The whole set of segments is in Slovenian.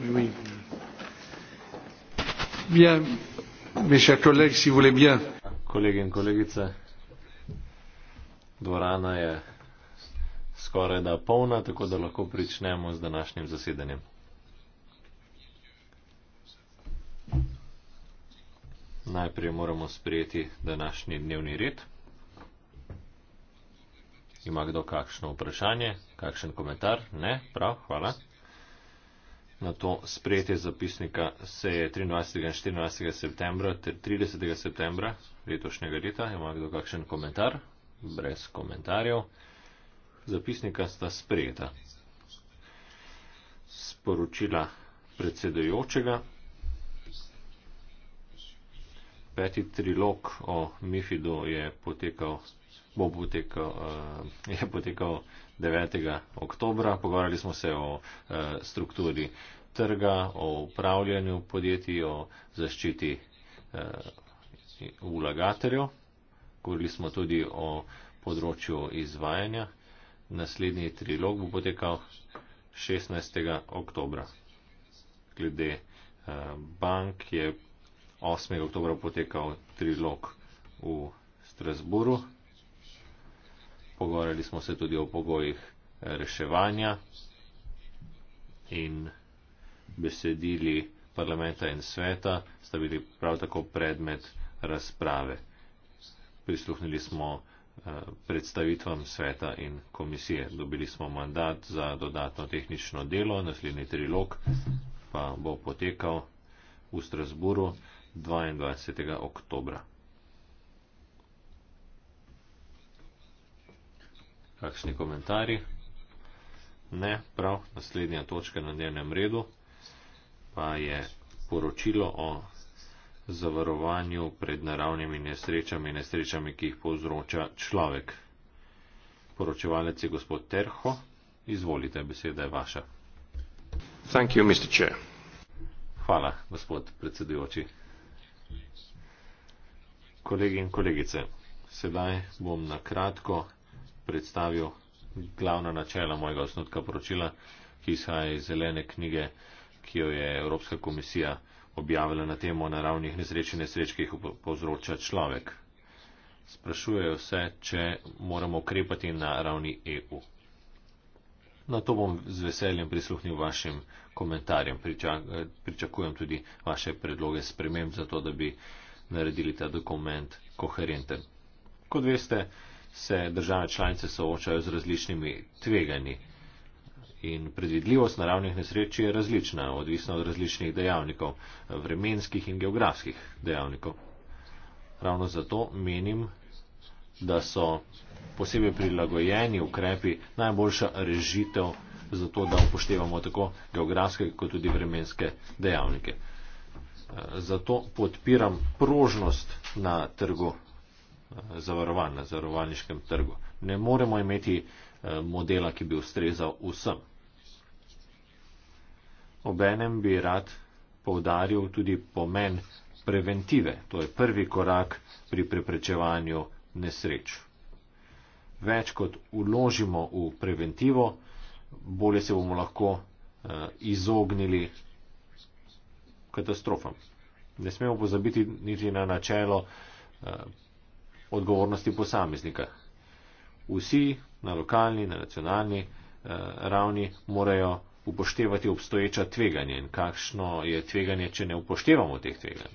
Oui. Bien, mes chers collègues, si vous voulez bien. Collègues et collègues, dvorana je skoraj da polna, tako da lahko pričnemo z današnjim zasedanjem. Najprej moramo sprejeti današnji dnevni red. Ima kdo kakšno vprašanje, kakšen komentar? Ne, prav, hvala na to sprejetje zapisnika seje 23. in 14. septembra ter 30. septembra letošnjega leta. Ima kdo kakšen komentar? Brez komentarjev. Zapisnika sta sprejeta. Sporočila predsedojočega. Peti trilog o Mifidu je potekal, bo potekal, eh, je potekal 9. oktobra. Pogovarjali smo se o e, strukturi trga, o upravljanju podjetij, o zaščiti e, vlagateljev. Govorili smo tudi o področju izvajanja. Naslednji trilog bo potekal 16. oktobra. Glede e, bank je 8. oktobra potekal trilog v Strasburu pogovarjali smo se tudi o pogojih eh, reševanja in besedili parlamenta in sveta sta bili prav tako predmet razprave. Prisluhnili smo eh, predstavitvam sveta in komisije. Dobili smo mandat za dodatno tehnično delo, naslednji trilog pa bo potekal v Strasburu 22. oktobra. Kakšni komentarji? Ne, prav, naslednja točka na dnevnem redu pa je poročilo o zavarovanju pred naravnimi nesrečami, nesrečami, ki jih povzroča človek. Poročevalec je gospod Terho, izvolite, beseda je vaša. Thank you, Mr. Chair. Hvala, gospod predsedujoči. Kolegi in kolegice, sedaj bom na kratko predstavil glavna načela mojega osnutka poročila, ki izhaja iz zelene knjige, ki jo je Evropska komisija objavila na temo naravnih nesreč in nesreč, ki jih povzroča človek. Sprašujejo se, če moramo ukrepati na ravni EU. Na to bom z veseljem prisluhnil vašim komentarjem. Priča, pričakujem tudi vaše predloge sprememb za to, da bi naredili ta dokument koherenten. Kot veste, se države članice soočajo z različnimi tveganji. In predvidljivost naravnih nesreč je različna, odvisna od različnih dejavnikov, vremenskih in geografskih dejavnikov. Ravno zato menim, da so posebej prilagojeni ukrepi najboljša rešitev za to, da upoštevamo tako geografske kot tudi vremenske dejavnike. Zato podpiram prožnost na trgu zavarovan na zavarovalniškem trgu. Ne moremo imeti eh, modela, ki bi ustrezal vsem. Obenem bi rad povdaril tudi pomen preventive. To je prvi korak pri preprečevanju nesreč. Več kot uložimo v preventivo, bolje se bomo lahko eh, izognili katastrofam. Ne smemo pozabiti niti na načelo eh, odgovornosti posameznika. Vsi na lokalni, na nacionalni eh, ravni morajo upoštevati obstoječa tveganja in kakšno je tveganje, če ne upoštevamo teh tveganj.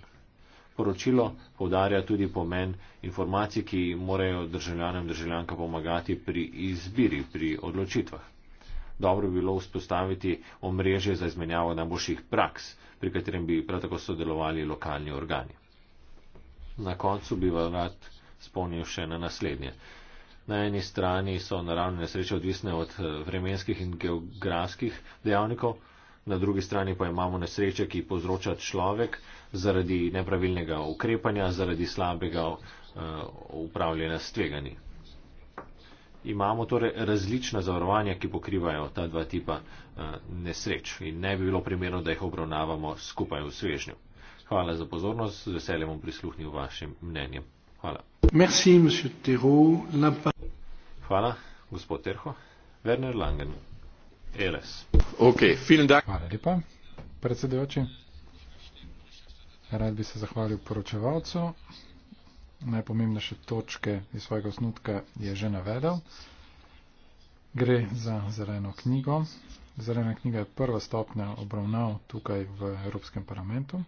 Poročilo povdarja tudi pomen informacij, ki morajo državljanom državljanka pomagati pri izbiri, pri odločitvah. Dobro bi bilo vzpostaviti omrežje za izmenjavo najboljših praks, pri katerem bi prav tako sodelovali lokalni organi. Na koncu bi vam rad spomnil še na naslednje. Na eni strani so naravne nesreče odvisne od eh, vremenskih in geografskih dejavnikov, na drugi strani pa imamo nesreče, ki povzroča človek zaradi nepravilnega ukrepanja, zaradi slabega eh, upravljanja s tvegani. Imamo torej različna zavarovanja, ki pokrivajo ta dva tipa eh, nesreč in ne bi bilo primerno, da jih obravnavamo skupaj v svežnju. Hvala za pozornost, z veseljem bom prisluhnil vašim mnenjem. Hvala. Merci, La... Hvala, gospod Terho. Werner Langen, LS. Okay, da... Hvala lepa, predsedujoči. Rad bi se zahvalil poročevalcu. Najpomembnejše točke iz svojega osnutka je že navedel. Gre za zeleno knjigo. Zelena knjiga je prva stopnja obravnav tukaj v Evropskem parlamentu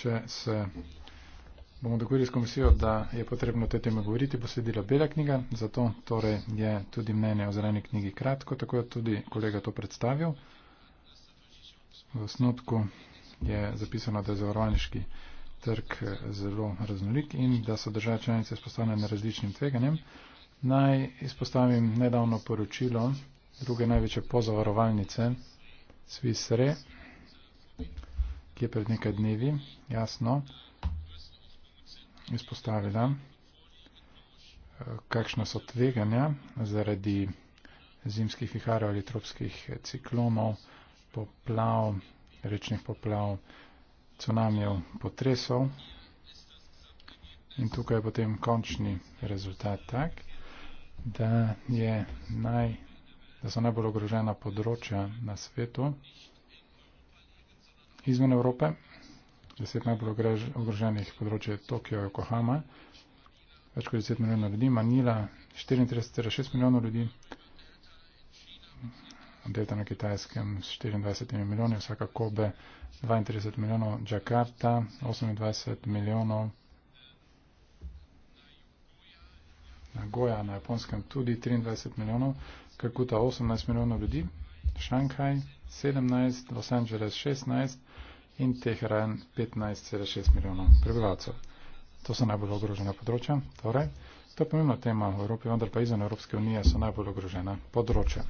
če se bomo dogovorili s komisijo, da je potrebno o te teme govoriti, bo sledila bela knjiga, zato torej je tudi mnenje o zeleni knjigi kratko, tako je tudi kolega to predstavil. V osnotku je zapisano, da je zavarovalniški trg eh, zelo raznolik in da so države članice izpostavljene različnim tveganjem. Naj izpostavim nedavno poročilo druge največje pozavarovalnice Svisre. Thank you je pred nekaj dnevi jasno izpostavila, kakšna so tveganja zaradi zimskih viharov ali tropskih ciklonov, poplav, rečnih poplav, cunamijev, potresov. In tukaj je potem končni rezultat tak, da, je naj, da so najbolj ogrožena področja na svetu izven Evrope. Deset najbolj ogroženih področje Tokio in Yokohama, več kot 10 milijonov ljudi, Manila 34,6 milijonov ljudi, Delta na Kitajskem s 24 milijoni, vsaka Kobe 32 milijonov, Džakarta 28 milijonov, Nagoja na Japonskem tudi 23 milijonov, Kakuta 18 milijonov ljudi, Šanghaj 17, Los Angeles 16 in Teheran 15,6 milijonov prebivalcev. To so najbolj ogrožena področja. Torej, to je pomembna tema v Evropi, vendar pa izven Evropske unije so najbolj ogrožena področja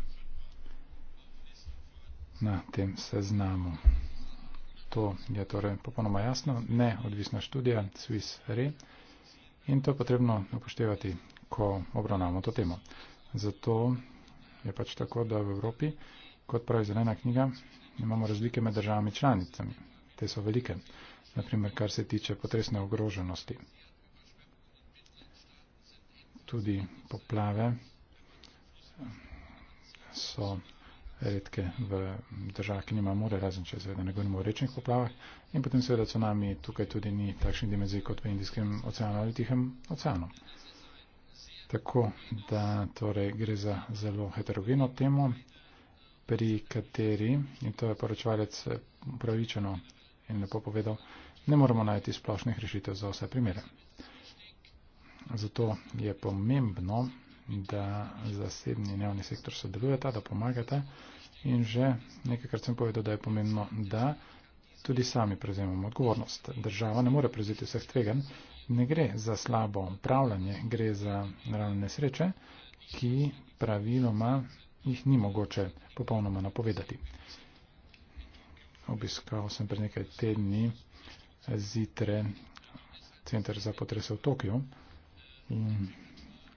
na tem seznamu. To je torej popolnoma jasno, neodvisna študija Swiss Re in to je potrebno upoštevati, ko obravnavamo to temo. Zato je pač tako, da v Evropi Kot pravi zelena knjiga, imamo razlike med državami članicami. Te so velike, naprimer, kar se tiče potresne ogroženosti. Tudi poplave eh, so redke v državah, ki nima more, razen če seveda ne govorimo o rečnih poplavah. In potem seveda tsunami tukaj tudi ni takšni dimenziji kot v Indijskem oceanu ali Tihem oceanu. Tako da torej gre za zelo heterogeno temo pri kateri, in to je poročevalec eh, upravičeno in lepo povedal, ne moramo najti splošnih rešitev za vse primere. Zato je pomembno, da zasebni in javni sektor sodelujeta, da pomagata in že nekajkrat sem povedal, da je pomembno, da tudi sami prevzemamo odgovornost. Država ne more prevzeti vseh tvegan, ne gre za slabo upravljanje, gre za naravne nesreče, ki praviloma jih ni mogoče popolnoma napovedati. Obiskal sem pred nekaj tedni zitre Center za potrese v Tokiju in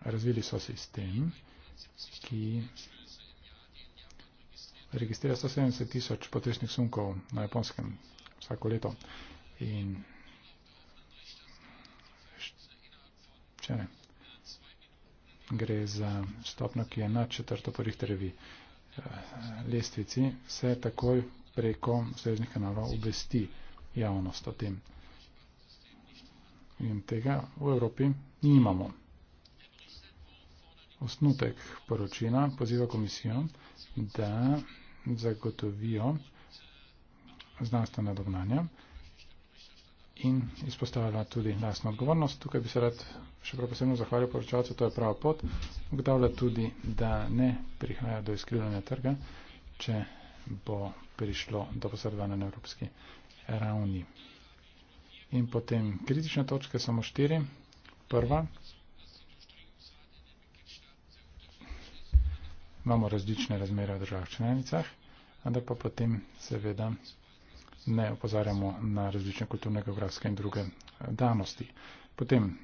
razvili so sistem, ki registrira 170 tisoč potresnih sunkov na japonskem vsako leto. In Če ne, gre za stopno, ki je na četrto po Richterjevi eh, lestvici, se takoj preko sveznih kanalov obvesti javnost o tem. In tega v Evropi nimamo. Osnutek poročila poziva komisijo, da zagotovijo znanstvene dognanja, in izpostavila tudi lastno odgovornost. Tukaj bi se rad še prav posebno zahvalil poročalcu, to je prava pot. Ugotavlja tudi, da ne prihaja do izkrivljanja trga, če bo prišlo do posredovanja na evropski ravni. In potem kritične točke, samo štiri. Prva. Imamo različne razmere v državah članicah, ampak pa potem seveda ne opozarjamo na različne kulturne, geografske in druge eh, danosti. Potem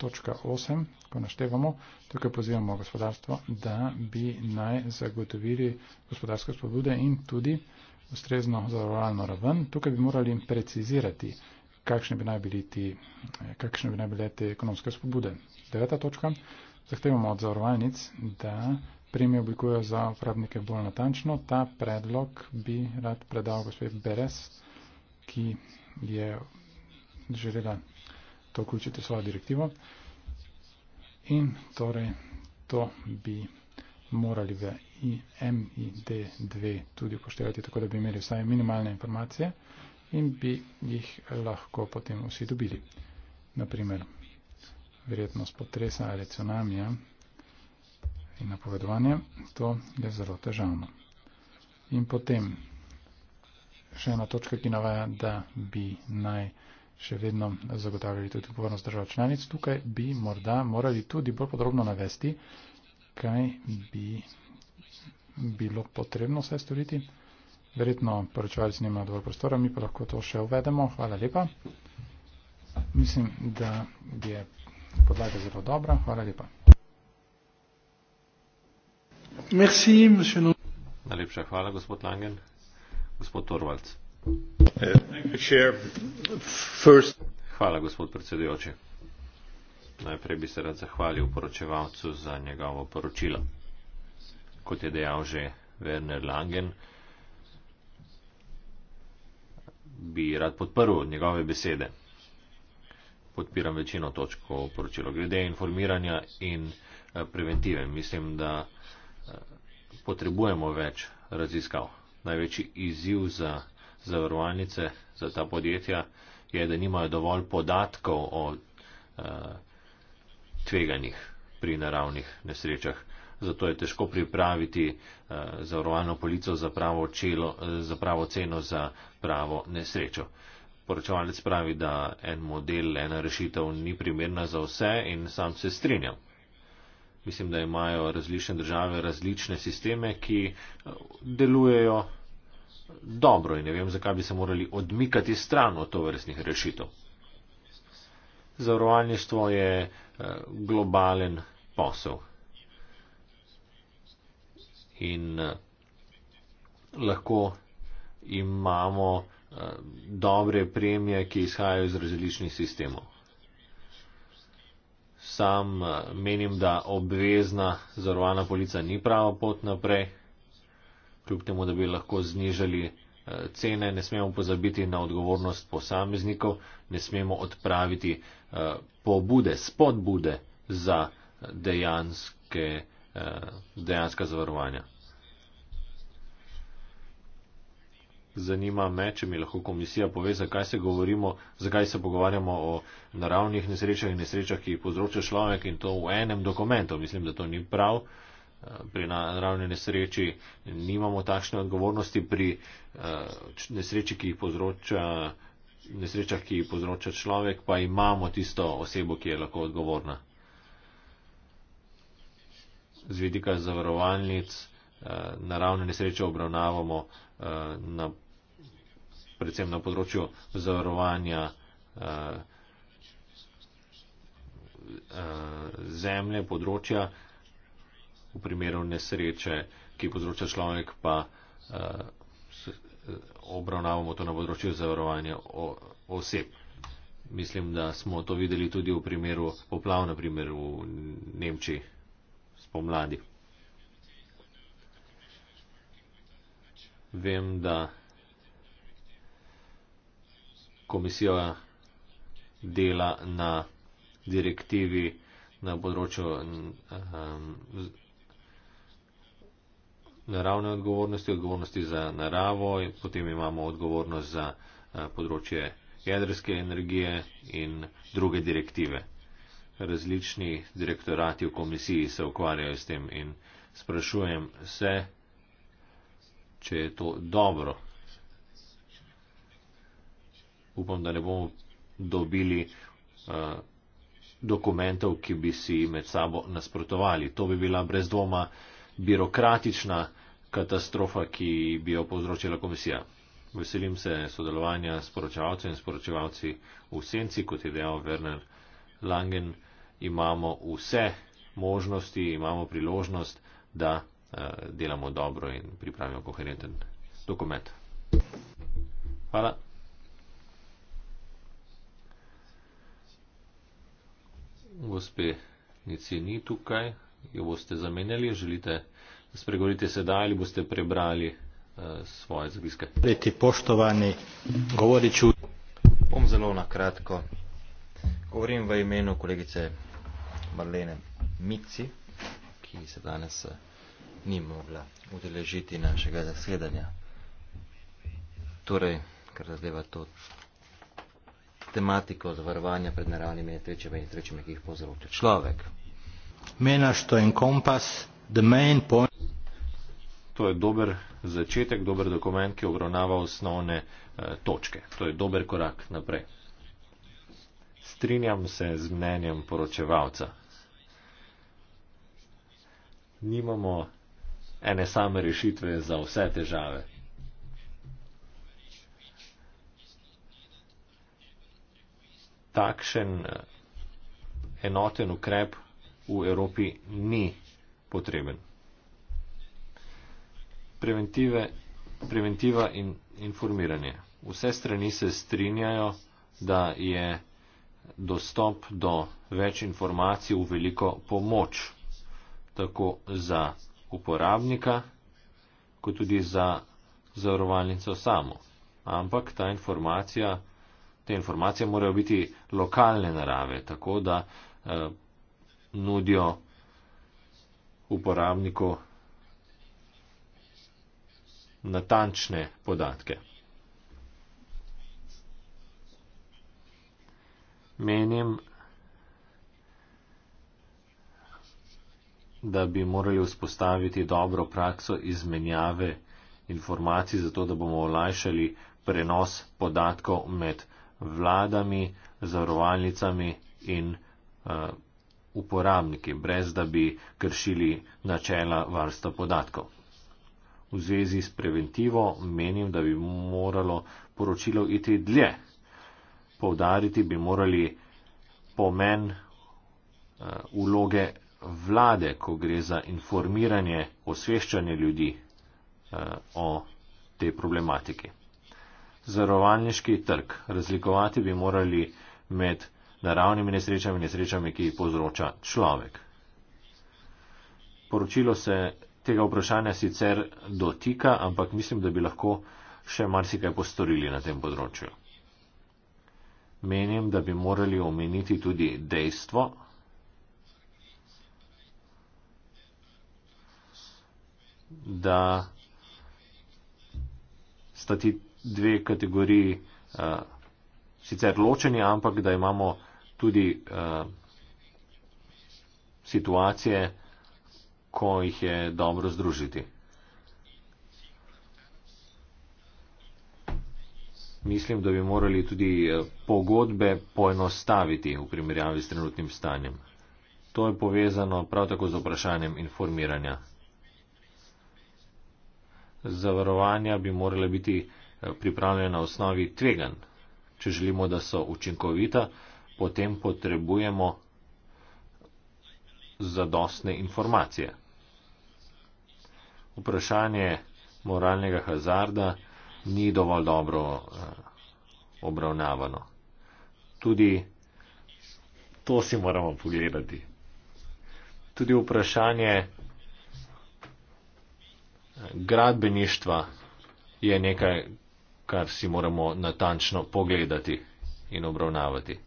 točka 8, ko naštevamo, tukaj pozivamo gospodarstvo, da bi naj zagotovili gospodarske spodbude in tudi ustrezno zavarovalno raven. Tukaj bi morali precizirati, kakšne bi naj, bili ti, eh, kakšne bi naj bile te ekonomske spodbude. Deveta točka, zahtevamo od zavarovalnic, da premije oblikujejo za uporabnike bolj natančno. Ta predlog bi rad predal gospe Beres, ki je želela to vključiti v svojo direktivo. In torej to bi morali v MID2 tudi upoštevati, tako da bi imeli vsaj minimalne informacije in bi jih lahko potem vsi dobili. Naprimer, verjetnost potresa ali tsunamija in napovedovanje, to je zelo težavno. In potem še ena točka, ki navaja, da bi naj še vedno zagotavljali tudi odgovornost držav članic, tukaj bi morda morali tudi bolj podrobno navesti, kaj bi bilo potrebno vse storiti. Verjetno poročevalec nima dovolj prostora, mi pa lahko to še uvedemo. Hvala lepa. Mislim, da je podlaga zelo dobra. Hvala lepa. Merci, Najlepša hvala, gospod Langen. Gospod Torvalc. Hvala, gospod predsedujoči. Najprej bi se rad zahvalil poročevalcu za njegovo poročilo. Kot je dejal že Werner Langen, bi rad podprl njegove besede. Podpiram večino točk o poročilu glede informiranja in eh, preventive. Mislim, da potrebujemo več raziskav. Največji izziv za zavarovalnice, za ta podjetja je, da nimajo dovolj podatkov o eh, tveganjih pri naravnih nesrečah. Zato je težko pripraviti eh, zavarovalno polico za pravo, čelo, eh, za pravo ceno za pravo nesrečo. Poročevalec pravi, da en model, ena rešitev ni primerna za vse in sam se strinjam mislim, da imajo različne države različne sisteme, ki eh, delujejo dobro in ne vem, zakaj bi se morali odmikati stran od tovrstnih rešitev. Zavarovalništvo je eh, globalen posel. In eh, lahko imamo dobre premije, ki izhajajo iz različnih sistemov sam eh, menim, da obvezna zorovana polica ni prava pot naprej, kljub temu, da bi lahko znižali eh, cene, ne smemo pozabiti na odgovornost posameznikov, ne smemo odpraviti eh, pobude, spodbude za dejanske, dejanska zavarovanja. zanima me, če mi lahko komisija pove, zakaj se govorimo, zakaj se pogovarjamo o naravnih nesrečah in nesrečah, ki jih povzroča človek in to v enem dokumentu. Mislim, da to ni prav. Pri naravni nesreči nimamo takšne odgovornosti, pri eh, nesreči, ki jih povzroča, nesrečah, ki jih povzroča človek, pa imamo tisto osebo, ki je lahko odgovorna. Z vidika zavarovalnic eh, naravne nesreče obravnavamo eh, na predvsem na področju zavarovanja eh, eh, zemlje, področja v primeru nesreče, ki povzroča človek, pa eh, obravnavamo to na področju zavarovanja oseb. Mislim, da smo to videli tudi v primeru poplav, na primer v Nemčiji spomladi. Vem, da komisija dela na direktivi na področju um, naravne odgovornosti, odgovornosti za naravo, potem imamo odgovornost za uh, področje jedrske energije in druge direktive. Različni direktorati v komisiji se ukvarjajo s tem in sprašujem se, če je to dobro upam, da ne bomo dobili eh, dokumentov, ki bi si med sabo nasprotovali. To bi bila brez dvoma birokratična katastrofa, ki bi jo povzročila komisija. Veselim se sodelovanja s poročevalci in sporočevalci v senci, kot je dejal Werner Langen. Imamo vse možnosti, imamo priložnost, da eh, delamo dobro in pripravimo koherenten dokument. Hvala. gospe Nici ni tukaj, jo boste zamenjali, želite spregovoriti sedaj ali boste prebrali uh, svoje zapiske. Preti poštovani, govorit ću... Bom zelo nakratko. Govorim v imenu kolegice Marlene Mici, ki se danes eh, ni mogla udeležiti našega zasedanja. Torej, kar zadeva to tematiko zavarovanja pred naravnimi nesrečami in nesrečami, ki jih povzroča človek. Menaš to en kompas, the main point. To je dober začetek, dober dokument, ki obravnava osnovne eh, točke. To je dober korak naprej. Strinjam se z mnenjem poročevalca. Nimamo ene same rešitve za vse težave. takšen eh, enoten ukrep v Evropi ni potreben. Preventive, preventiva in informiranje. Vse strani se strinjajo, da je dostop do več informacij v veliko pomoč, tako za uporabnika, kot tudi za zavarovalnico samo. Ampak ta informacija te informacije morajo biti lokalne narave, tako da eh, nudijo uporabniku natančne podatke. Menim, da bi morali vzpostaviti dobro prakso izmenjave informacij, zato da bomo olajšali prenos podatkov med vladami, zarovalnicami in uh, uporabniki, brez da bi kršili načela varstva podatkov. V zvezi s preventivo menim, da bi moralo poročilo iti dlje. Povdariti bi morali pomen uh, vloge vlade, ko gre za informiranje, osveščanje ljudi uh, o tej problematiki zavarovalniški trg. Razlikovati bi morali med naravnimi nesrečami in nesrečami, ki jih povzroča človek. Poročilo se tega vprašanja sicer dotika, ampak mislim, da bi lahko še marsikaj postorili na tem področju. Menim, da bi morali omeniti tudi dejstvo, da dve kategoriji uh, sicer ločeni, ampak da imamo tudi uh, situacije, ko jih je dobro združiti. Mislim, da bi morali tudi eh, pogodbe poenostaviti v primerjavi s trenutnim stanjem. To je povezano prav tako z vprašanjem informiranja. Zavarovanja bi morala biti uh, pripravljene na osnovi tvegan. Če želimo, da so učinkovita, potem potrebujemo zadostne informacije. Vprašanje moralnega hazarda ni dovolj dobro eh, obravnavano. Tudi to si moramo pogledati. Tudi vprašanje eh, gradbeništva je nekaj, kar si moramo natančno pogledati in obravnavati.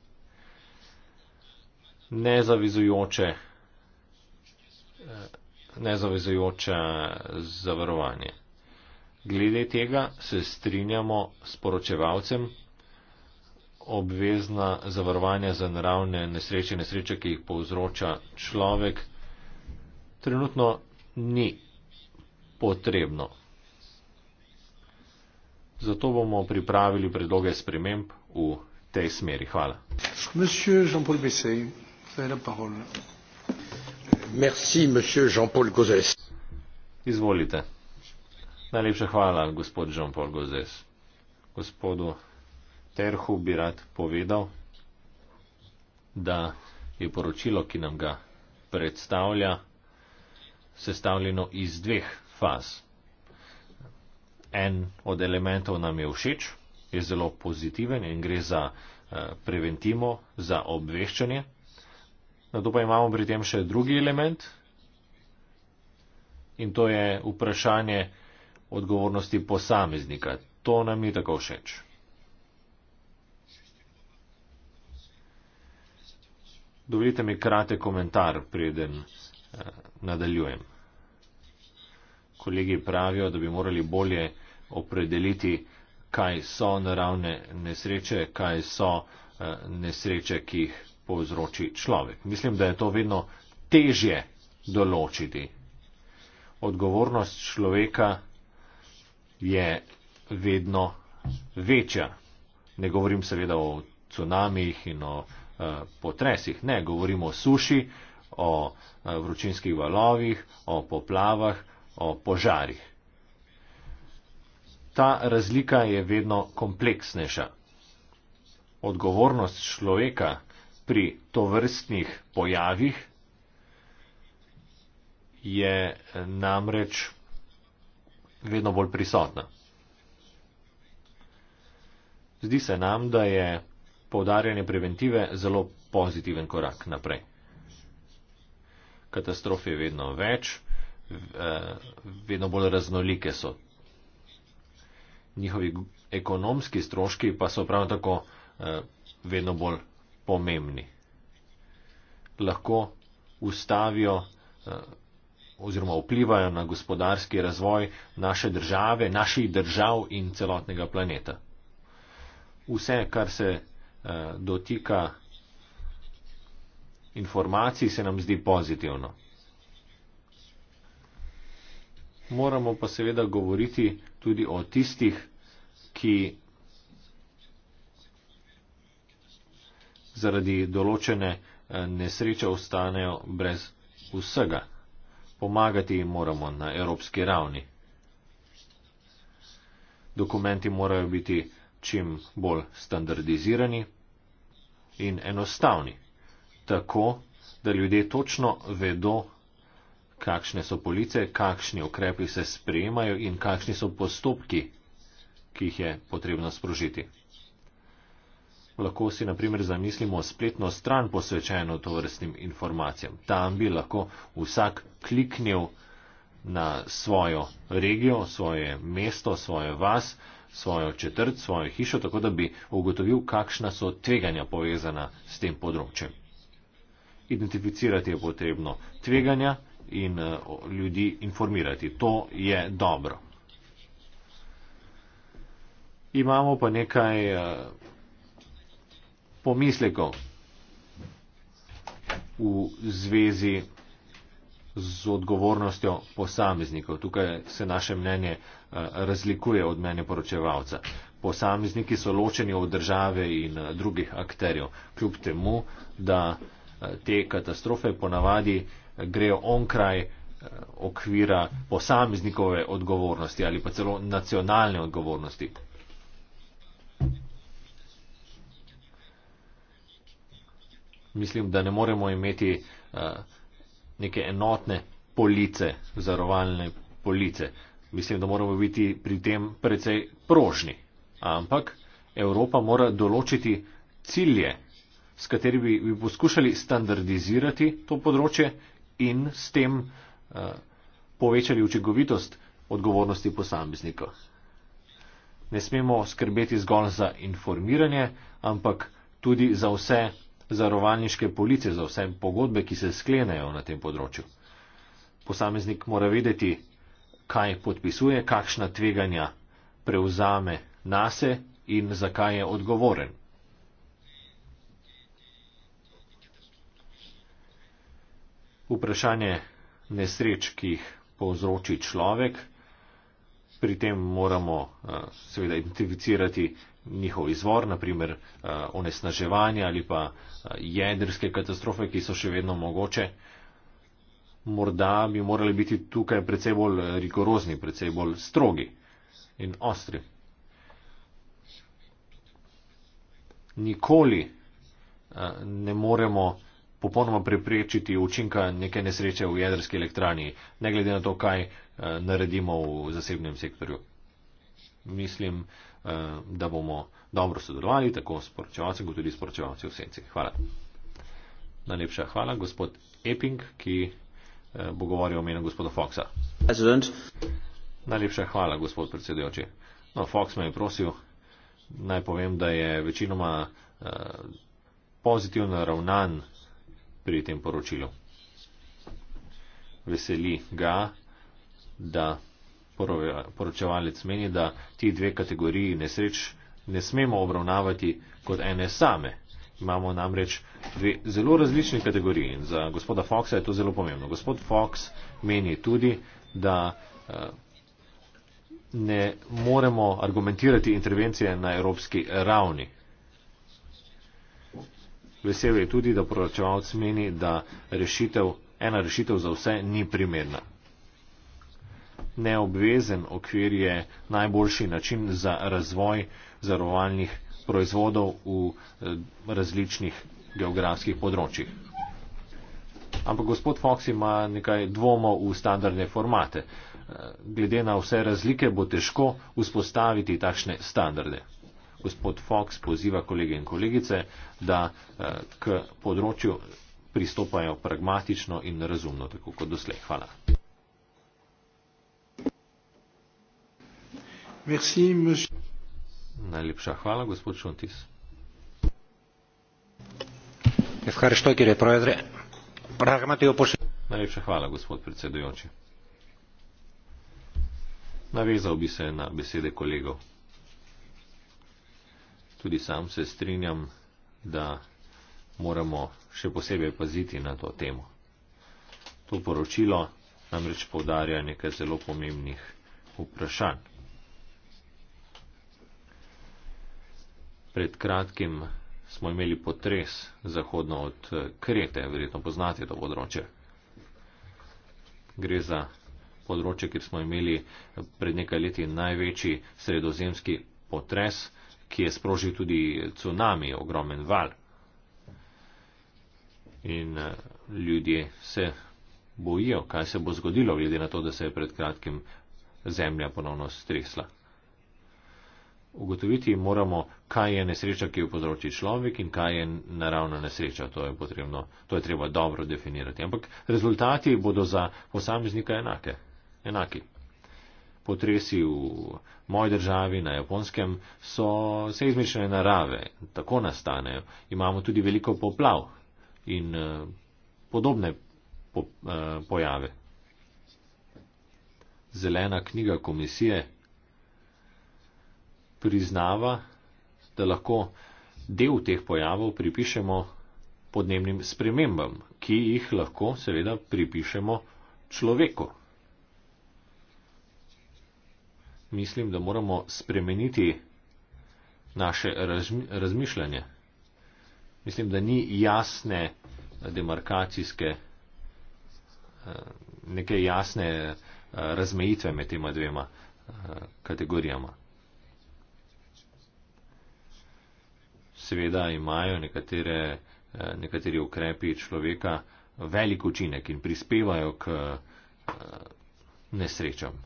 Nezavizujoče, eh, nezavizujoče zavarovanje. Glede tega se strinjamo s poročevalcem, obvezna zavarovanja za naravne nesreče, nesreče, ki jih povzroča človek, trenutno ni potrebno Zato bomo pripravili predloge sprememb v tej smeri. Hvala. Merci, Izvolite. Najlepša hvala, gospod Jean-Paul Gozes. Gospodu Terhu bi rad povedal, da je poročilo, ki nam ga predstavlja, sestavljeno iz dveh faz en od elementov nam je všeč, je zelo pozitiven in gre za eh, preventivo, za obveščanje. Na to pa imamo pri tem še drugi element in to je vprašanje odgovornosti posameznika. To nam ni tako všeč. Dovolite mi kratek komentar, preden eh, nadaljujem. Kolegi pravijo, da bi morali bolje opredeliti, kaj so naravne nesreče, kaj so eh, nesreče, ki jih povzroči človek. Mislim, da je to vedno težje določiti. Odgovornost človeka je vedno večja. Ne govorim seveda o cunamijih in o e, potresih, ne, govorim o suši, o e, vročinskih valovih, o poplavah, o požarih ta razlika je vedno kompleksnejša. Odgovornost človeka pri tovrstnih pojavih je namreč vedno bolj prisotna. Zdi se nam, da je povdarjanje preventive zelo pozitiven korak naprej. Katastrofe je vedno več, eh, vedno bolj raznolike so njihovi ekonomski stroški pa so prav tako eh, vedno bolj pomembni. Lahko ustavijo eh, oziroma vplivajo na gospodarski razvoj naše države, naših držav in celotnega planeta. Vse, kar se eh, dotika informacij, se nam zdi pozitivno. Moramo pa seveda govoriti tudi o tistih, ki zaradi določene eh, nesreče ostanejo brez vsega. Pomagati jim moramo na evropski ravni. Dokumenti morajo biti čim bolj standardizirani in enostavni, tako da ljudje točno vedo, kakšne so police, kakšni okrepi se sprejemajo in kakšni so postopki, ki jih je potrebno sprožiti. Lahko si, na primer, zamislimo spletno stran posvečeno to vrstnim informacijam. Tam bi lahko vsak kliknil na svojo regijo, svoje mesto, svojo vas, svojo četrt, svojo hišo, tako da bi ugotovil, kakšna so tveganja povezana s tem področjem. Identificirati je potrebno tveganja, in eh, ljudi informirati. To je dobro. Imamo pa nekaj eh, pomislekov v zvezi z odgovornostjo posameznikov. Tukaj se naše mnenje eh, razlikuje od mnenja poročevalca. Posamezniki so ločeni od države in drugih akterjev, kljub temu, da te katastrofe ponavadi grejo onkraj eh, okvira posameznikove odgovornosti ali pa celo nacionalne odgovornosti. Mislim, da ne moremo imeti eh, neke enotne police, zarovalne police. Mislim, da moramo biti pri tem precej prožni. Ampak Evropa mora določiti cilje, s katerimi bi poskušali standardizirati to področje in s tem eh, povečali učinkovitost odgovornosti posameznikov. Ne smemo skrbeti zgolj za informiranje, ampak tudi za vse zarovalniške police, za vse pogodbe, ki se sklenejo na tem področju. Posameznik mora vedeti, kaj podpisuje, kakšna tveganja prevzame nase in zakaj je odgovoren. vprašanje nesreč, ki jih povzroči človek. Pri tem moramo eh, seveda identificirati njihov izvor, naprimer eh, onesnaževanje ali pa eh, jedrske katastrofe, ki so še vedno mogoče. Morda bi morali biti tukaj predvsej bolj rigorozni, predvsej bolj strogi in ostri. Nikoli ne moremo popolnoma preprečiti učinka neke nesreče v jedrski elektrani, ne glede na to, kaj eh, naredimo v zasebnem sektorju. Mislim, eh, da bomo dobro sodelovali, tako sporočevalci, kot tudi sporočevalci v senci. Hvala. Najlepša hvala, gospod Epping, ki eh, bo govoril o menu gospoda Foxa. President. Najlepša hvala, gospod predsedujoči. No, Fox me je prosil, naj povem, da je večinoma uh, pozitivno ravnan pri tem poročilu. Veseli ga, da poročevalec meni, da ti dve kategoriji nesreč ne smemo obravnavati kot ene same. Imamo namreč dve zelo različni kategoriji in za gospoda Foxa je to zelo pomembno. Gospod Fox meni tudi, da eh, ne moremo argumentirati intervencije na evropski ravni. Vesel je tudi, da proračevalc meni, da rešitev, ena rešitev za vse ni primerna. Neobvezen okvir je najboljši način za razvoj zarovalnih proizvodov v eh, različnih geografskih področjih. Ampak gospod Fox ima nekaj dvomov v standardne formate. Eh, glede na vse razlike bo težko vzpostaviti takšne standarde gospod Fox poziva kolege in kolegice, da eh, k področju pristopajo pragmatično in razumno, tako kot doslej. Hvala. Merci, Najlepša hvala, gospod Šuntis. Najlepša hvala, gospod predsedujoči. Navezal bi se na besede kolegov tudi sam se strinjam, da moramo še posebej paziti na to temo. To poročilo namreč povdarja nekaj zelo pomembnih vprašanj. Pred kratkim smo imeli potres zahodno od Krete, verjetno poznate to področje. Gre za področje, kjer smo imeli pred nekaj leti največji sredozemski potres ki je sprožil tudi cunami, ogromen val. In eh, ljudje se bojijo, kaj se bo zgodilo, glede na to, da se je pred kratkim zemlja ponovno stresla. Ugotoviti moramo, kaj je nesreča, ki jo povzroči človek in kaj je naravna nesreča. To je, potrebno, to je treba dobro definirati. Ampak rezultati bodo za posameznika enake, enaki potresi v moji državi, na japonskem, so seizmične narave, tako nastanejo. Imamo tudi veliko poplav in eh, podobne po, eh, pojave. Zelena knjiga komisije priznava, da lahko del teh pojavov pripišemo podnebnim spremembam, ki jih lahko seveda pripišemo človeku. mislim, da moramo spremeniti naše razmišljanje. Mislim, da ni jasne demarkacijske, eh, neke jasne eh, razmejitve med tema dvema eh, kategorijama. Seveda imajo nekatere, nekateri ukrepi človeka velik učinek in prispevajo k nesrečam.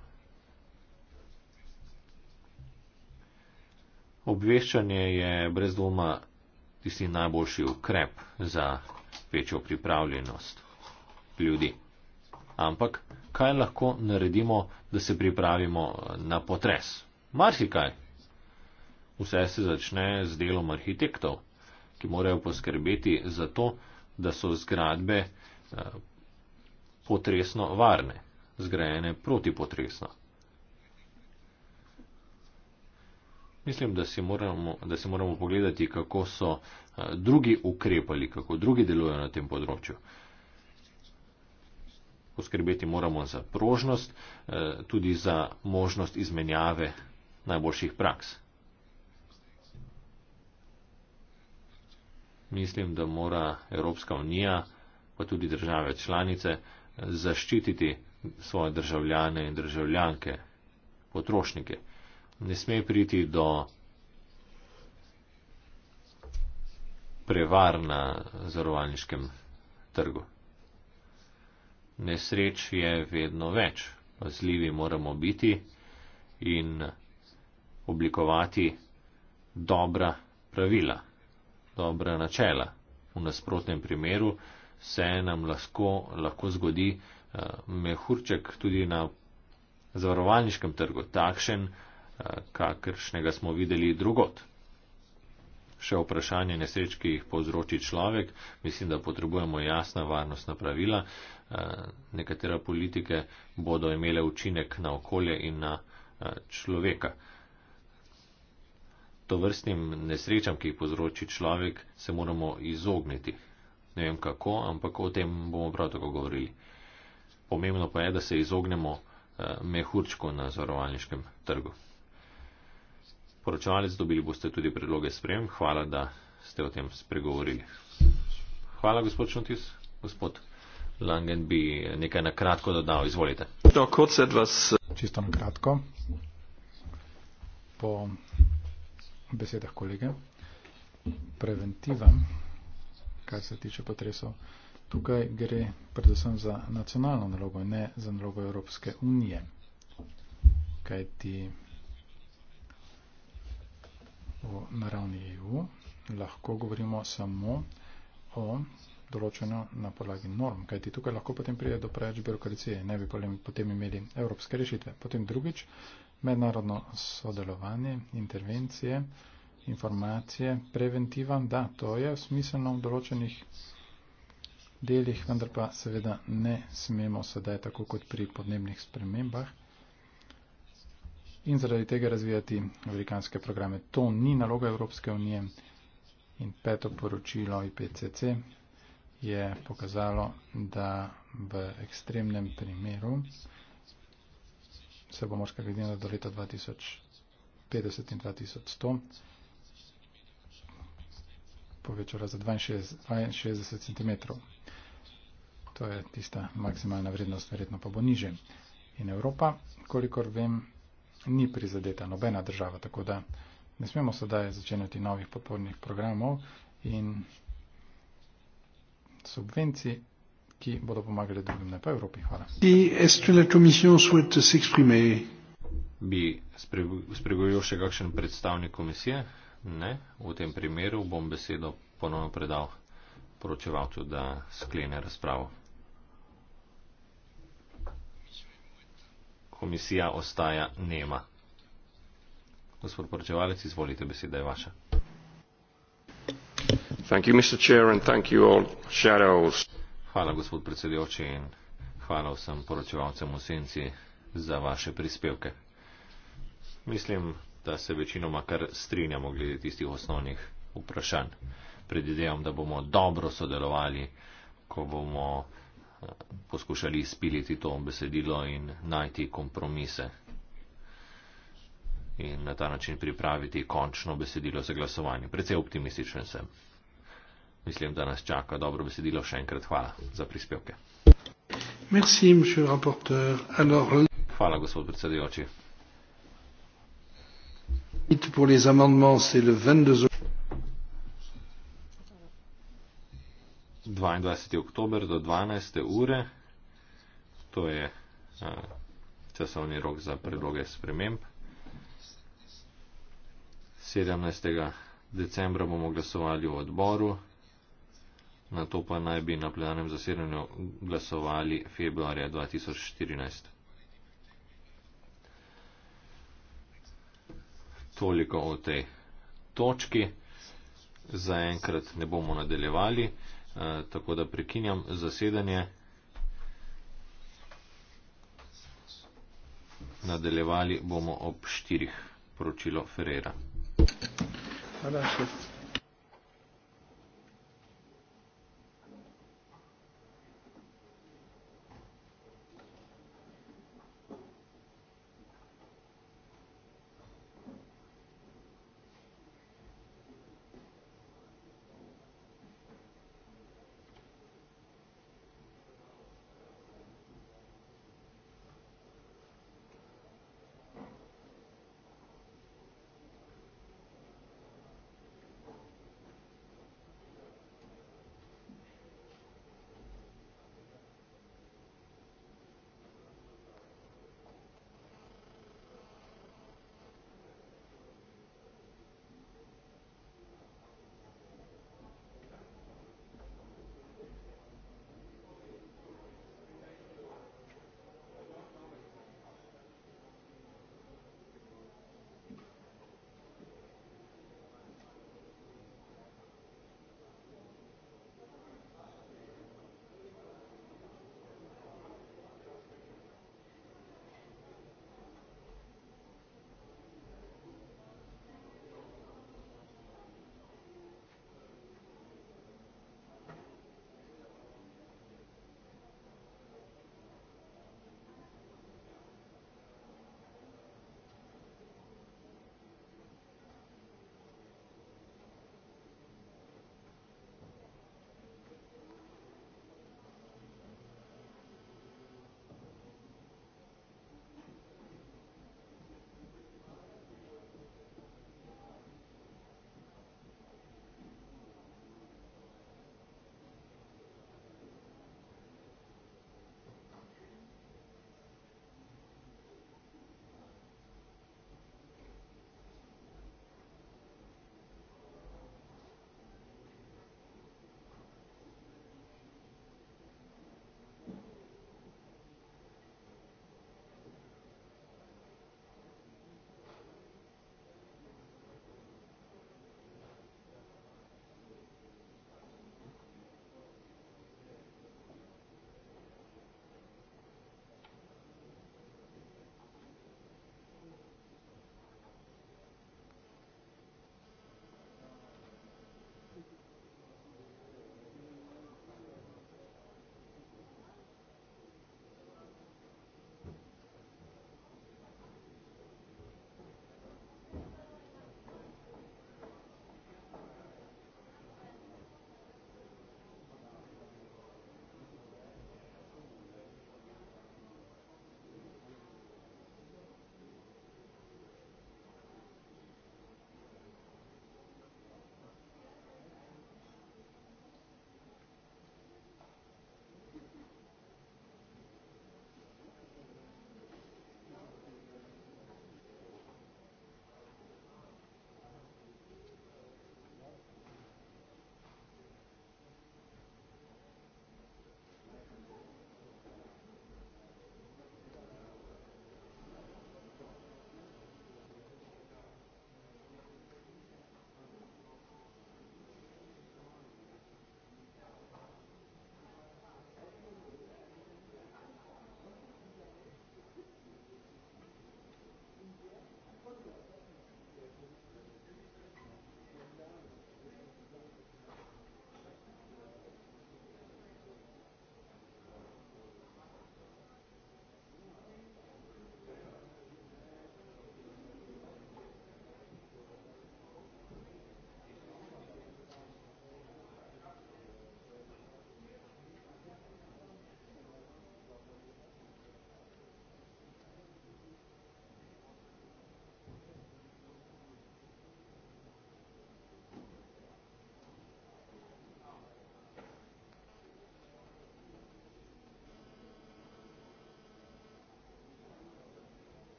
Obveščanje je brez dvoma tisti najboljši ukrep za večjo pripravljenost ljudi. Ampak kaj lahko naredimo, da se pripravimo na potres? Marsikaj. Vse se začne z delom arhitektov, ki morajo poskrbeti za to, da so zgradbe eh, potresno varne, zgrajene protipotresno. Mislim, da si, moramo, da si moramo pogledati, kako so eh, drugi ukrepali, kako drugi delujejo na tem področju. Poskrbeti moramo za prožnost, eh, tudi za možnost izmenjave najboljših praks. Mislim, da mora Evropska unija, pa tudi države članice, zaščititi svoje državljane in državljanke, potrošnike ne sme priti do prevar na zarovalniškem trgu. Nesreč je vedno več, pazljivi moramo biti in oblikovati dobra pravila, dobra načela. V nasprotnem primeru se nam lahko, lahko zgodi eh, mehurček tudi na zavarovalniškem trgu. Takšen kakršnega smo videli drugot. Še vprašanje nesreč, ki jih povzroči človek. Mislim, da potrebujemo jasna varnostna pravila. Eh, Nekatera politike bodo imele učinek na okolje in na eh, človeka. To vrstnim nesrečam, ki jih povzroči človek, se moramo izogniti. Ne vem kako, ampak o tem bomo prav tako govorili. Pomembno pa je, da se izognemo eh, mehurčku na zavarovalniškem trgu poročevalec, dobili boste tudi predloge sprejem. Hvala, da ste o tem spregovorili. Hvala, gospod Šuntis. Gospod Langen bi nekaj na kratko dodal. Izvolite. No, Čisto na kratko. Po besedah kolege. Preventiva, kar se tiče potresov, tukaj gre predvsem za nacionalno nalogo, ne za nalogo Evropske unije. Kajti v naravni EU, lahko govorimo samo o določeno na podlagi norm, kajti tukaj lahko potem prije do preveč birokracije, ne bi potem imeli evropske rešitve. Potem drugič, mednarodno sodelovanje, intervencije, informacije, preventiva, da, to je smiselno v določenih delih, vendar pa seveda ne smemo sedaj tako kot pri podnebnih spremembah in zaradi tega razvijati amerikanske programe. To ni naloga Evropske unije in peto poročilo IPCC je pokazalo, da v ekstremnem primeru se bo morska gladina do leta 2050 in 2100 povečala za 62 cm. To je tista maksimalna vrednost, verjetno pa bo niže. In Evropa, kolikor vem, ni prizadeta nobena država, tako da ne smemo sedaj začenjati novih podpornih programov in subvencij, ki bodo pomagali drugim, ne pa Evropi. Hvala. Bi spregovoril še kakšen predstavnik komisije? Ne. V tem primeru bom besedo ponovno predal poročevalcu, da sklene razpravo. komisija ostaja nema. Gospod poročevalec, izvolite, beseda je vaša. Hvala, gospod predsedujoči, in hvala vsem poročevalcem v senci za vaše prispevke. Mislim, da se večinoma kar strinjamo glede tistih osnovnih vprašanj. Predvidevam, da bomo dobro sodelovali, ko bomo poskušali izpiliti to besedilo in najti kompromise in na ta način pripraviti končno besedilo za glasovanje. Predvsej optimističen sem. Mislim, da nas čaka dobro besedilo. Še enkrat hvala za prispevke. Merci, Alors... Hvala, gospod predsedujoči. Pour les amendements, c'est le 22 22. oktober do 12. ure, to je eh, časovni rok za predloge sprememb. 17. decembra bomo glasovali v odboru, na to pa naj bi na plenarnem zasedanju glasovali februarja 2014. Toliko o tej točki. Zaenkrat ne bomo nadaljevali. Eh, tako da prekinjam zasedanje. Nadaljevali bomo ob štirih poročilo Ferreira. Hvala, šef.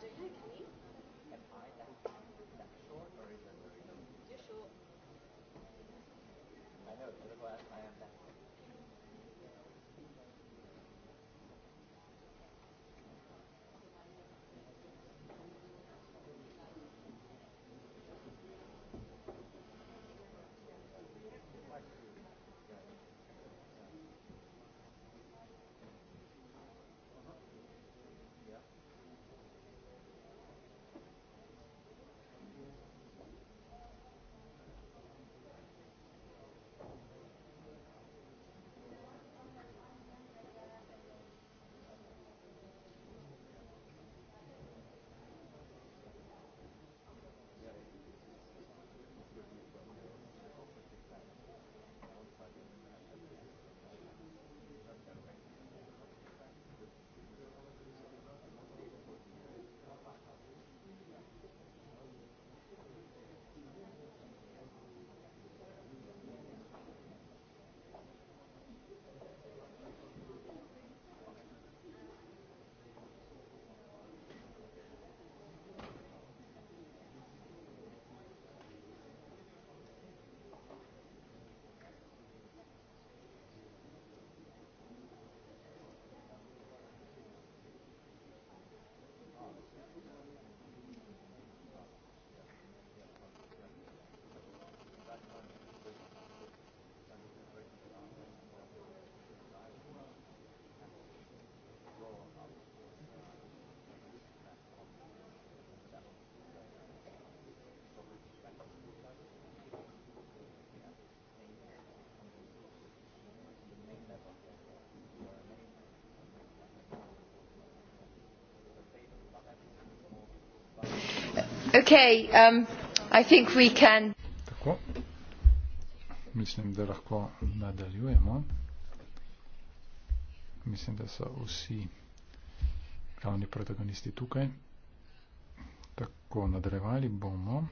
پروجیکٹ ہے Um, Tako. Mislim, da lahko nadaljujemo. Mislim, da so vsi glavni protagonisti tukaj. Tako nadaljevali bomo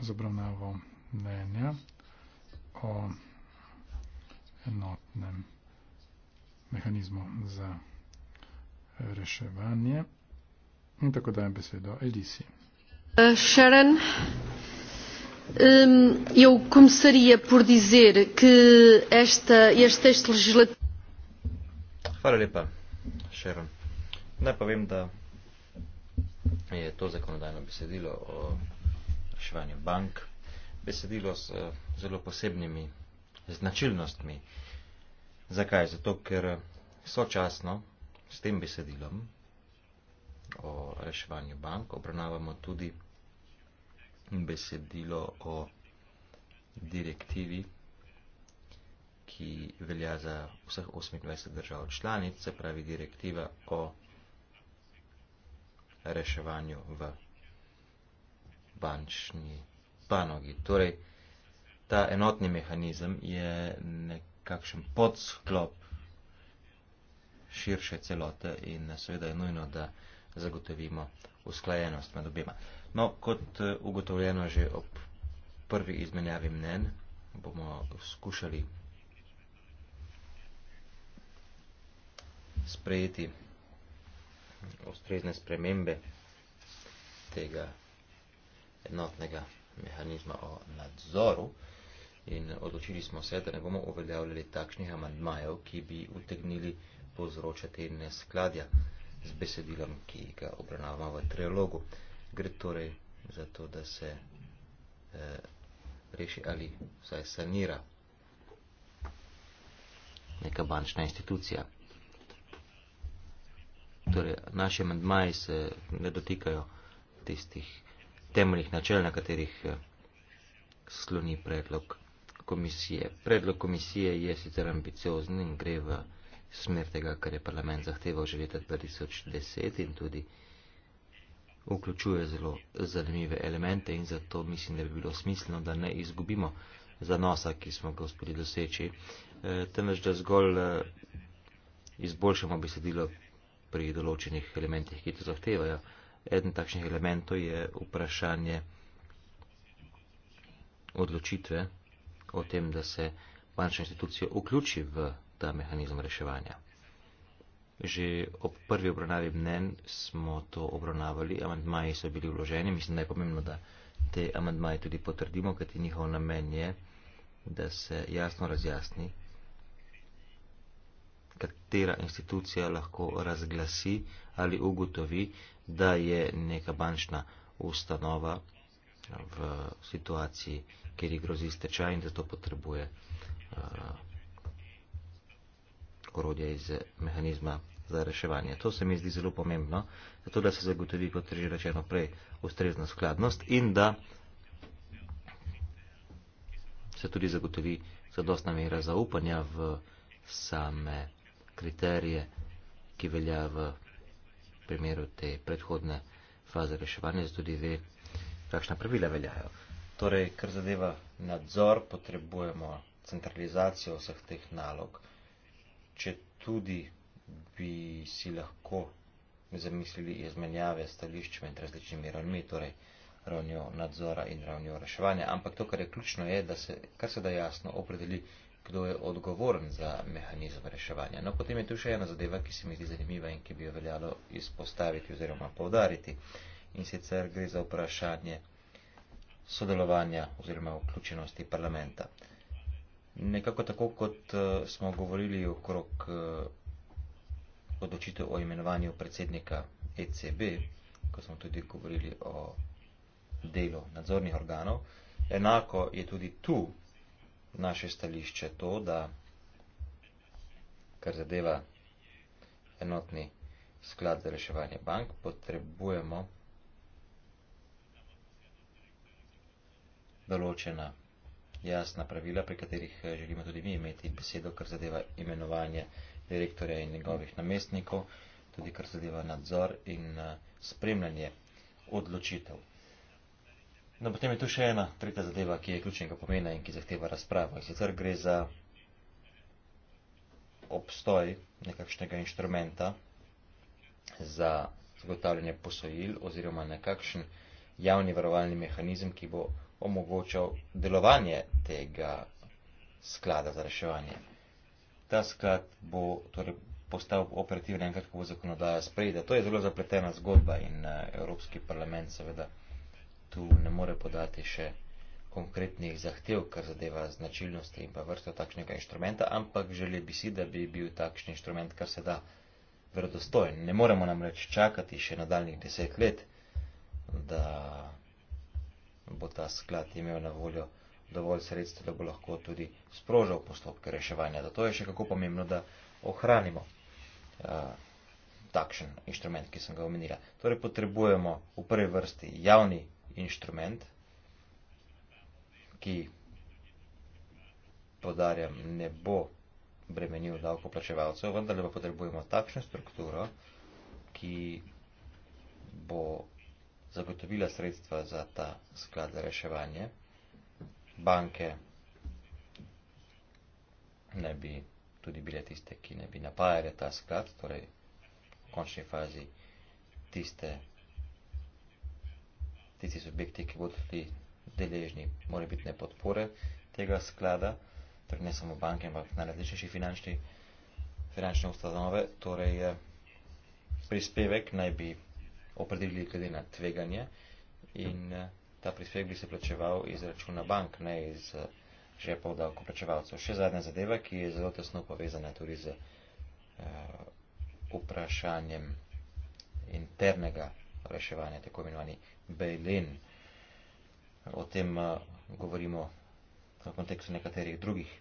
z obravnavo mnenja o enotnem mehanizmu za reševanje. In tako dajem besedo Elisi. Eh, Sharon, um, eu começaria por dizer que esta, este texto legislativo. Hvala lepa, Sharon. Naj povem, da je to zakonodajno besedilo o reševanju bank, besedilo z zelo posebnimi značilnostmi. Zakaj? Zato, ker sočasno s tem besedilom o reševanju bank, obravnavamo tudi besedilo o direktivi, ki velja za vseh 28 držav članic, se pravi direktiva o reševanju v bančni panogi. Torej, ta enotni mehanizem je nekakšen podsklop širše celote in seveda je nujno, da zagotovimo usklajenost med obima. No, kot eh, ugotovljeno že ob prvi izmenjavi mnen, bomo skušali sprejeti ustrezne spremembe tega enotnega mehanizma o nadzoru in odločili smo se, da ne bomo uveljavljali takšnih amandmajev, ki bi utegnili povzročati neskladja z besedilom, ki ga obravnavamo v trilogu. Gre torej za to, da se eh, reši ali vsaj sanira neka bančna institucija. Torej, naše amendmaji se ne dotikajo tistih temeljnih načel, na katerih eh, sloni predlog komisije. Predlog komisije je sicer ambiciozen in gre v smer tega, kar je parlament zahteval že leta 2010 in tudi vključuje zelo zanimive elemente in zato mislim, da bi bilo smiselno, da ne izgubimo zanosa, ki smo ga uspeli doseči, eh, temveč da zgolj eh, izboljšamo besedilo pri določenih elementih, ki to zahtevajo. Eden takšnih elementov je vprašanje odločitve o tem, da se bančna institucija vključi v ta mehanizem reševanja. Že ob prvi obravnavi mnen smo to obravnavali, amantmaji so bili vloženi, mislim, da je pomembno, da te amantmaje tudi potrdimo, kajti njihov namen je, da se jasno razjasni, katera institucija lahko razglasi ali ugotovi, da je neka bančna ustanova v situaciji, kjer ji grozi stečaj in da to potrebuje uh, orodja iz mehanizma za reševanje. To se mi zdi zelo pomembno, zato da se zagotovi, kot je že rečeno prej, ustrezna skladnost in da se tudi zagotovi zadostna mera zaupanja v same kriterije, ki velja v primeru te predhodne faze reševanja, zato tudi ve, kakšna pravila veljajo. Torej, kar zadeva nadzor, potrebujemo centralizacijo vseh teh nalog če tudi bi si lahko zamislili izmenjave stališč med različnimi ravnmi, torej ravnjo nadzora in ravnjo reševanja. Ampak to, kar je ključno, je, da se kar se da jasno opredeli, kdo je odgovoren za mehanizem reševanja. No, potem je tu še ena zadeva, ki se mi zdi zanimiva in ki bi jo veljalo izpostaviti oziroma povdariti. In sicer gre za vprašanje sodelovanja oziroma vključenosti parlamenta nekako tako, kot uh, smo govorili okrog uh, odločitev o imenovanju predsednika ECB, ko smo tudi govorili o delu nadzornih organov, enako je tudi tu naše stališče to, da kar zadeva enotni sklad za reševanje bank, potrebujemo določena jasna pravila, pri katerih eh, želimo tudi mi imeti besedo, kar zadeva imenovanje direktorja in njegovih namestnikov, tudi kar zadeva nadzor in eh, spremljanje odločitev. No, potem je tu še ena tretja zadeva, ki je ključnega pomena in ki zahteva razpravo. In sicer gre za obstoj nekakšnega inštrumenta za zagotavljanje posojil oziroma nekakšen javni varovalni mehanizem, ki bo omogočal delovanje tega sklada za reševanje. Ta sklad bo torej, postal operativen, enkrat, ko bo zakonodaja sprejeta. To je zelo zapletena zgodba in eh, Evropski parlament seveda tu ne more podati še konkretnih zahtev, kar zadeva značilnosti in pa vrsto takšnega inštrumenta, ampak želi bi si, da bi bil takšen inštrument, kar se da verodostojen. Ne moremo namreč čakati še nadaljnih deset let, da bo ta sklad imel na voljo dovolj sredstev, da bo lahko tudi sprožil postopke reševanja. Zato je še kako pomembno, da ohranimo uh, takšen inštrument, ki sem ga omenila. Torej potrebujemo v prvi vrsti javni inštrument, ki, podarjam, ne bo bremenil davkoplačevalcev, vendar pa potrebujemo takšno strukturo, ki bo zagotovila sredstva za ta sklad za reševanje. Banke ne bi tudi bile tiste, ki ne bi napajale ta sklad, torej v končni fazi tiste, tisti subjekti, ki bodo tudi deležni morebitne podpore tega sklada, torej ne samo banke, ampak na različnejši finančni, finančne ustanove, torej eh, prispevek naj bi opredelili glede na tveganje in eh, ta prispevek bi se plačeval iz računa bank, ne iz eh, žepov davkoplačevalcev. Še zadnja zadeva, ki je zelo tesno povezana tudi z uh, vprašanjem internega reševanja, tako imenovani Bejlin. O tem uh, govorimo v kontekstu nekaterih drugih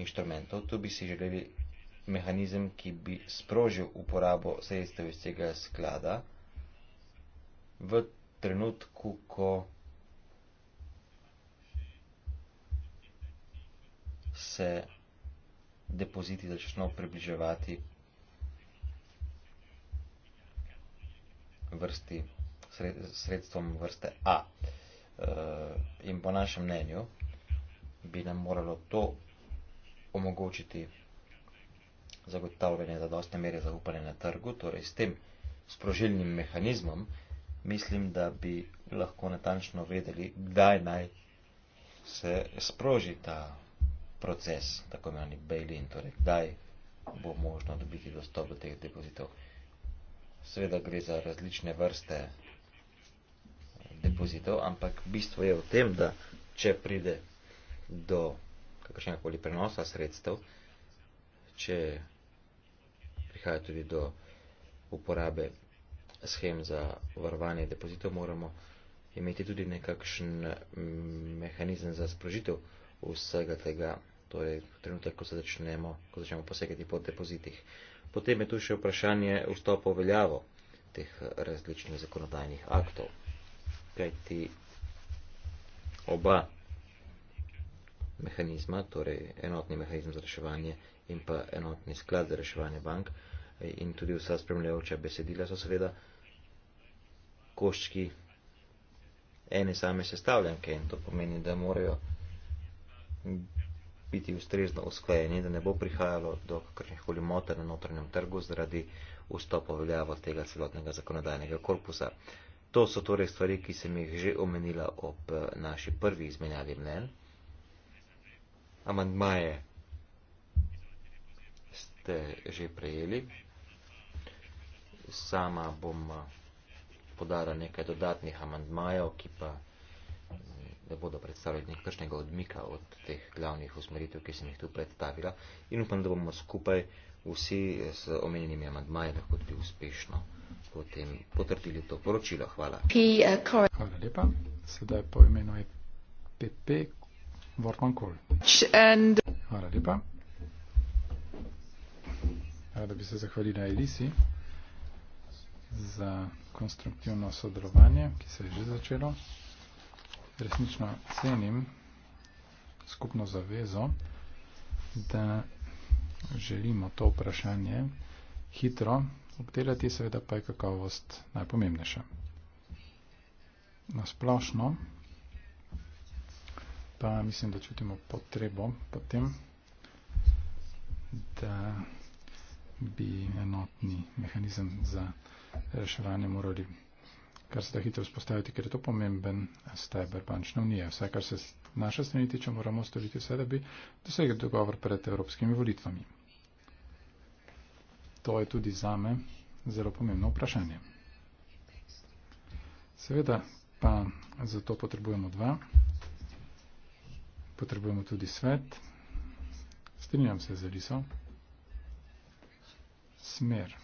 inštrumentov. Tu bi si želeli mehanizem, ki bi sprožil uporabo sredstev iz tega sklada v trenutku, ko se depoziti začnejo približevati vrsti, sredstvom vrste A. Eh, in po našem mnenju bi nam moralo to omogočiti zagotavljanje zadostne mere zaupanja na trgu, torej s tem sprožilnim mehanizmom, mislim, da bi lahko natančno vedeli, kdaj naj se sproži ta proces, tako imenovani bail-in, torej kdaj bo možno dobiti dostop do teh depozitov. Seveda gre za različne vrste depozitov, ampak bistvo je v tem, da če pride do kakršnjakoli prenosa sredstev, če prihaja tudi do uporabe schem za varovanje depozitov, moramo imeti tudi nekakšen mm, mehanizem za sprožitev vsega tega, torej trenutek, ko, začnemo, ko začnemo posegati po depozitih. Potem je tu še vprašanje vstopa v veljavo teh različnih zakonodajnih aktov. Kaj ti oba mehanizma, torej enotni mehanizem za reševanje in pa enotni sklad za reševanje bank in tudi vsa spremljajoča besedila so seveda koščki ene same sestavljanke in to pomeni, da morajo biti ustrezno usklajeni, da ne bo prihajalo do kakršnih koli motenj na notranjem trgu zaradi vstopa veljavo tega celotnega zakonodajnega korpusa. To so torej stvari, ki sem jih že omenila ob eh, naši prvi izmenjavi mnenj. Amandmaje ste že prejeli. Sama bom eh, podarali nekaj dodatnih amandmajev, ki pa ne bodo predstavljali nekakšnega odmika od teh glavnih usmeritev, ki sem jih tu predstavila. In upam, da bomo skupaj vsi z omenjenimi amandmaji lahko tudi uspešno potem potrdili to poročilo. Hvala. Uh, Hvala lepa. Sedaj po imenu je PP Vorkman Kol. Hvala lepa. Rada bi se zahvalila Elisi za konstruktivno sodelovanje, ki se je že začelo. Resnično cenim skupno zavezo, da želimo to vprašanje hitro obdelati, seveda pa je kakovost najpomembnejša. Na splošno pa mislim, da čutimo potrebo potem, da bi enotni mehanizem za reševanje morali kar se da hitro vzpostaviti, ker je to pomemben steber bančne unije. Vse, kar se naše strani tiče, moramo storiti vse, da bi dosegli dogovor pred evropskimi volitvami. To je tudi zame zelo pomembno vprašanje. Seveda pa za to potrebujemo dva. Potrebujemo tudi svet. Strinjam se z Eliso. Smer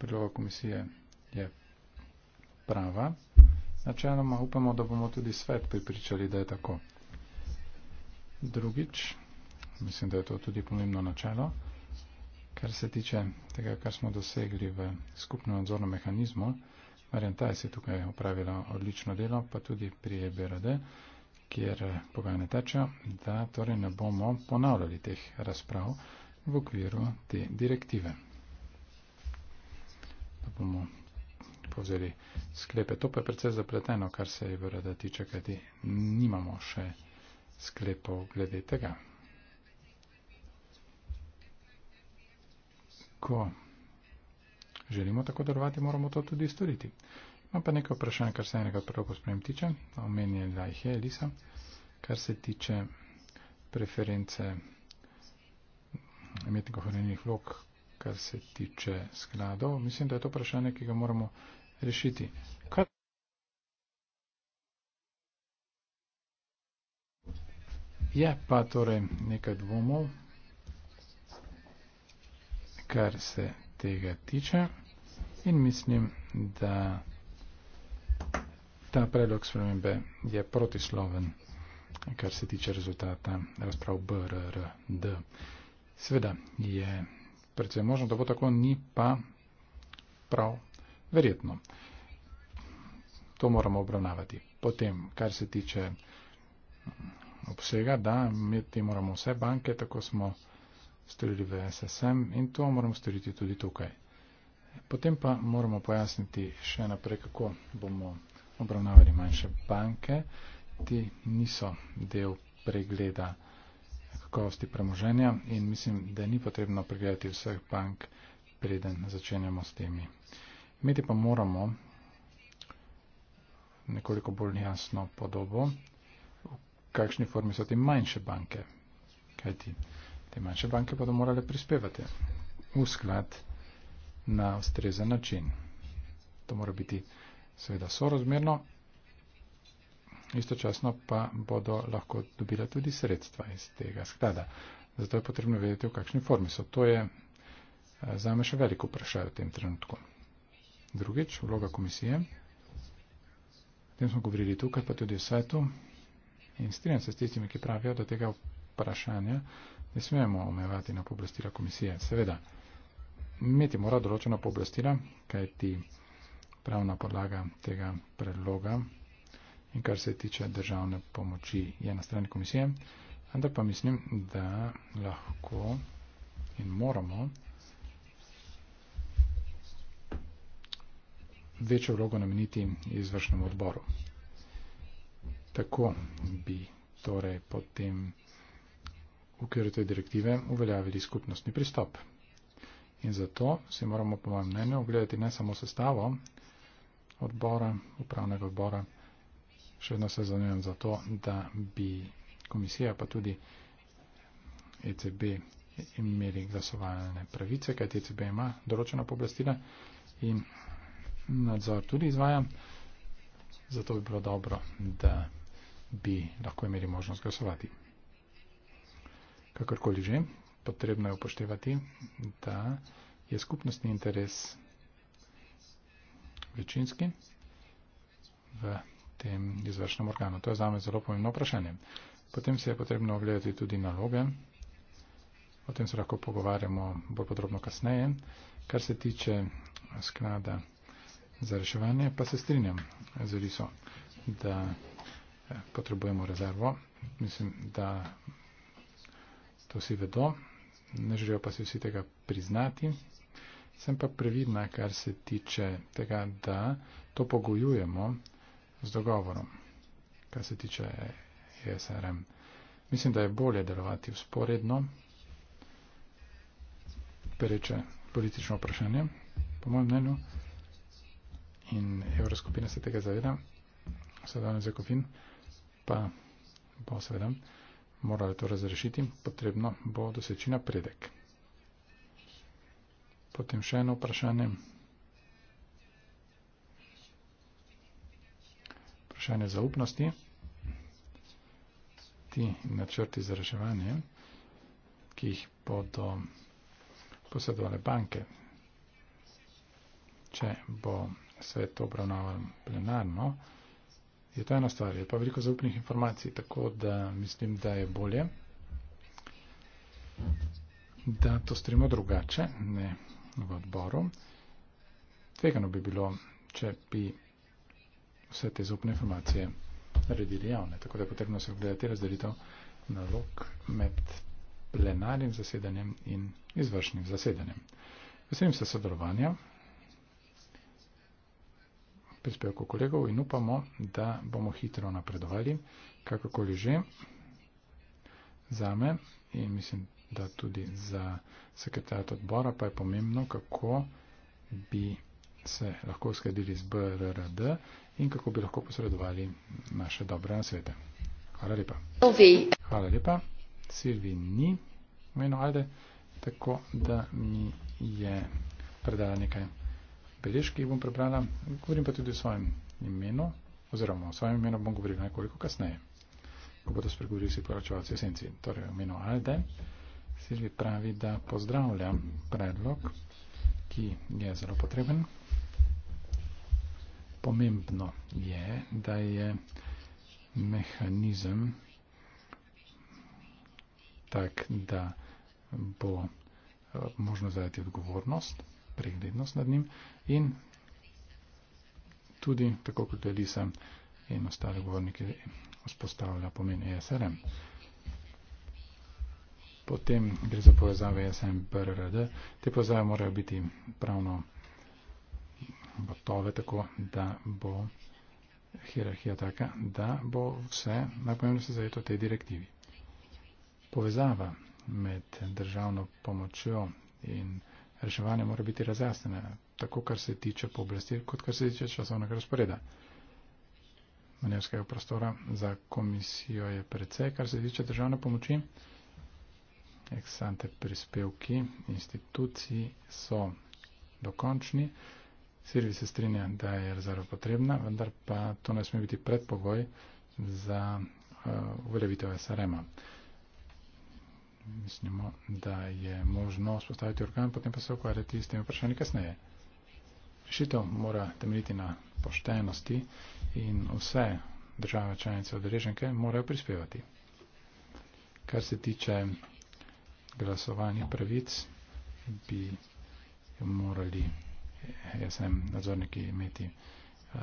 predloga komisije je prava. Načeloma upamo, da bomo tudi svet pripričali, da je tako. Drugič, mislim, da je to tudi pomembno načelo, kar se tiče tega, kar smo dosegli v skupnem nadzornem mehanizmu. Marjan Tajs je tukaj opravila odlično delo, pa tudi pri EBRD, kjer pogajanje teče, da torej ne bomo ponavljali teh razprav v okviru te direktive da bomo povzeli sklepe. To pa je predvsej zapleteno, kar se je vrda tiče, kajti nimamo še sklepov glede tega. Ko želimo tako darovati, moramo to tudi storiti. Imam pa nekaj vprašanj, kar se enega prvo spremem tiče, omenjena jih je Elisa, kar se tiče preference imetnikov hranilnih vlog, kar se tiče skladov. Mislim, da je to vprašanje, ki ga moramo rešiti. Kar... Je pa torej nekaj dvomov, kar se tega tiče in mislim, da ta predlog spremembe je protisloven, kar se tiče rezultata razprav BRRD. Sveda je Predvsem možno, da bo tako, ni pa prav verjetno. To moramo obravnavati. Potem, kar se tiče obsega, da, imeti moramo vse banke, tako smo storili v SSM in to moramo storiti tudi tukaj. Potem pa moramo pojasniti še naprej, kako bomo obravnavali manjše banke. Ti niso del pregleda kakovosti premoženja in mislim, da ni potrebno pregledati vseh bank, preden začenjamo s temi. Imeti pa moramo nekoliko bolj jasno podobo, v kakšni formi so te manjše banke. Kaj ti? Te manjše banke bodo morale prispevati v sklad na ustrezen način. To mora biti seveda sorozmerno, istočasno pa bodo lahko dobila tudi sredstva iz tega sklada. Zato je potrebno vedeti, v kakšni formi so. To je eh, za me še veliko vprašanje v tem trenutku. Drugič, vloga komisije. O tem smo govorili tukaj, pa tudi v svetu. In strinjam se s tistimi, ki pravijo, da tega vprašanja ne smemo omejevati na pooblastila komisije. Seveda, imeti mora določena pooblastila, kajti pravna podlaga tega predloga in kar se tiče državne pomoči je na strani komisije, vendar pa mislim, da lahko in moramo večjo vlogo nameniti izvršnemu odboru. Tako bi torej potem v okviru te direktive uveljavili skupnostni pristop. In zato si moramo, po mojem mnenju, ogledati ne samo sestavo odbora, upravnega odbora, še vedno se zanujem za to, da bi komisija pa tudi ECB imeli glasovalne pravice, kajti ECB ima določena pooblastila in nadzor tudi izvaja. Zato bi bilo dobro, da bi lahko imeli možnost glasovati. Kakorkoli že, potrebno je upoštevati, da je skupnostni interes večinski v tem izvršnem organu. To je zame zelo pomembno vprašanje. Potem se je potrebno ogledati tudi naloge. O tem se lahko pogovarjamo bolj podrobno kasneje. Kar se tiče sklada za reševanje, pa se strinjam z Riso, da eh, potrebujemo rezervo. Mislim, da to vsi vedo, ne želijo pa si vsi tega priznati. Sem pa previdna, kar se tiče tega, da to pogojujemo z dogovorom, kar se tiče ESRM. Mislim, da je bolje delovati usporedno, pereče politično vprašanje, po mojem mnenju, in Evroskupina se tega zaveda, sedanje zakupin, pa bo seveda morali to razrešiti, potrebno bo doseči napredek. Potem še eno vprašanje. vprašanje zaupnosti, ti načrti za reševanje, ki jih bodo posedovale banke. Če bo vse to obravnavalo plenarno, je to ena stvar, je pa veliko zaupnih informacij, tako da mislim, da je bolje, da to stremo drugače, ne v odboru. Tvegano bi bilo, če bi vse te zopne informacije naredili javne. Tako da je potrebno se ogledati razdelitev nalog med plenarnim zasedanjem in izvršnim zasedanjem. Veselim se sodelovanja prispevkov kolegov in upamo, da bomo hitro napredovali, kakorkoli že zame in mislim, da tudi za sekretarat odbora pa je pomembno, kako bi se lahko uskladili z BRRD in kako bi lahko posredovali naše dobre nasvete. Hvala lepa. Hvala lepa. Silvi ni meno ajde, tako da mi je predala nekaj beležki, bom prebrala. Govorim pa tudi o svojem imenu, oziroma o svojem imenu bom govorila nekoliko kasneje, ko bodo spregovorili si poročevalci esenci. Torej, imeno Alde, Silvi pravi, da pozdravlja predlog, ki je zelo potreben, pomembno je, da je mehanizem tak, da bo eh, možno zadati odgovornost, preglednost nad njim in tudi, tako kot je Lisa in ostali govorniki, vzpostavlja pomen ESRM. Potem gre za povezave SMBRRD. Te povezave morajo biti pravno botove, tako da bo hierarhija taka, da bo vse najpomembnejše zajeto v tej direktivi. Povezava med državno pomočjo in reševanjem mora biti razjasnjena, tako kar se tiče pooblastil, kot kar se tiče časovnega razporeda. Manevskega prostora za komisijo je precej, kar se tiče državne pomoči. Eksante prispevki institucij so dokončni. Sirvi se strinja, da je rezerva potrebna, vendar pa to ne sme biti predpogoj za eh, uveljavitev SRM-a. Mislimo, da je možno spostaviti organ, potem pa se ukvarjati s tem vprašanjem kasneje. Rešitev mora temeljiti na poštenosti in vse države članice odreženke morajo prispevati. Kar se tiče glasovanja pravic, bi morali jaz sem nadzorniki imeti uh,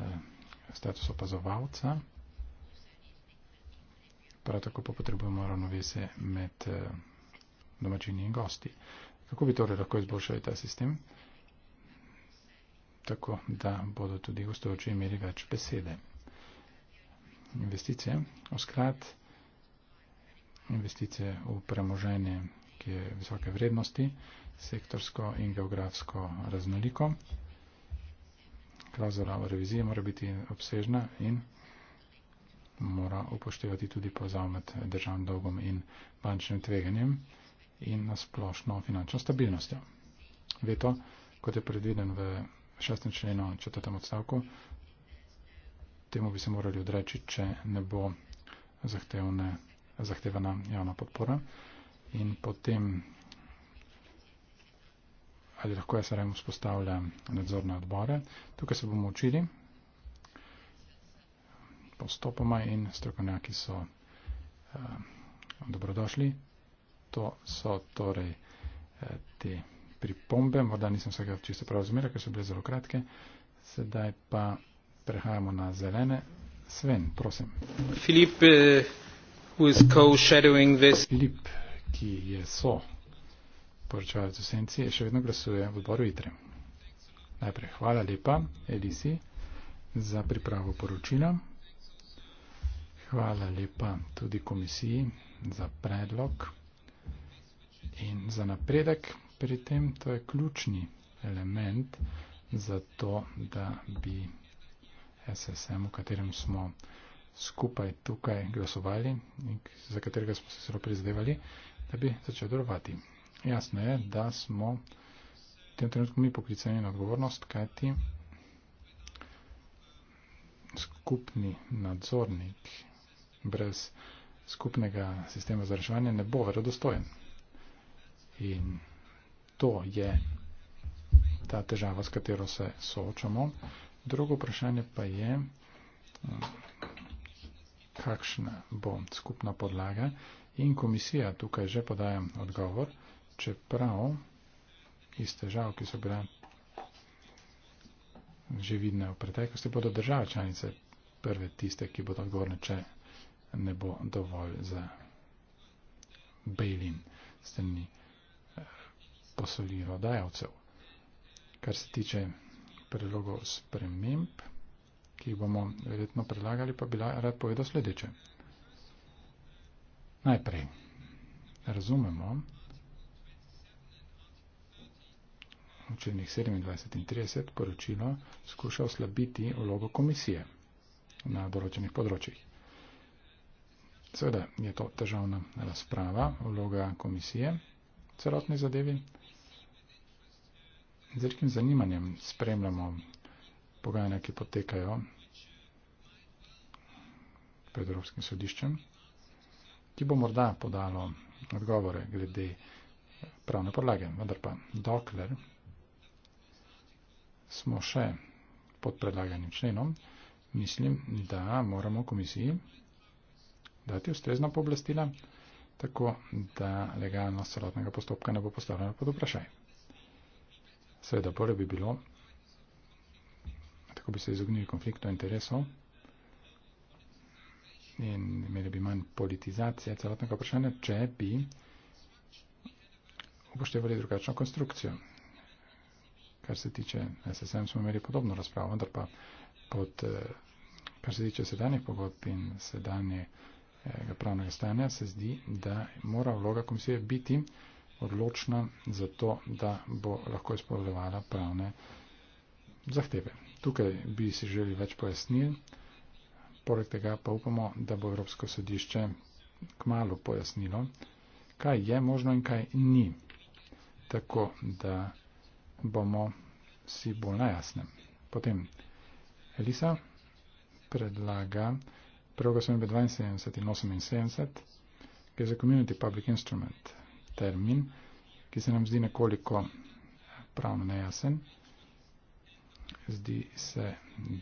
status opazovalca. Prav tako pa potrebujemo ravnovese med uh, domačini in gosti. Kako bi torej lahko izboljšali ta sistem, tako da bodo tudi gostujoči imeli več besede. Investicije v sklad, investicije v premoženje, ki je visoke vrednosti, uh, sektorsko in geografsko raznoliko. Klauzula v reviziji mora biti obsežna in mora upoštevati tudi povezav med državnim dolgom in bančnim tveganjem in nasplošno finančno stabilnostjo. Veto, kot je predviden v 6. členu četrtem odstavku, temu bi se morali odreči, če ne bo zahtevne, zahtevana javna podpora. In potem ali lahko jaz rejem vzpostavlja nadzorne odbore. Tukaj se bomo učili postopoma in strokovnjaki so uh, dobrodošli. To so torej uh, te pripombe, morda nisem vsega čisto prav razumela, ker so bile zelo kratke. Sedaj pa prehajamo na zelene. Sven, prosim. Filip, uh, who is co-shadowing this. Filip, ki je so poročevalec v senci, še vedno glasuje v odboru ITRE. Najprej hvala lepa, Elisi, za pripravo poročila. Hvala lepa tudi komisiji za predlog in za napredek pri tem. To je ključni element za to, da bi SSM, v katerem smo skupaj tukaj glasovali in za katerega smo se zelo prizadevali, da bi začel delovati. Jasno je, da smo v tem trenutku mi poklicani na odgovornost, kajti skupni nadzornik brez skupnega sistema za reševanje ne bo verodostojen. In to je ta težava, s katero se soočamo. Drugo vprašanje pa je, kakšna bo skupna podlaga. In komisija tukaj že podaja odgovor čeprav iz težav, ki so bile že vidne v preteklosti, bodo države članice prve tiste, ki bodo odgovorne, če ne bo dovolj za bail-in strani eh, posolijo dajavcev. Kar se tiče predlogov sprememb, ki jih bomo verjetno predlagali, pa bi rad povedal sledeče. Najprej razumemo, učenih 27 in 30 poročilo skuša oslabiti vlogo komisije na določenih področjih. Seveda je to težavna razprava, vloga komisije v celotni zadevi. Z velikim zanimanjem spremljamo pogajanja, ki potekajo pred Evropskim sodiščem, ki bo morda podalo odgovore glede pravne podlage, vendar pa dokler smo še pod predlaganim členom, mislim, da moramo komisiji dati ustrezna pooblastila, tako da legalnost celotnega postopka ne bo postavljena pod vprašaj. Seveda bolje bi bilo, tako bi se izognili konfliktu interesov in imeli bi manj politizacije celotnega vprašanja, če bi upoštevali drugačno konstrukcijo kar se tiče SSM, smo imeli podobno razpravo, vendar pa pod, eh, kar se tiče sedanjih pogodb in sedanjega pravnega stanja, se zdi, da mora vloga komisije biti odločna za to, da bo lahko izpolnjevala pravne zahteve. Tukaj bi si želi več pojasnil, poleg tega pa upamo, da bo Evropsko sodišče kmalo pojasnilo, kaj je možno in kaj ni. Tako da bomo si bolj najasnem. Potem Elisa predlaga 1. gospodin 72 in 78, ki je za community public instrument termin, ki se nam zdi nekoliko pravno nejasen. Zdi se,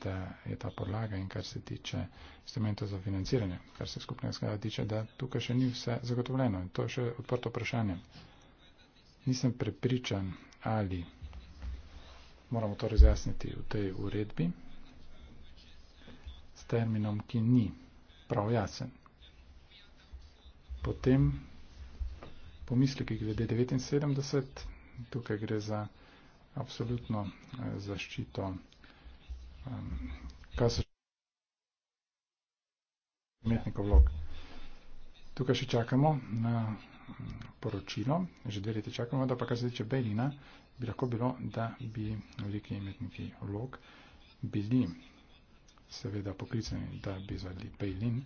da je ta podlaga in kar se tiče instrumentov za financiranje, kar se skupnega sklada tiče, da tukaj še ni vse zagotovljeno in to je še odprto vprašanje. Nisem prepričan, ali moramo to torej razjasniti v tej uredbi s terminom, ki ni prav jasen. Potem pomisliki glede 79, tukaj gre za absolutno eh, zaščito umetnikov vlog. Tukaj še čakamo na mm, poročilo, že dve leti čakamo, da pa kar se tiče Belina, bi lahko bilo, da bi veliki imetniki vlog bili seveda poklicani, da bi zvali bail-in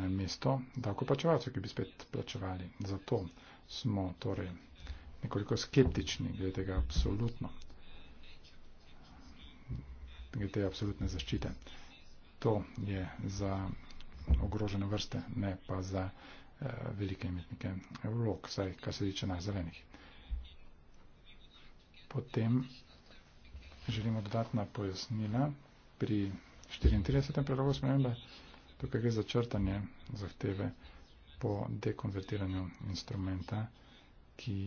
na mesto davkoplačevalcev, ki bi spet plačevali. Zato smo torej nekoliko skeptični glede tega absolutno glede tega absolutne zaščite. To je za ogrožene vrste, ne pa za uh, velike imetnike vlog, saj kar se tiče nas zelenih. Potem želimo dodatna pojasnila pri 34. predlogu spremembe. Tukaj gre za črtanje zahteve po dekonvertiranju instrumenta, ki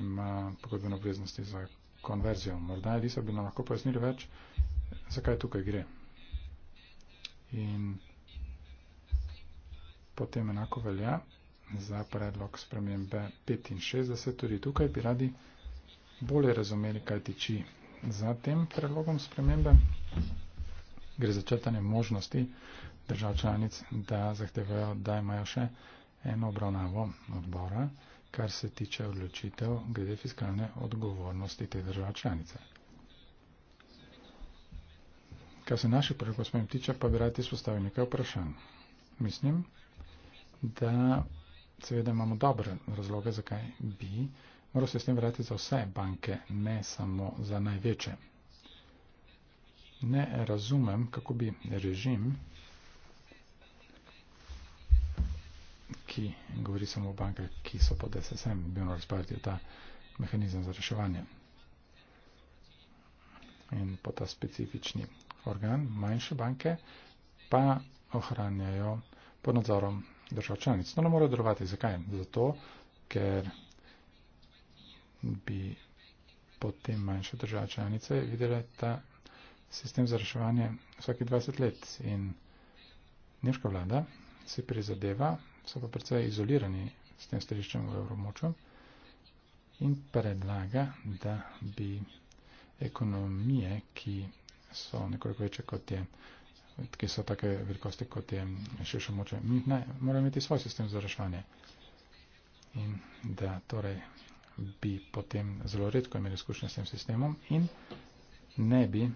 ima pogodbeno obveznosti za konverzijo. Morda Elisa bi nam lahko pojasnili več, zakaj tukaj gre. In potem enako velja za predlog spremembe 65, tudi tukaj bi radi bolje razumeli, kaj tiči za tem predlogom spremembe. Gre za črtanje možnosti držav članic, da zahtevajo, da imajo še eno obravnavo odbora, kar se tiče odločitev glede fiskalne odgovornosti te držav članice. Kar se naših predlogov spremem tiče, pa bi rad izpostavil nekaj vprašanj. Mislim, da seveda imamo dobre razloge, zakaj bi Mora se s tem verjeti za vse banke, ne samo za največje. Ne razumem, kako bi režim, ki govori samo o bankah, ki so pod SSM, bi moral razpraviti ta mehanizem za reševanje. In po ta specifični organ, manjše banke, pa ohranjajo pod nadzorom držav članic. To ne more delovati. Zakaj? Zato, ker bi potem manjše države članice videle ta sistem za reševanje vsake 20 let. In nemška vlada se prizadeva, so pa predvsej izolirani s tem stališčem v evromočju in predlaga, da bi ekonomije, ki so nekoliko večje kot je, ki so take velikosti kot je širša moče, morajo imeti svoj sistem za reševanje. In da torej bi potem zelo redko imeli izkušnje s tem sistemom in ne bi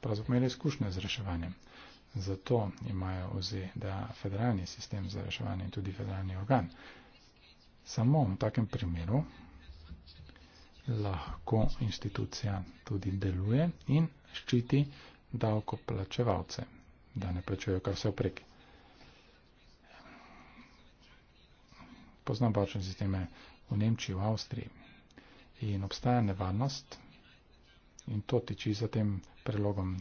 pravzaprav imeli izkušnje z reševanjem. Zato imajo vzi, da federalni sistem za reševanje in tudi federalni organ. Samo v takem primeru lahko institucija tudi deluje in ščiti davkoplačevalce, da ne plačujejo kar vse oprek. Poznam bačne sisteme v Nemčiji, v Avstriji. In obstaja nevarnost, in to tiči za tem predlogom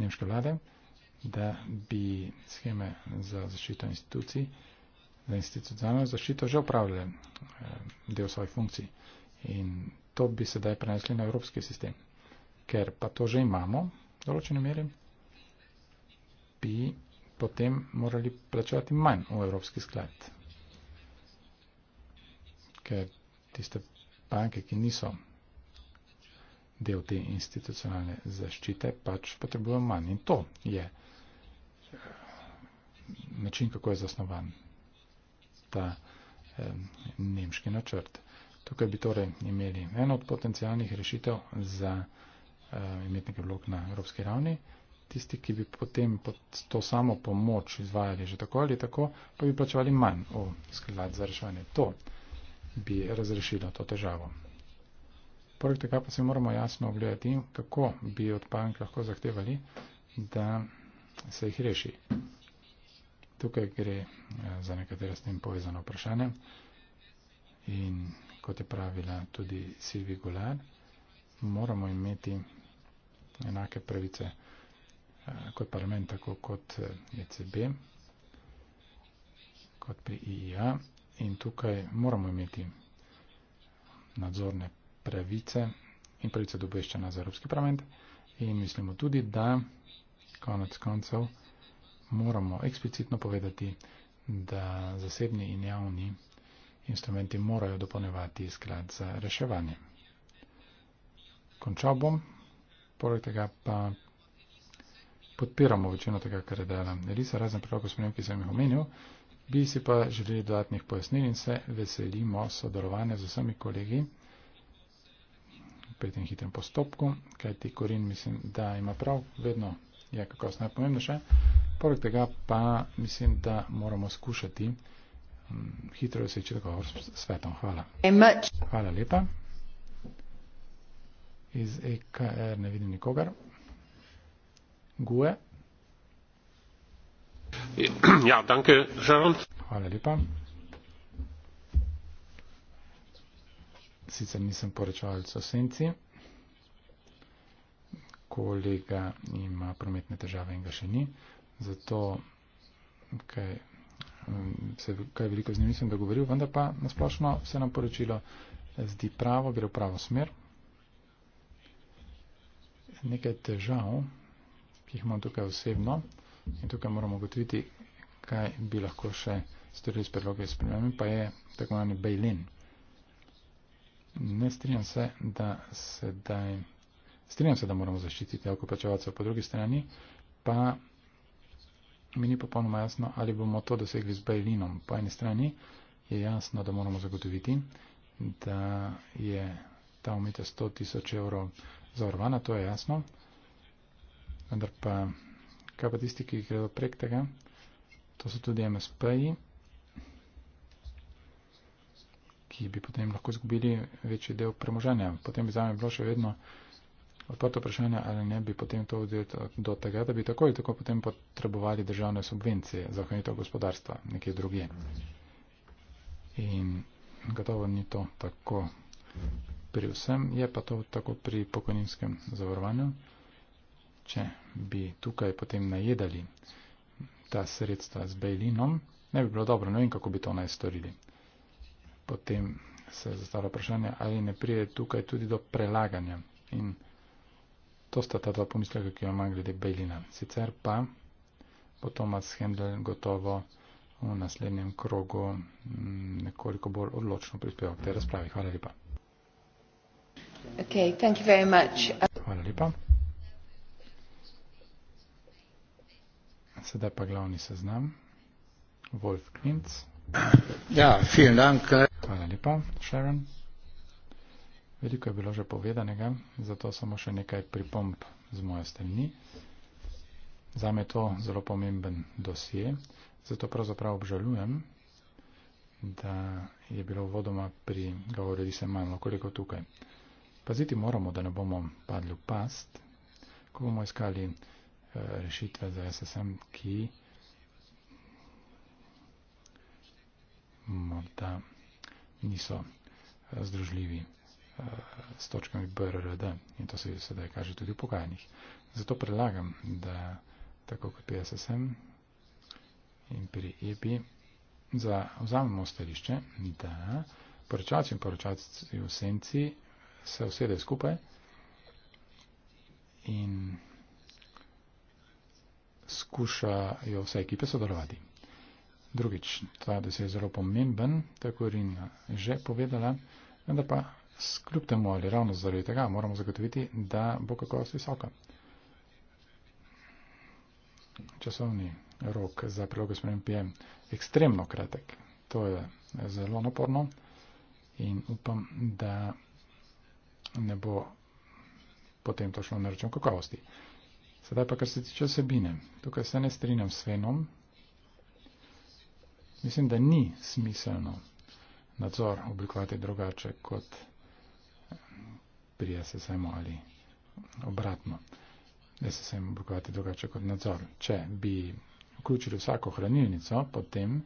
nemške vlade, da bi scheme za zaščito institucij, za institucionalno zaščito že upravljali eh, del svojih funkcij. In to bi sedaj prenesli na evropski sistem. Ker pa to že imamo v določeni meri, bi potem morali plačevati manj v evropski sklad ker tiste banke, ki niso del te institucionalne zaščite, pač potrebujejo manj. In to je eh, način, kako je zasnovan ta eh, nemški načrt. Tukaj bi torej imeli eno od potencijalnih rešitev za eh, imetnike vlog na evropski ravni. Tisti, ki bi potem pod to samo pomoč izvajali že tako ali tako, pa bi plačevali manj v sklad za reševanje. To bi razrešilo to težavo. Poleg tega pa se moramo jasno ogledati, kako bi od bank lahko zahtevali, da se jih reši. Tukaj gre eh, za nekatere s tem povezane vprašanje in kot je pravila tudi Silvi Gular, moramo imeti enake pravice eh, kot parlament, tako kot ECB, eh, e kot pri IIA in tukaj moramo imeti nadzorne pravice in pravice do obveščanja za Evropski parlament in mislimo tudi, da konec koncev moramo eksplicitno povedati, da zasebni in javni instrumenti morajo dopolnevati sklad za reševanje. Končal bom, poleg tega pa podpiramo večino tega, kar je dala Elisa, razen predlogov spremljiv, ki sem jih omenil. Bi si pa želeli dodatnih pojasnil in se veselimo sodelovanja z vsemi kolegi pri tem hitrem postopku, kajti Korin mislim, da ima prav, vedno je kakost najpomembnejše. Poleg tega pa mislim, da moramo skušati mm, hitro doseči dogovor s svetom. Hvala. Hvala lepa. Iz EKR ne vidim nikogar. Gue. Ja, danke, Gerald. Hvala lepa. Sicer nisem poročal o senci. Kolega ima prometne težave in ga še ni. Zato, kaj, mm, se kaj veliko z njim nisem dogovoril, vendar pa nasplošno se nam poročilo zdi pravo, gre v pravo smer. Nekaj težav, ki jih imam tukaj osebno, In tukaj moramo ugotoviti, kaj bi lahko še storili s predlogi spremembe, pa je tako imenovani bailin. Ne strinjam se, da sedaj. Strinjam se, da moramo zaščititi okupačevalcev, po drugi strani pa mi ni popolnoma jasno, ali bomo to dosegli z Bejlinom. Po eni strani je jasno, da moramo zagotoviti, da je ta umetnost 100 tisoč evrov zavarovana, to je jasno, vendar pa kaj pa tisti, ki gredo prek tega, to so tudi MSP-ji, ki bi potem lahko izgubili večji del premoženja. Potem bi zame bilo še vedno odprto vprašanje, ali ne bi potem to vzeli do tega, da bi tako ali tako potem potrebovali državne subvencije za ohranitev gospodarstva, nekje druge. In gotovo ni to tako pri vsem, je pa to tako pri pokojninskem zavarovanju če bi tukaj potem najedali ta sredstva z bejlinom, ne bi bilo dobro, ne vem, kako bi to naj storili. Potem se zastavlja vprašanje, ali ne prije tukaj tudi do prelaganja. In to sta ta dva pomisleka, ki jo imam glede bejlina. Sicer pa bo Tomas Hendel gotovo v naslednjem krogu mm, nekoliko bolj odločno prispeval k tej razpravi. Hvala lepa. Okay, thank you very much. Hvala lepa. Sedaj pa glavni seznam. Wolf Klintz. Ja, vielen Dank. Hvala lepa, Sharon. Veliko je bilo že povedanega, zato samo še nekaj pripomp z moje strani. Za me je to zelo pomemben dosje, zato pravzaprav obžalujem, da je bilo vodoma pri govoredi se manj, koliko tukaj. Paziti moramo, da ne bomo padli v past, ko bomo iskali Eh, rešitve za SSM, ki morda niso eh, združljivi eh, s točkami BRRD in to se sedaj kaže tudi v pogajanjih. Zato predlagam, da tako kot pri SSM in pri EPI zauzamemo stališče, da poročalci in poročalci v senci se usedejo skupaj in skušajo vse ekipe sodelovati. Drugič, ta deset je zelo pomemben, tako je Rin že povedala, vendar pa skljub temu ali ravno zaradi tega moramo zagotoviti, da bo kakovost visoka. Časovni rok za prilogo sprememb je ekstremno kratek. To je zelo naporno in upam, da ne bo potem točno na račun kakovosti. Sedaj pa, kar se tiče osebine. Tukaj se ne strinjam s Fenom. Mislim, da ni smiselno nadzor oblikovati drugače kot pri SSM ali obratno. SSM oblikovati drugače kot nadzor. Če bi vključili vsako hranilnico, potem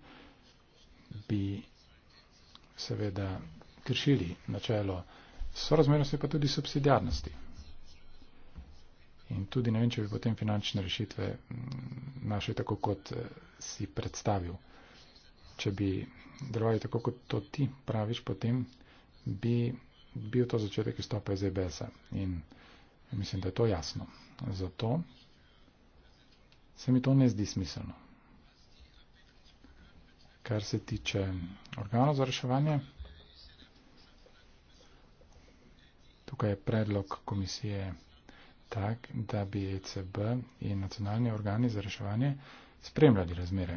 bi seveda kršili načelo sorazmernosti pa tudi subsidijarnosti. In tudi ne vem, če bi potem finančne rešitve mm, našli tako, kot eh, si predstavil. Če bi delovali tako, kot to ti praviš, potem bi bil to začetek izstopa iz EBS-a. In mislim, da je to jasno. Zato se mi to ne zdi smiselno. Kar se tiče organov za reševanje, tukaj je predlog komisije tak, da bi ECB in nacionalni organi za reševanje spremljali razmere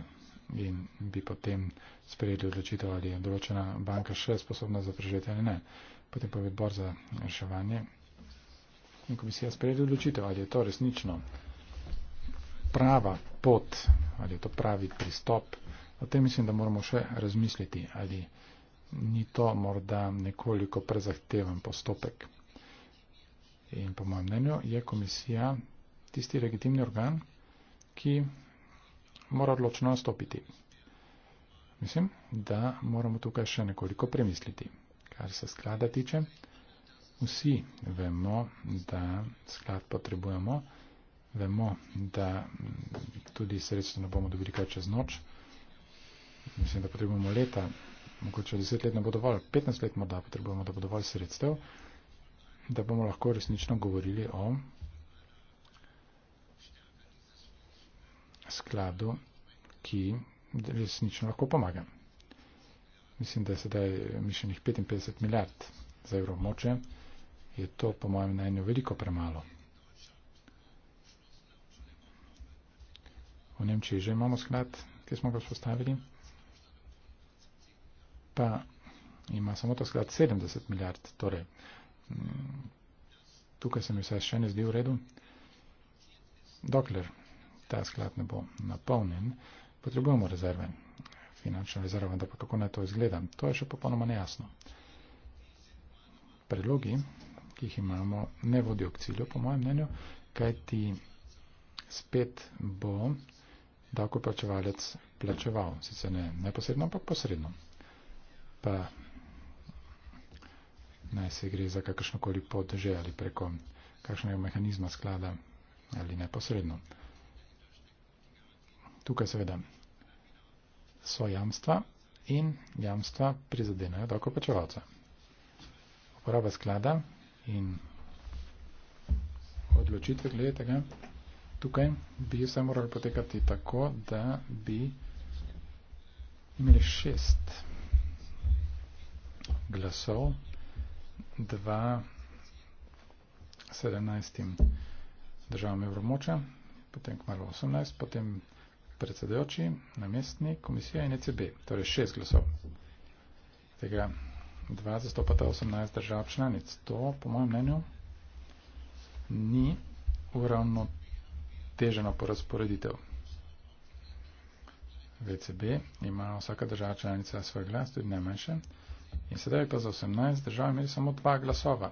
in bi potem sprejeli odločitev, ali je določena banka še sposobna za preživetje ali ne. Potem pa bi odbor za reševanje in komisija sprejeli odločitev, ali je to resnično prava pot, ali je to pravi pristop. O tem mislim, da moramo še razmisliti, ali ni to morda nekoliko prezahteven postopek. In po mojem mnenju je komisija tisti legitimni organ, ki mora odločno nastopiti. Mislim, da moramo tukaj še nekoliko premisliti. Kar se sklada tiče, vsi vemo, da sklad potrebujemo, vemo, da tudi sredstvo ne bomo dobili kar čez noč. Mislim, da potrebujemo leta, mogoče 10 let ne bo dovolj, 15 let morda potrebujemo, da bo dovolj sredstev da bomo lahko resnično govorili o skladu, ki resnično lahko pomaga. Mislim, da je sedaj mišljenih 55 milijard za evromoče, je to po mojem najenju veliko premalo. V Nemčiji že imamo sklad, ki smo ga spostavili, pa ima samo to sklad 70 milijard, torej Tukaj se mi vse še ne zdi v redu. Dokler ta sklad ne bo napolnjen, potrebujemo rezerve, finančne rezerve, vendar pa kako naj to izgleda, to je še popolnoma nejasno. Predlogi, ki jih imamo, ne vodijo k cilju, po mojem mnenju, kaj ti spet bo davkoplačevalec plačeval, sicer ne neposredno, ampak posredno. Pa naj se gre za kakršno koli pot že ali preko kakšnega mehanizma sklada ali neposredno. Tukaj seveda so jamstva in jamstva prizadenajo dokopečevalca. Uporaba sklada in odločitve glede tega tukaj bi vse morali potekati tako, da bi imeli šest glasov 2 17 državam evromoča, potem kmalo 18, potem predsedojoči, namestni, komisija in ECB, torej 6 glasov. Tega 2 zastopata 18 držav članic. To, po mojem mnenju, ni uravno teženo porazporeditev. V ECB ima vsaka država članica svoj glas, tudi najmanjše. In sedaj pa za 18 držav imeli samo dva glasova.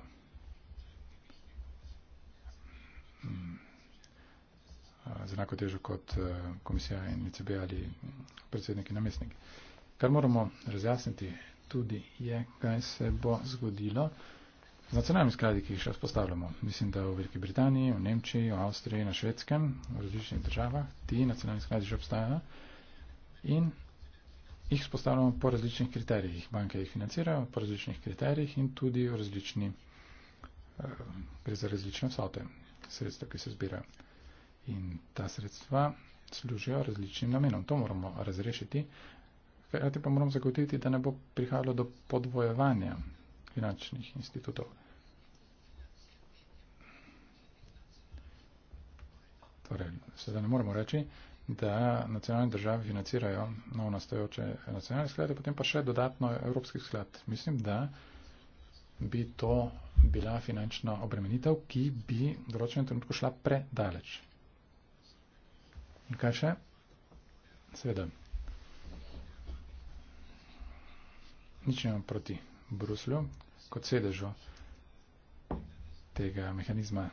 Hmm. Z enako težo kot eh, komisija in ECB ali predsednik in namestnik. Kar moramo razjasniti tudi je, kaj se bo zgodilo z nacionalnimi skladi, ki jih še vzpostavljamo. Mislim, da v Veliki Britaniji, v Nemčiji, v Avstriji, na Švedskem, v različnih državah, ti nacionalni skladi že obstajajo. In jih spostavljamo po različnih kriterijih. Banke jih financirajo po različnih kriterijih in tudi različni, eh, gre za različne vsote sredstva, ki se zbirajo. In ta sredstva služijo različnim namenom. To moramo razrešiti. Hrati pa moramo zagotoviti, da ne bo prihajalo do podvojevanja finančnih institutov. Torej, seveda ne moremo reči, da nacionalne države financirajo novo nastajoče nacionalne sklade, potem pa še dodatno evropski sklad. Mislim, da bi to bila finančna obremenitev, ki bi v določenem trenutku šla predaleč. In kaj še? Seveda. Nič imam proti Bruslju kot sedežo tega mehanizma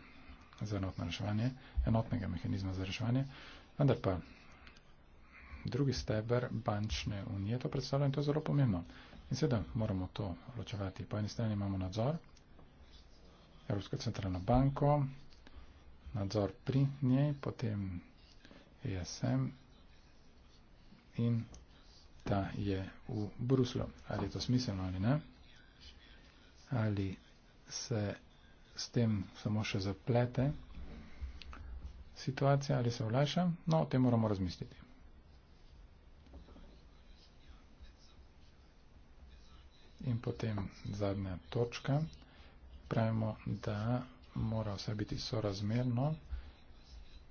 za enotno reševanje, enotnega mehanizma za reševanje. Uh, Vendar pa drugi steber bančne unije to predstavlja in to je zelo pomembno. In seveda moramo to ločevati. Po eni strani imamo nadzor Evropsko centralno banko, nadzor pri njej, potem ESM in ta je v Bruslju. Ali je to smiselno ali ne? Ali se s tem samo še zaplete? situacija ali se olajša, no o tem moramo razmisliti. In potem zadnja točka. Pravimo, da mora vse biti sorazmerno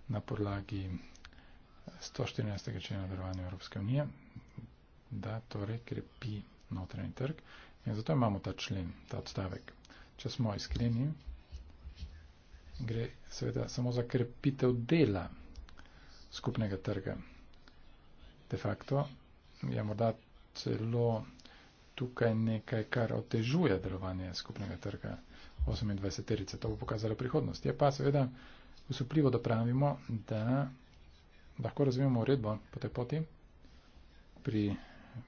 na podlagi 114. člena delovanja Evropske unije, da torej krepi notranji trg. In zato imamo ta člen, ta odstavek. Če smo iskreni, gre seveda samo za krepitev dela skupnega trga. De facto je morda celo tukaj nekaj, kar otežuje delovanje skupnega trga 28-terice. To bo pokazala prihodnost. Je pa seveda usupljivo, da pravimo, da lahko razvijemo uredbo po tej poti. Pri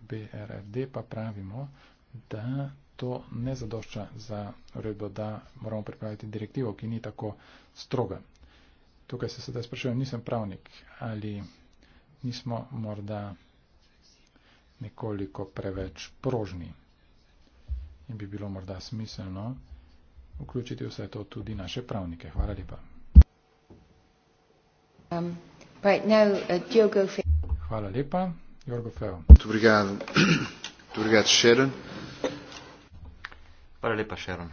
BRRD pa pravimo, da to ne zadošča za uredbo, da moramo pripraviti direktivo, ki ni tako stroga. Tukaj se sedaj sprašujem, nisem pravnik, ali nismo morda nekoliko preveč prožni in bi bilo morda smiselno vključiti vse to tudi naše pravnike. Hvala lepa. Um, right now, uh, Hvala lepa, Jorgo Feo. Dobrigado. Dobrigado, Sharon. Hvala lepa, Šeron.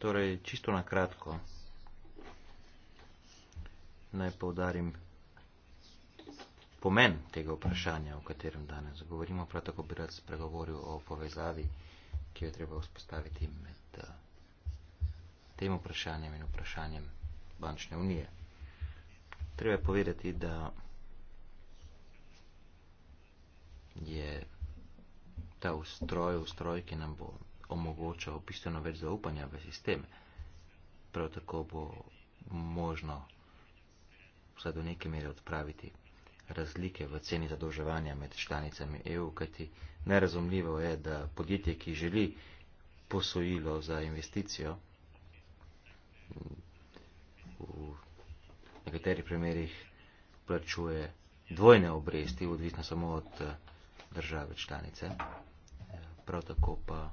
Torej, čisto na kratko naj povdarim pomen tega vprašanja, o katerem danes govorimo. Prav tako bi rad spregovoril o povezavi, ki jo treba vzpostaviti med uh, tem vprašanjem in vprašanjem bančne unije. Treba je povedati, da je ta ustroj, ustroj, ki nam bo omogočal bistveno več zaupanja v sisteme. Prav tako bo možno vsaj do neke mere odpraviti razlike v ceni zadolževanja med članicami EU, kajti nerazumljivo je, da podjetje, ki želi posojilo za investicijo, v nekaterih primerjih plačuje dvojne obresti, odvisno samo od eh, države članice prav tako pa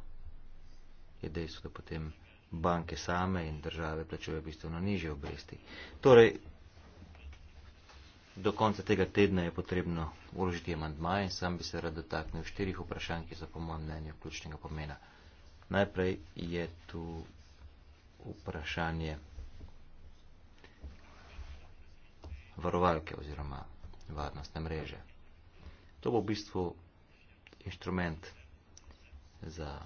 je dejstvo, da potem banke same in države plačujejo bistveno nižje obresti. Torej, do konca tega tedna je potrebno uložiti amandmaje in sam bi se rad dotaknil štirih vprašanj, ki so po mojem mnenju ključnega pomena. Najprej je tu vprašanje varovalke oziroma varnostne mreže. To bo v bistvu inštrument za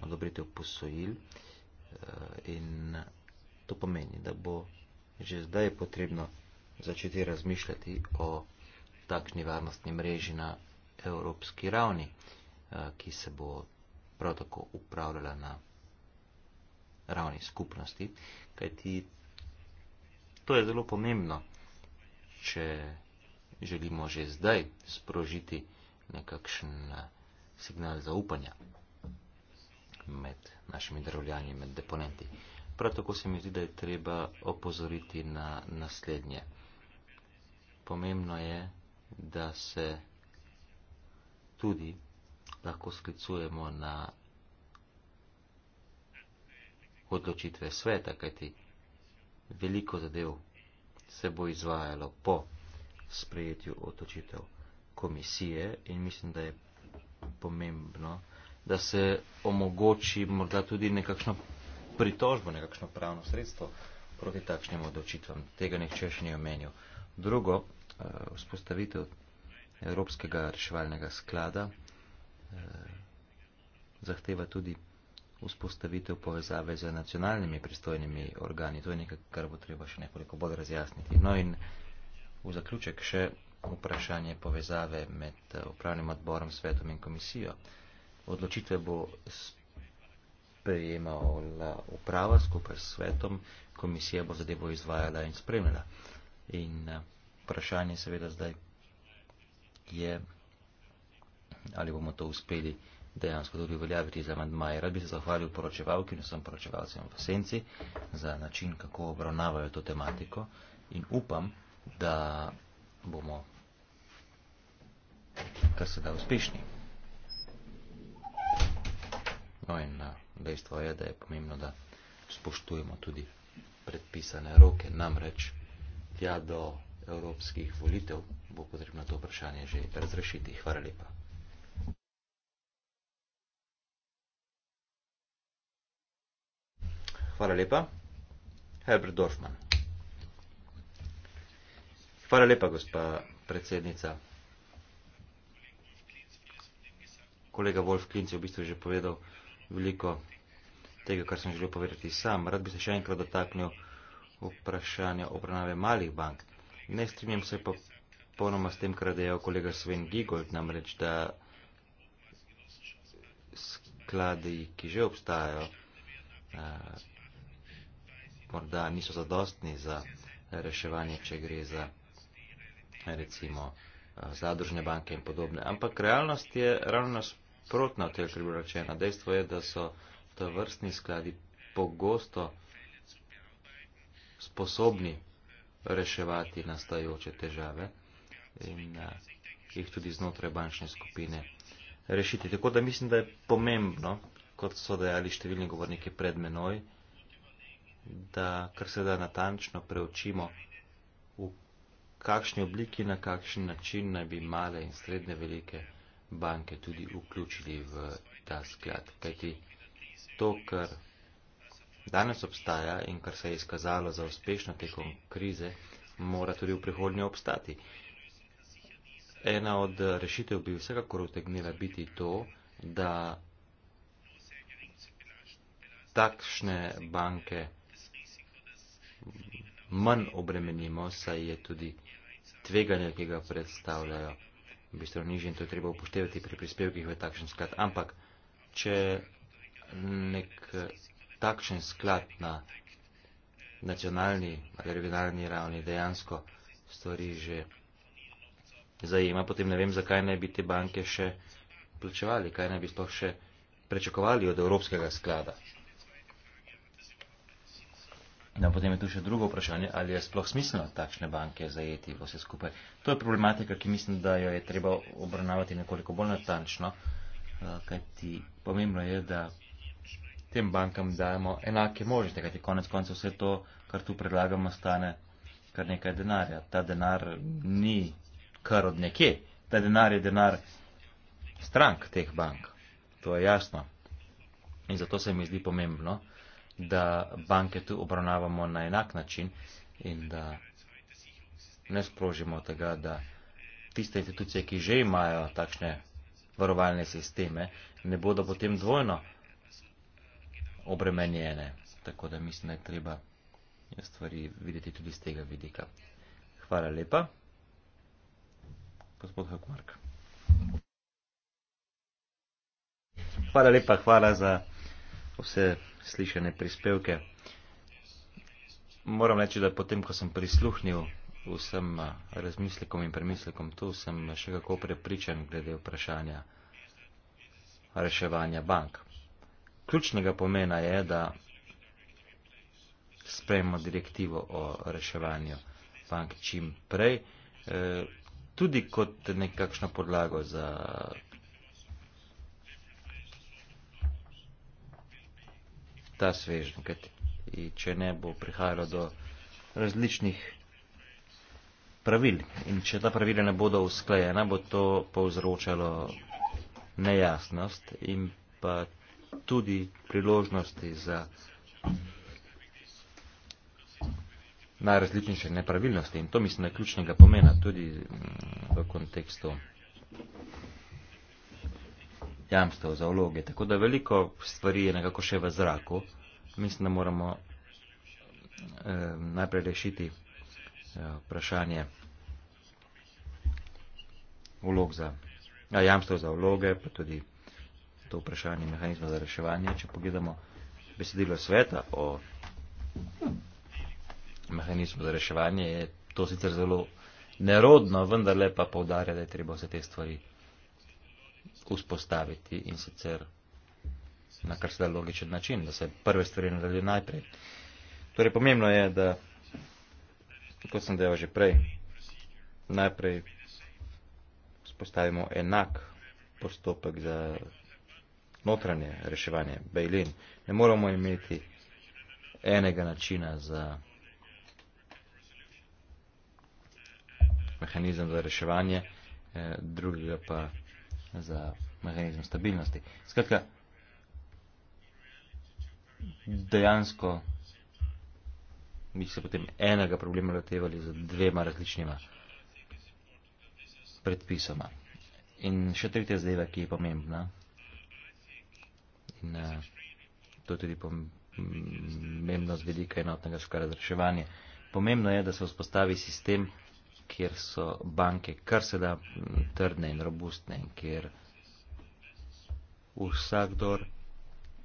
odobritev posojil eh, in to pomeni, da bo že zdaj potrebno začeti razmišljati o takšni varnostni mreži na evropski ravni, eh, ki se bo prav tako upravljala na ravni skupnosti, kajti to je zelo pomembno, če želimo že zdaj sprožiti nekakšen eh, signal zaupanja med našimi državljani, med deponenti. Prav tako se mi zdi, da je treba opozoriti na naslednje. Pomembno je, da se tudi lahko sklicujemo na odločitve sveta, kajti veliko zadev se bo izvajalo po sprejetju odločitev komisije in mislim, da je pomembno, da se omogoči morda tudi nekakšno pritožbo, nekakšno pravno sredstvo proti takšnim odločitvam. Tega nihče še ni omenil. Drugo, eh, vzpostavitev Evropskega reševalnega sklada eh, zahteva tudi vzpostavitev povezave z nacionalnimi pristojnimi organi. To je nekaj, kar bo treba še nekoliko bolj razjasniti. No in v zaključek še vprašanje povezave med eh, upravnim odborom, svetom in komisijo. Odločitve bo sprejemala uprava skupaj s svetom, komisija bo zadevo izvajala in spremljala. In eh, vprašanje seveda zdaj je, ali bomo to uspeli dejansko tudi uveljaviti za amandmaje. Rad bi se zahvalil poročevalki, ne sem poročevalcem v senci, za način, kako obravnavajo to tematiko in upam, da bomo kar se da uspešni. No in eh, dejstvo je, da je pomembno, da spoštujemo tudi predpisane roke, namreč tja do evropskih volitev bo potrebno to vprašanje že razrešiti. Hvala lepa. Hvala lepa. Herbert Dorfman. Hvala lepa, gospa predsednica. Kolega Wolf Klinc je v bistvu že povedal veliko tega, kar sem želel povedati sam. Rad bi se še enkrat dotaknil vprašanja obravnave malih bank. Ne strinjam se pa ponoma s tem, kar je dejal kolega Sven Gigold, namreč, da skladi, ki že obstajajo, eh, morda niso zadostni za reševanje, če gre za recimo eh, zadružne banke in podobne. Ampak realnost je ravno nasprotna od tega, kar je bilo rečeno. Dejstvo je, da so to vrstni skladi pogosto sposobni reševati nastajajoče težave in uh, jih tudi znotraj bančne skupine rešiti. Tako da mislim, da je pomembno, kot so dejali številni govorniki pred menoj, da kar se da natančno preučimo kakšni obliki, na kakšen način naj bi male in srednje velike banke tudi vključili v ta sklad. Kajti to, kar danes obstaja in kar se je izkazalo za uspešno tekom krize, mora tudi v prihodnje obstati. Ena od rešitev bi vsekakor utegnila biti to, da takšne banke manj obremenimo, saj je tudi tveganja, ki ga predstavljajo, bistveno nižje in to je treba upoštevati pri prispevkih v takšen sklad. Ampak, če nek takšen sklad na nacionalni ali regionalni ravni dejansko stvari že zajema, potem ne vem, zakaj ne bi te banke še plačevali, kaj ne bi sploh še prečakovali od Evropskega sklada. No, potem je tu še drugo vprašanje, ali je sploh smiselno takšne banke zajeti vse skupaj. To je problematika, ki mislim, da jo je treba obravnavati nekoliko bolj natančno, eh, kajti pomembno je, da tem bankam dajemo enake možnosti, kajti konec koncev vse to, kar tu predlagamo, stane kar nekaj denarja. Ta denar ni kar od nekje, ta denar je denar strank teh bank. To je jasno. In zato se mi zdi pomembno da banke tu obravnavamo na enak način in da ne sprožimo tega, da tiste institucije, ki že imajo takšne varovalne sisteme, ne bodo potem dvojno obremenjene. Tako da mislim, da je treba stvari videti tudi z tega vidika. Hvala lepa. Gospod Hakmark. Hvala lepa, hvala za vse slišene prispevke. Moram reči, da potem, ko sem prisluhnil vsem eh, razmislekom in premislekom tu, sem še kako prepričan glede vprašanja reševanja bank. Ključnega pomena je, da sprejmo direktivo o reševanju bank čim prej, eh, tudi kot nekakšno podlago za ta svežnik. In če ne bo prihajalo do različnih pravil in če ta pravila ne bodo usklajena, bo to povzročalo nejasnost in pa tudi priložnosti za najrazličnejše nepravilnosti. In to mislim, da je ključnega pomena tudi mm, v kontekstu jamstev za vloge. Tako da veliko stvari je nekako še v zraku. Mislim, da moramo eh, najprej rešiti eh, vprašanje vlog za, a, ja, jamstev za vloge, pa tudi to vprašanje mehanizma za reševanje. Če pogledamo besedilo sveta o mehanizmu za reševanje, je to sicer zelo nerodno, vendar lepa poudarja, da je treba vse te stvari reševati vzpostaviti in sicer na kar se da logičen način, da se prve stvari naredijo najprej. Torej, pomembno je, da, kot sem dejal že prej, najprej spostavimo enak postopek za notranje reševanje, bail-in. Ne moramo imeti enega načina za mehanizem za reševanje, eh, drugega pa za mehanizem stabilnosti. Skratka, dejansko bi se potem enega problema lotevali z dvema različnima predpisoma. In še tretja zadeva, ki je pomembna in eh, to tudi pomembno z vidika enotnega skoraj razreševanja. Pomembno je, da se vzpostavi sistem kjer so banke kar se da trdne in robustne, kjer vsakdor,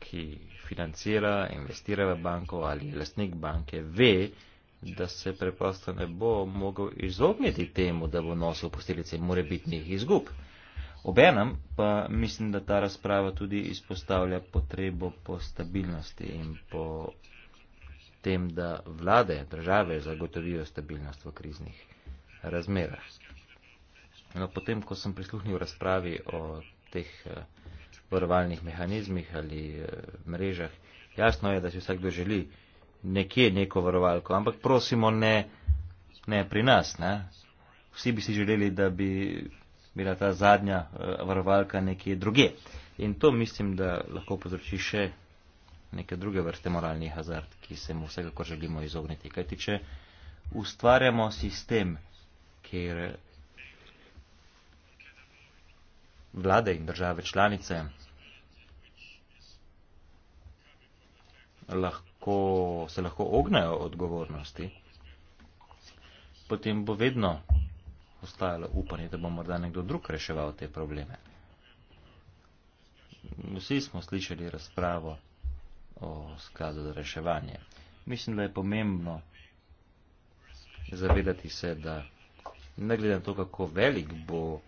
ki financira, investira v banko ali lastnik banke, ve, da se preprosto ne bo mogel izogniti temu, da bo nosil posteljice more bitnih izgub. Obenem pa mislim, da ta razprava tudi izpostavlja potrebo po stabilnosti in po tem, da vlade, države zagotovijo stabilnost v kriznih razmerah. No, potem, ko sem prisluhnil razpravi o teh eh, varovalnih mehanizmih ali eh, mrežah, jasno je, da si vsakdo želi nekje neko varovalko, ampak prosimo ne, ne pri nas. Ne? Vsi bi si želeli, da bi bila ta zadnja eh, varovalka nekje druge. In to mislim, da lahko povzroči še neke druge vrste moralnih hazard, ki se mu vsekakor želimo izogniti. Kajti, če ustvarjamo sistem, kjer vlade in države članice lahko, se lahko ognejo odgovornosti, potem bo vedno ostajalo upanje, da bo morda nekdo drug reševal te probleme. Vsi smo slišali razpravo o skladu za reševanje. Mislim, da je pomembno zavedati se, da ne glede na to, kako velik bo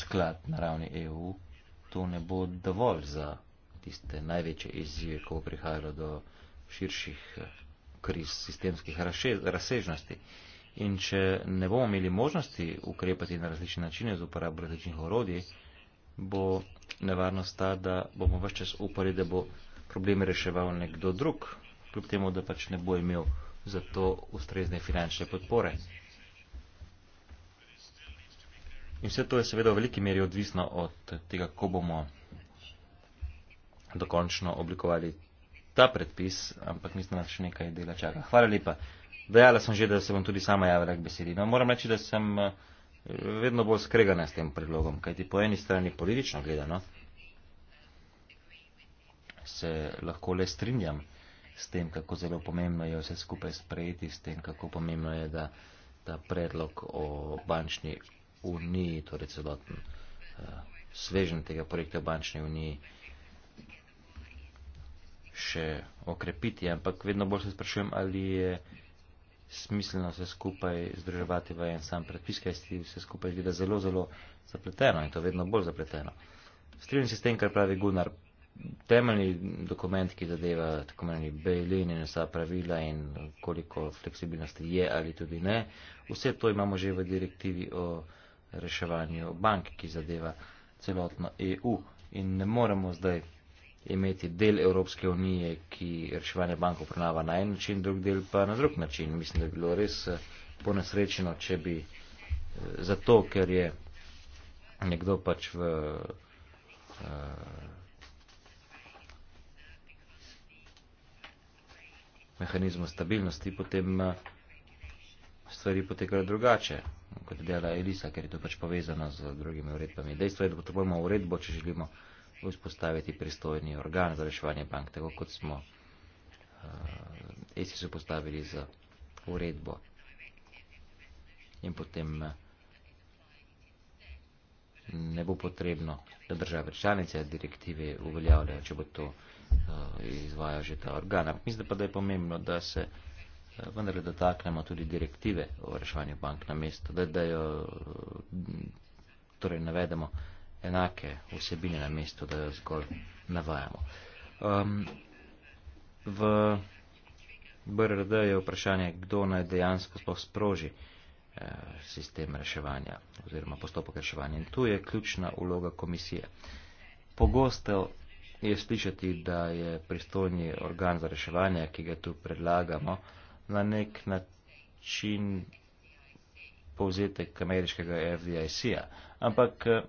sklad na ravni EU, to ne bo dovolj za tiste največje izzive, ko bo prihajalo do širših eh, kriz sistemskih razsežnosti. In če ne bomo imeli možnosti ukrepati na različne načine z uporabo različnih orodij, bo nevarnost ta, da bomo vse čas upali, da bo probleme reševal nekdo drug, kljub temu, da pač ne bo imel za to ustrezne finančne podpore. In vse to je seveda v veliki meri odvisno od tega, ko bomo dokončno oblikovali ta predpis, ampak mislim, da še nekaj dela čaka. Hvala lepa. Dejala sem že, da se bom tudi sama javila k besedi. No, moram reči, da sem eh, vedno bolj skregana s tem predlogom, kajti po eni strani politično gledano se lahko le strinjam s tem, kako zelo pomembno je vse skupaj sprejeti, s tem, kako pomembno je, da ta predlog o bančni uniji, torej celoten uh, svežen tega projekta bančne unije, še okrepiti. Ampak vedno bolj se sprašujem, ali je smiselno vse skupaj združevati v en sam predpis, kaj se vse skupaj zdi zelo, zelo zapleteno in to vedno bolj zapleteno. Strinjam se s tem, kar pravi Gunnar temeljni dokument, ki zadeva tako imenovani bejlin in vsa pravila in koliko fleksibilnosti je ali tudi ne. Vse to imamo že v direktivi o reševanju bank, ki zadeva celotno EU in ne moremo zdaj imeti del Evropske unije, ki reševanje bank upravlja na en način, drug del pa na drug način. Mislim, da bi bilo res eh, ponesrečeno, če bi eh, zato, ker je nekdo pač v uh, mehanizmu stabilnosti, potem eh, stvari potekajo drugače, kot dela Elisa, ker je to pač povezano z drugimi uredbami. Dejstvo je, da potrebujemo uredbo, če želimo vzpostaviti pristojni organ za reševanje bank, tako kot smo uh, eh, ESIS postavili za uredbo. In potem eh, ne bo potrebno, da države članice direktive uveljavljajo, če bo to. Eh, izvaja že ta organ. Ampak mislim, pa, da je pomembno, da se eh, vendar dotaknemo tudi direktive o reševanju bank na mesto, da, da jo eh, torej navedemo enake vsebine na mesto, da jo zgolj navajamo. Um, v BRD je vprašanje, kdo naj dejansko sploh sproži sistem reševanja oziroma postopek reševanja. In tu je ključna uloga komisije. Pogosto je slišati, da je pristojni organ za reševanje, ki ga tu predlagamo, na nek način povzetek ameriškega FDIC-a. Ampak eh,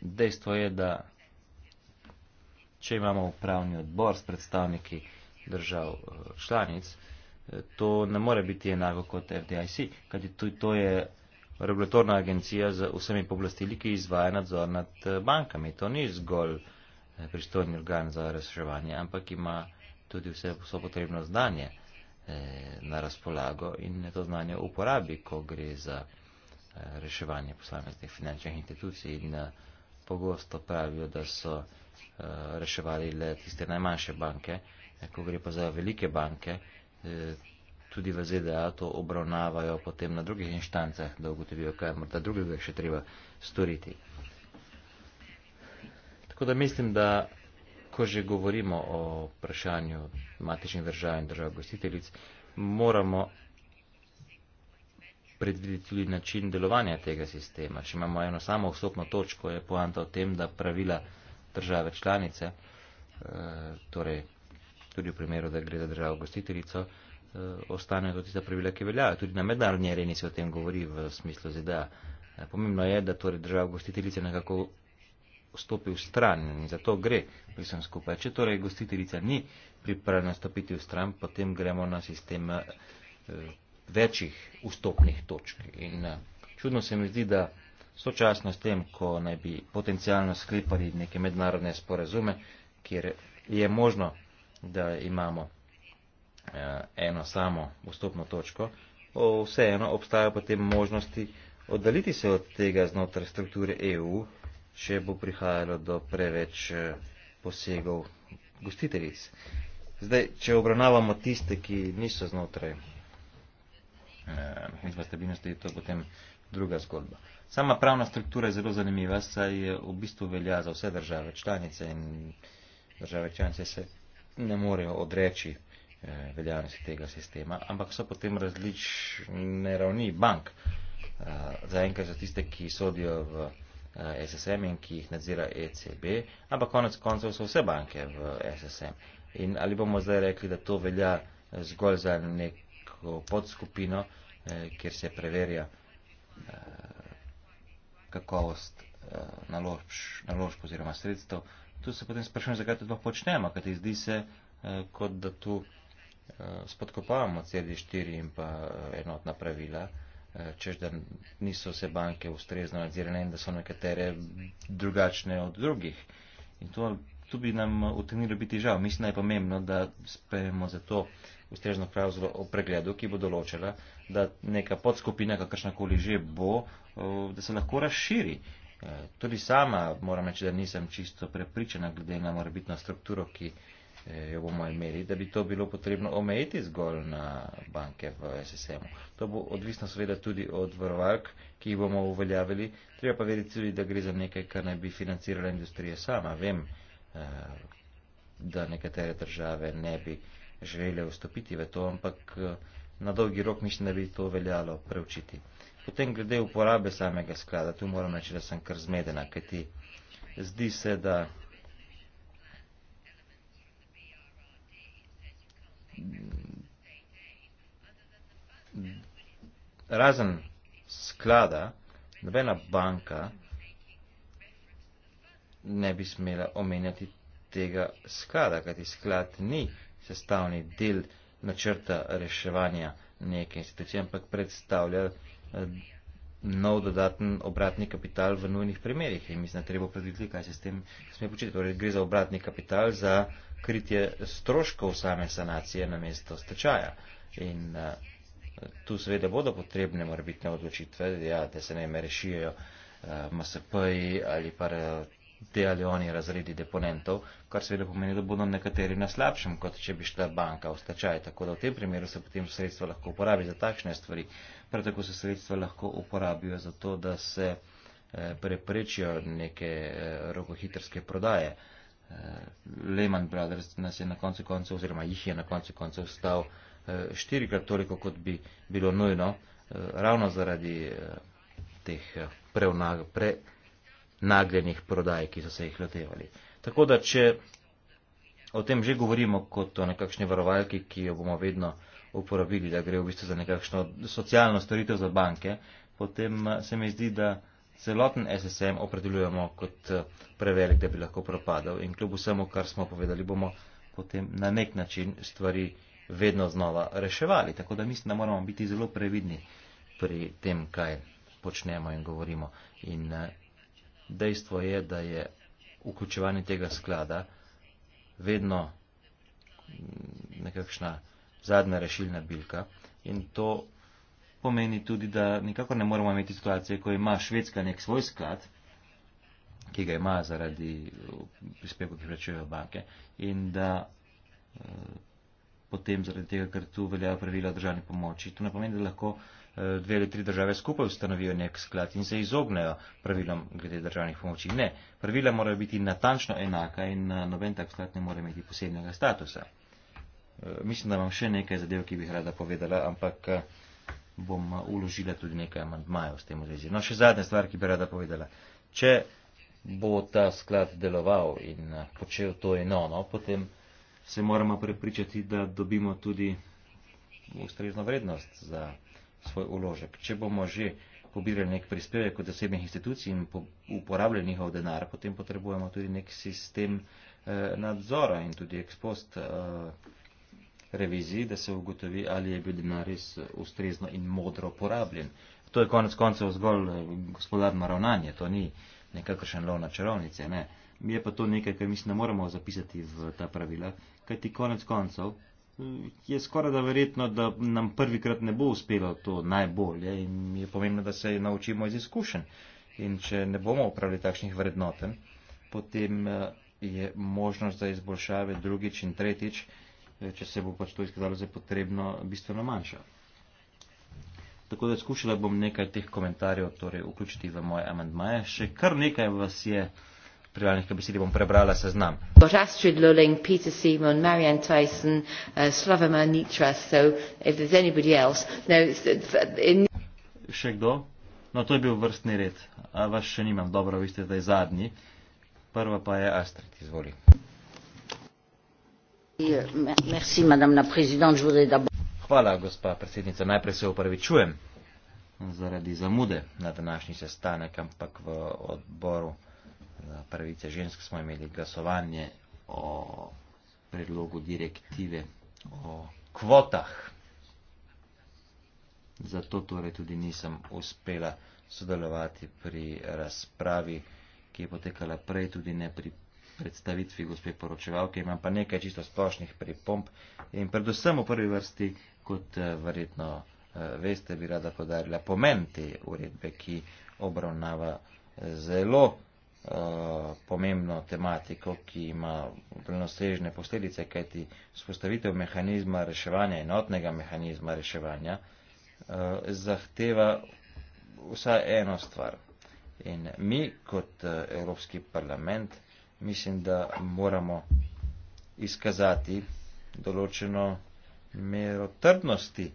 dejstvo je, da če imamo upravni odbor s predstavniki držav eh, članic, eh, to ne more biti enako kot FDIC, kajti tu to je regulatorna agencija z vsemi poblastili, ki izvaja nadzor nad eh, bankami. To ni zgolj eh, pristojni organ za reševanje, ampak ima tudi vse potrebno znanje eh, na razpolago in to znanje uporabi, ko gre za reševanje posameznih finančnih institucij in pogosto pravijo, da so reševali le tiste najmanjše banke, ko gre pa za velike banke, tudi v ZDA to obravnavajo potem na drugih inštancah, da ugotovijo, kaj morda drugega še treba storiti. Tako da mislim, da ko že govorimo o vprašanju matičnih držav in držav gostiteljic, moramo predvideti tudi način delovanja tega sistema. Če imamo eno samo vstopno točko, je poanta o tem, da pravila države članice, eh, torej tudi v primeru, da gre za državo gostiteljico, Eh, ostanejo tudi ta pravila, ki veljajo. Tudi na mednarodni areni se o tem govori v smislu ZDA. Eh, pomembno je, da torej država gostiteljica nekako stopi v stran in zato gre pri vsem skupaj. Če torej gostiteljica ni pripravljena stopiti v stran, potem gremo na sistem eh, večjih vstopnih točk. In čudno se mi zdi, da sočasno s tem, ko naj bi potencialno sklepali neke mednarodne sporazume, kjer je možno, da imamo Eh, eno samo vstopno točko, vseeno obstajajo potem možnosti oddaliti se od tega znotraj strukture EU, če bo prihajalo do preveč eh, posegov gostiteljic. Zdaj, če obravnavamo tiste, ki niso znotraj eh, mehanizma stabilnosti, je to potem druga zgodba. Sama pravna struktura je zelo zanimiva, saj je v bistvu velja za vse države članice in države članice se ne morejo odreči Eh, veljavnosti tega sistema, ampak so potem različne ravni bank. Eh, za enkrat so tiste, ki sodijo v eh, SSM in ki jih nadzira ECB, ampak konec koncev so vse banke v SSM. In ali bomo zdaj rekli, da to velja zgolj za neko podskupino, kjer se preverja kakovost naložb, naložb oziroma sredstev, tu se potem sprašujem, zakaj to dvoje počnemo, kajti zdi se, kot da tu Eh, spodkopavamo CD4 in pa eh, enotna pravila, eh, čež da niso vse banke ustrezno nadzirane in da so nekatere drugačne od drugih. In to, to bi nam utrnilo biti žal. Mislim, da je pomembno, da sprejemo za to ustrezno pravzlo o pregledu, ki bo določila, da neka podskupina, kakršnakoli že bo, da se lahko razširi. Tudi sama moram reči, da nisem čisto prepričana glede na morebitno strukturo, ki Eh, jo bomo imeli, da bi to bilo potrebno omejiti zgolj na banke v SSM-u. To bo odvisno seveda tudi od vrvark, ki jih bomo uveljavili. Treba pa vedeti tudi, da gre za nekaj, kar naj bi financirala industrija sama. Vem, eh, da nekatere države ne bi želele vstopiti v to, ampak eh, na dolgi rok mislim, da bi to veljalo preučiti. Potem glede uporabe samega sklada, tu moram reči, da sem kar zmedena, kajti zdi se, da razen sklada, nobena banka ne bi smela omenjati tega sklada, kajti sklad ni sestavni del načrta reševanja neke institucije, ampak predstavlja eh, nov dodaten obratni kapital v nujnih primerjih. In mislim, da treba predvideti, kaj se s tem sme početi. Torej, gre za obratni kapital, za kritje stroškov same sanacije na mesto stečaja. In uh, tu seveda bodo potrebne morbitne odločitve, ja, da se ne rešijo uh, eh, MSP-ji ali pa eh, te ali oni razredi deponentov, kar seveda pomeni, da bodo nekateri na slabšem, kot če bi šla banka v stečaj. Tako da v tem primeru se potem sredstva lahko uporabijo za takšne stvari. Prav tako se sredstva lahko uporabijo za to, da se eh, preprečijo neke eh, rokohitrske prodaje. Eh, Eh, Lehman Brothers nas je na koncu koncev, oziroma jih je na koncu koncev stal eh, štirikrat toliko, kot bi bilo nujno, eh, ravno zaradi teh prenagljenih prodaj, ki so se jih lotevali. Tako da, če o tem že govorimo kot o nekakšni varovalki, ki jo bomo vedno uporabili, da gre v bistvu za nekakšno socialno storitev za banke, potem se mi zdi, da celoten SSM opredeljujemo kot eh, prevelik, da bi lahko propadal. In kljub vsemu, kar smo povedali, bomo potem na nek način stvari vedno znova reševali. Tako da mislim, da moramo biti zelo previdni pri tem, kaj počnemo in govorimo. In eh, dejstvo je, da je vključevanje tega sklada vedno mm, nekakšna zadnja rešilna bilka in to pomeni tudi, da nikako ne moremo imeti situacije, ko ima Švedska nek svoj sklad, ki ga ima zaradi eh, prispevkov, ki vračujejo banke, in da eh, potem zaradi tega, ker tu veljajo pravila državne pomoči. To ne pomeni, da lahko eh, dve ali tri države skupaj ustanovijo nek sklad in se izognejo pravilom glede državnih pomoči. Ne, pravila morajo biti natančno enaka in noben tak sklad ne more imeti posebnega statusa. Mislim, da imam še nekaj zadev, ki bi rada povedala, ampak bom eh, uložila tudi nekaj amantmajev s tem v zvezi. No, še zadnja stvar, ki bi rada povedala. Če bo ta sklad deloval in eh, počel to eno, no, potem se moramo prepričati, da dobimo tudi ustrezno vrednost za svoj uložek. Če bomo že pobirali nek prispevek od zasebnih institucij in uporabljali njihov denar, potem potrebujemo tudi nek sistem eh, nadzora in tudi ekspost. Eh, reviziji, da se ugotovi, ali je bil denar res ustrezno in modro porabljen. To je konec koncev zgolj eh, gospodarno ravnanje, to ni nekakšen lov na čarovnice. Ne. Je pa to nekaj, kar mislim, da moramo zapisati v ta pravila, kajti konec koncev eh, je skoraj da verjetno, da nam prvikrat ne bo uspelo to najbolje in je pomembno, da se naučimo iz izkušenj. In če ne bomo upravili takšnih vrednoten, potem eh, je možnost za izboljšave drugič in tretjič. Eh, če se bo pač to izkazalo za potrebno, bistveno manjša. Tako da skušala bom nekaj teh komentarjev torej, vključiti v moje amendmaje. Še kar nekaj vas je prijavljenih k besedi, bom prebrala seznam. Got Astrid Lulling, Peter Simon, Marianne Tyson, uh, Slavoma Nitra, so if there's anybody else. No, in... Še kdo? No, to je bil vrstni red. A vas še nimam, dobro, vi ste zdaj zadnji. Prva pa je Astrid, izvoli. Hvala, gospa predsednica. Najprej se upravičujem zaradi zamude na današnji sestanek, ampak v odboru za pravice žensk smo imeli glasovanje o predlogu direktive o kvotah. Zato torej tudi nisem uspela sodelovati pri razpravi, ki je potekala prej, tudi ne pri predstavitvi gospe poročevalke, imam pa nekaj čisto splošnih pripomp in predvsem v prvi vrsti, kot eh, verjetno eh, veste, bi rada podarila pomen te uredbe, ki obravnava eh, zelo uh, pomembno tematiko, ki ima prenosežne posledice, kajti spostavitev mehanizma reševanja, enotnega mehanizma reševanja, uh, zahteva vsaj eno stvar. In mi kot Evropski parlament, mislim, da moramo izkazati določeno mero trdnosti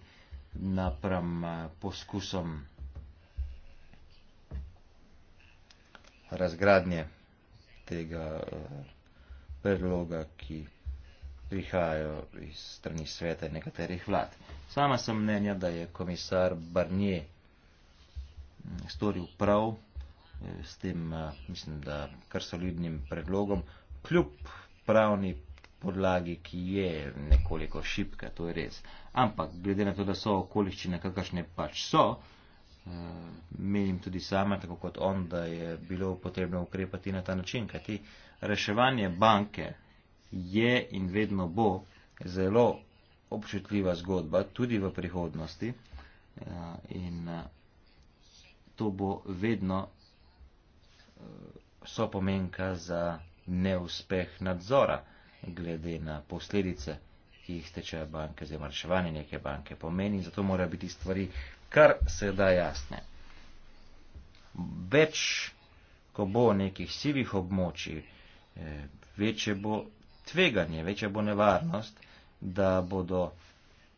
napram eh, poskusom razgradnje tega eh, predloga, ki prihajajo iz strani sveta in nekaterih vlad. Sama sem mnenja, da je komisar Barnier mm, storil prav, s tem, eh, mislim, da kar solidnim predlogom, kljub pravni podlagi, ki je nekoliko šipka, to je res. Ampak glede na to, da so okoliščine, kakršne pač so, eh, menim tudi sama, tako kot on, da je bilo potrebno ukrepati na ta način, kajti reševanje banke je in vedno bo zelo občutljiva zgodba, tudi v prihodnosti. Eh, in to bo vedno so pomenka za neuspeh nadzora glede na posledice, ki jih stečejo banke, oziroma reševanje neke banke pomeni, zato mora biti stvari kar se da jasne. Več, ko bo nekih sivih območij, eh, večje bo tveganje, večja bo nevarnost, da bodo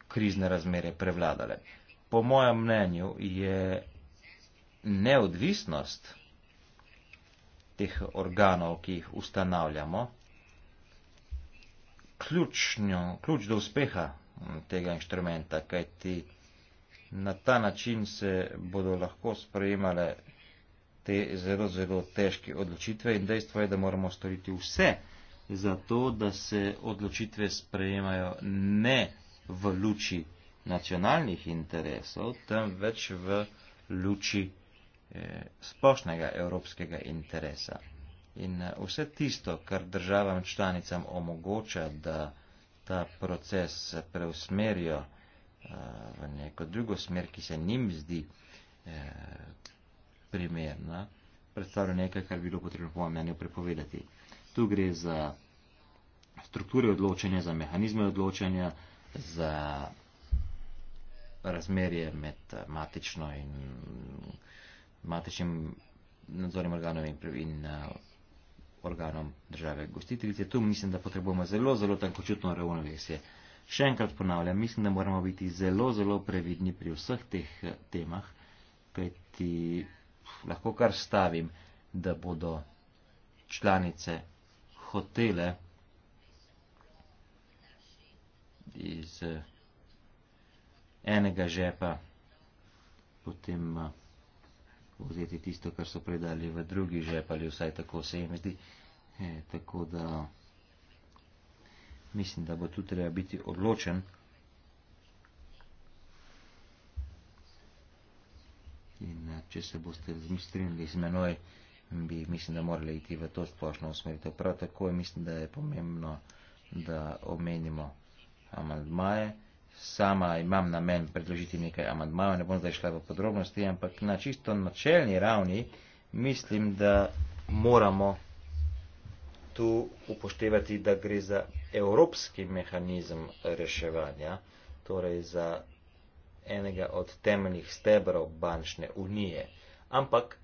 krizne razmere prevladale. Po mojem mnenju je neodvisnost teh organov, ki jih ustanavljamo. Ključno, ključ do uspeha mm, tega inštrumenta, kajti na ta način se bodo lahko sprejemale te zelo, zelo težke odločitve in dejstvo je, da moramo storiti vse za to, da se odločitve sprejemajo ne v luči nacionalnih interesov, temveč v luči Eh, splošnega evropskega interesa. In eh, vse tisto, kar državam članicam omogoča, da ta proces preusmerijo eh, v neko drugo smer, ki se njim zdi primerna, predstavlja nekaj, kar bi bilo potrebno po mnenju prepovedati. Tu gre za strukture odločanja, za mehanizme odločanja, za razmerje med matično in matičnim nadzornim organom in, in uh, organom države gostiteljice. Tu mislim, da potrebujemo zelo, zelo tankočutno ravnovesje. Še enkrat ponavljam, mislim, da moramo biti zelo, zelo previdni pri vseh teh eh, temah, kajti lahko kar stavim, da bodo članice hotele iz eh, enega žepa potem uh, vzeti tisto, kar so predali v drugi žep ali vsaj tako se jim zdi. E, tako da mislim, da bo tu treba biti odločen. In eh, če se boste zmistrili z menoj, bi mislim, da morali iti v to splošno usmeritev. Prav tako je mislim, da je pomembno, da omenimo amaldmaje sama imam namen predložiti nekaj amandmajev, ne bom zdaj šla v podrobnosti, ampak na čisto načelni ravni mislim, da moramo tu upoštevati, da gre za evropski mehanizem reševanja, torej za enega od temeljnih stebrov bančne unije. Ampak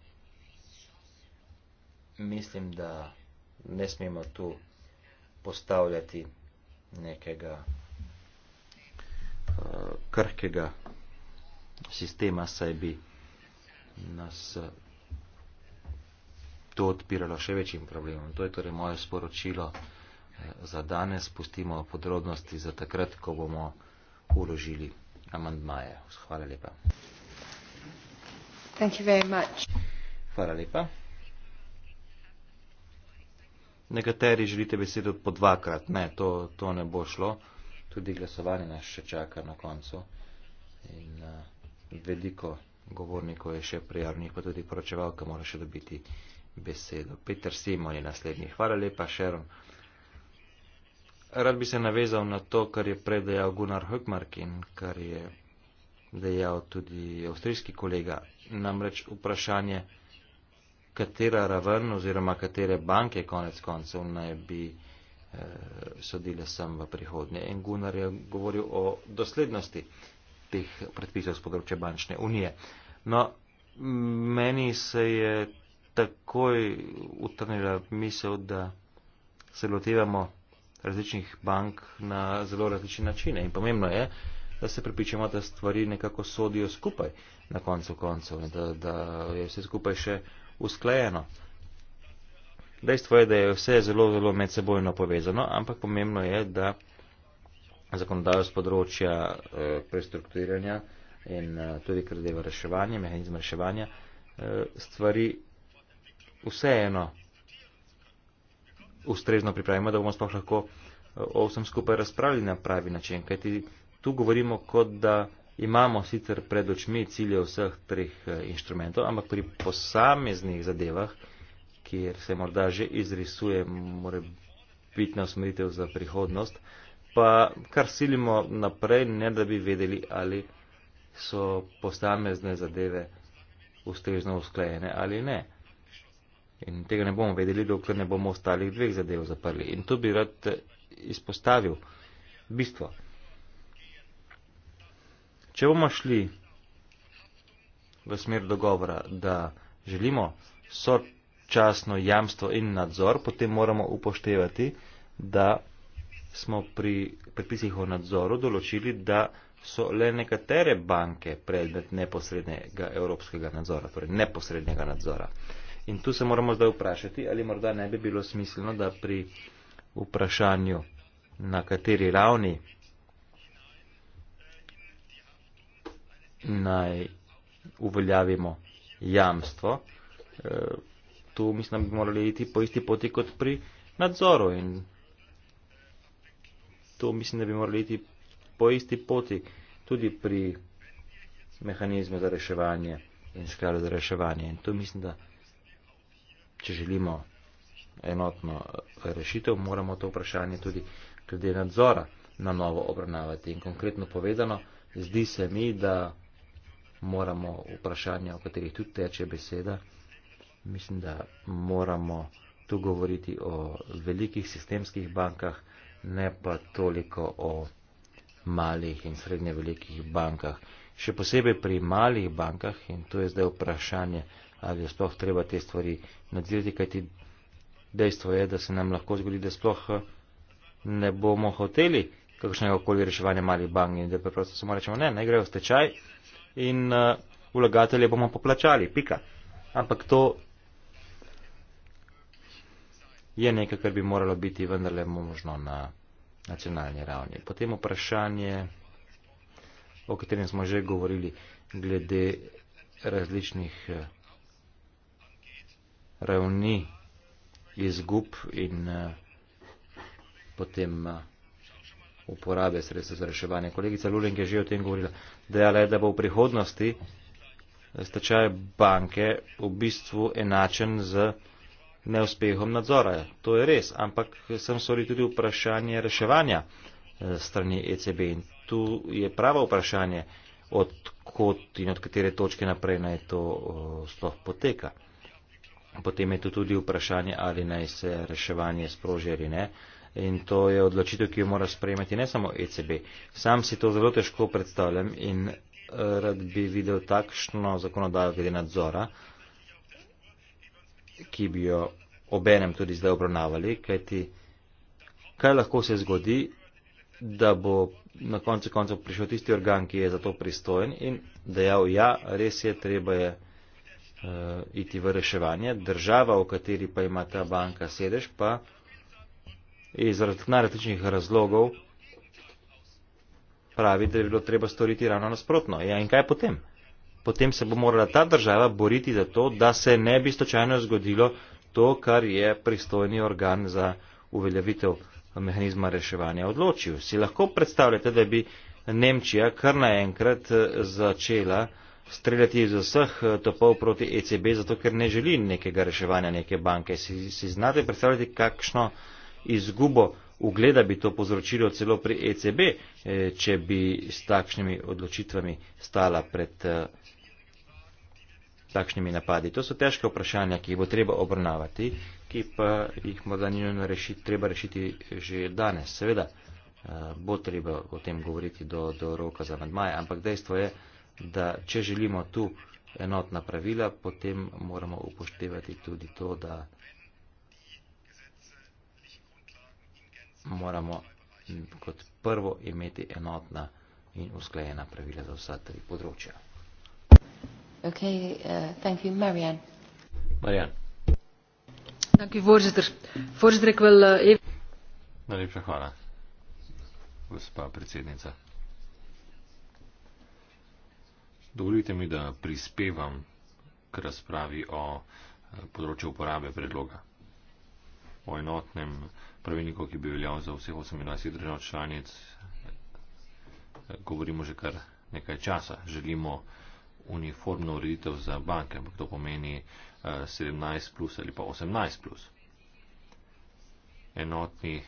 mislim, da ne smemo tu postavljati nekega krhkega sistema, saj bi nas eh, to odpiralo še večjim problemom. To je torej moje sporočilo eh, za danes. Pustimo podrobnosti za takrat, ko bomo uložili amandmaje. Hvala lepa. Thank you very much. Hvala lepa. Nekateri želite besedo po dvakrat. Ne, to, to ne bo šlo tudi glasovanje nas še čaka na koncu in eh, veliko govornikov je še prijavljenih, pa tudi poročevalka mora še dobiti besedo. Peter Simon je naslednji. Hvala lepa, Šeron. Rad bi se navezal na to, kar je predajal Gunnar Högmark in kar je dejal tudi avstrijski kolega. Namreč vprašanje, katera raven oziroma katere banke konec koncev naj bi. Eh, sodile sem v prihodnje. In Gunnar je govoril o doslednosti teh predpisov z področja bančne unije. No, meni se je takoj utrnila misel, da se lotevamo različnih bank na zelo različne načine. In pomembno je, da se pripričamo, da stvari nekako sodijo skupaj na koncu koncev in da, da je vse skupaj še usklajeno dejstvo je, da je vse zelo, zelo medsebojno povezano, ampak pomembno je, da zakonodajo z področja eh, prestrukturiranja in eh, tudi kredeva reševanja, mehanizma reševanja, eh, stvari vseeno ustrezno pripravimo, da bomo sploh lahko eh, o vsem skupaj razpravili na pravi način. Kajti tu govorimo kot da imamo sicer pred očmi cilje vseh treh eh, inštrumentov, ampak pri posameznih zadevah, kjer se morda že izrisuje more biti na usmeritev za prihodnost, pa kar silimo naprej, ne da bi vedeli, ali so posamezne zadeve ustrezno usklajene ali ne. In tega ne bomo vedeli, dokler ne bomo ostalih dveh zadev zaprli. In tu bi rad izpostavil bistvo. Če bomo šli v smer dogovora, da želimo sort občasno jamstvo in nadzor, potem moramo upoštevati, da smo pri predpisih o nadzoru določili, da so le nekatere banke predmet neposrednega evropskega nadzora, torej neposrednega nadzora. In tu se moramo zdaj vprašati, ali morda ne bi bilo smiselno, da pri vprašanju, na kateri ravni naj uveljavimo jamstvo, eh, tu mislim, da bi morali iti po isti poti kot pri nadzoru in tu mislim, da bi morali iti po isti poti tudi pri mehanizmu za reševanje in skladu za reševanje. In tu mislim, da če želimo enotno eh, rešitev, moramo to vprašanje tudi glede nadzora na novo obravnavati. In konkretno povedano, zdi se mi, da moramo vprašanja, o katerih tudi teče beseda, mislim, da moramo tu govoriti o velikih sistemskih bankah, ne pa toliko o malih in srednje velikih bankah. Še posebej pri malih bankah, in to je zdaj vprašanje, ali je sploh treba te stvari nadzirati, kajti dejstvo je, da se nam lahko zgodi, da sploh eh, ne bomo hoteli kakšnega okoli reševanja malih bank in da preprosto samo rečemo ne, ne grejo v stečaj in uh, vlagatelje bomo poplačali, pika. Ampak to je nekaj, kar bi moralo biti vendarle možno na nacionalni ravni. Potem vprašanje, o katerem smo že govorili, glede različnih eh, ravni izgub in eh, potem eh, uporabe sredstva za reševanje. Kolegica Luling je že o tem govorila, dejala je, da bo v prihodnosti stečaj banke v bistvu enačen z neuspehom nadzora. To je res, ampak sem soli tudi vprašanje reševanja eh, strani ECB in tu je pravo vprašanje, odkot in od katere točke naprej naj to eh, sploh poteka. Potem je tu tudi vprašanje, ali naj se reševanje sproži ali ne. In to je odločitev, ki jo mora sprejemati ne samo ECB. Sam si to zelo težko predstavljam in eh, rad bi videl takšno zakonodajo glede nadzora, uh, ki bi jo obenem tudi zdaj obravnavali, kajti kaj lahko se zgodi, da bo na koncu koncev prišel tisti organ, ki je za to pristojen in dejal, ja, res je, treba je uh, iti v reševanje. Država, v kateri pa ima ta banka sedež, pa je zaradi različnih razlogov pravi, da je bilo treba storiti ravno nasprotno. Ja, in kaj potem? potem se bo morala ta država boriti za to, da se ne bi slučajno zgodilo to, kar je pristojni organ za uveljavitev mehanizma reševanja odločil. Si lahko predstavljate, da bi Nemčija kar naenkrat eh, začela streljati iz vseh eh, topov proti ECB, zato ker ne želi nekega reševanja neke banke. Si, si znate predstavljati, kakšno izgubo ugleda bi to povzročilo celo pri ECB, eh, če bi s takšnimi odločitvami stala pred takšnimi napadi. To so težke vprašanja, ki jih bo treba obravnavati, ki pa jih morda ni nujno rešiti, treba rešiti že danes. Seveda eh, bo treba o tem govoriti do, do roka za nadmaje, ampak dejstvo je, da če želimo tu enotna pravila, potem moramo upoštevati tudi to, da moramo kot prvo imeti enotna in usklajena pravila za vsa tri področja. Okay, uh, thank you. Marianne. Marianne. Dank u, voorzitter. Voorzitter, ik wil uh, even... Najlepša hvala, gospa predsednica. Dovolite mi, da prispevam k razpravi o eh, področju uporabe predloga. O enotnem pravilniku, ki bi veljal za vseh 18 držav članic, eh, govorimo že kar nekaj časa. Želimo uh, uniformno ureditev za banke, ampak to pomeni 17 eh, plus ali pa 18 plus. Enotni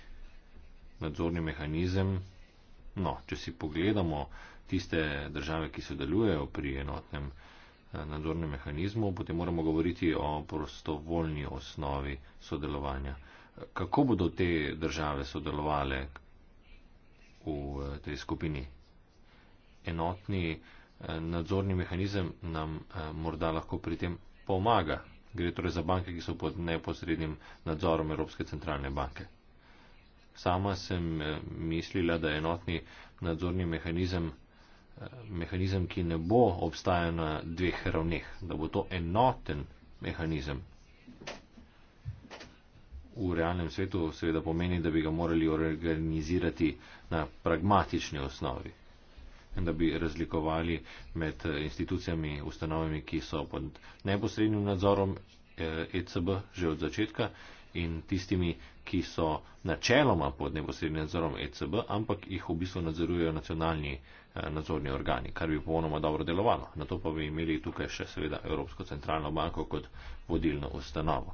nadzorni mehanizem. No, če si pogledamo tiste države, ki sodelujejo pri enotnem eh, nadzornem mehanizmu, potem moramo govoriti o prostovoljni osnovi sodelovanja. Kako bodo te države sodelovale v eh, tej skupini? Enotni nadzorni mehanizem nam eh, morda lahko pri tem pomaga. Gre torej za banke, ki so pod neposrednim nadzorom Evropske centralne banke. Sama sem eh, mislila, da je enotni nadzorni mehanizem, eh, mehanizem, ki ne bo obstajal na dveh ravneh, da bo to enoten mehanizem. V realnem svetu seveda pomeni, da bi ga morali organizirati na pragmatični osnovi, da bi razlikovali med eh, institucijami, ustanovami, ki so pod neposrednim nadzorom ECB eh, e že od začetka in tistimi, ki so načeloma pod neposrednim nadzorom ECB, ampak jih v bistvu nadzorujejo nacionalni eh, nadzorni organi, kar bi popolnoma dobro delovalo. Na to pa bi imeli tukaj še seveda Evropsko centralno banko kot vodilno ustanovo.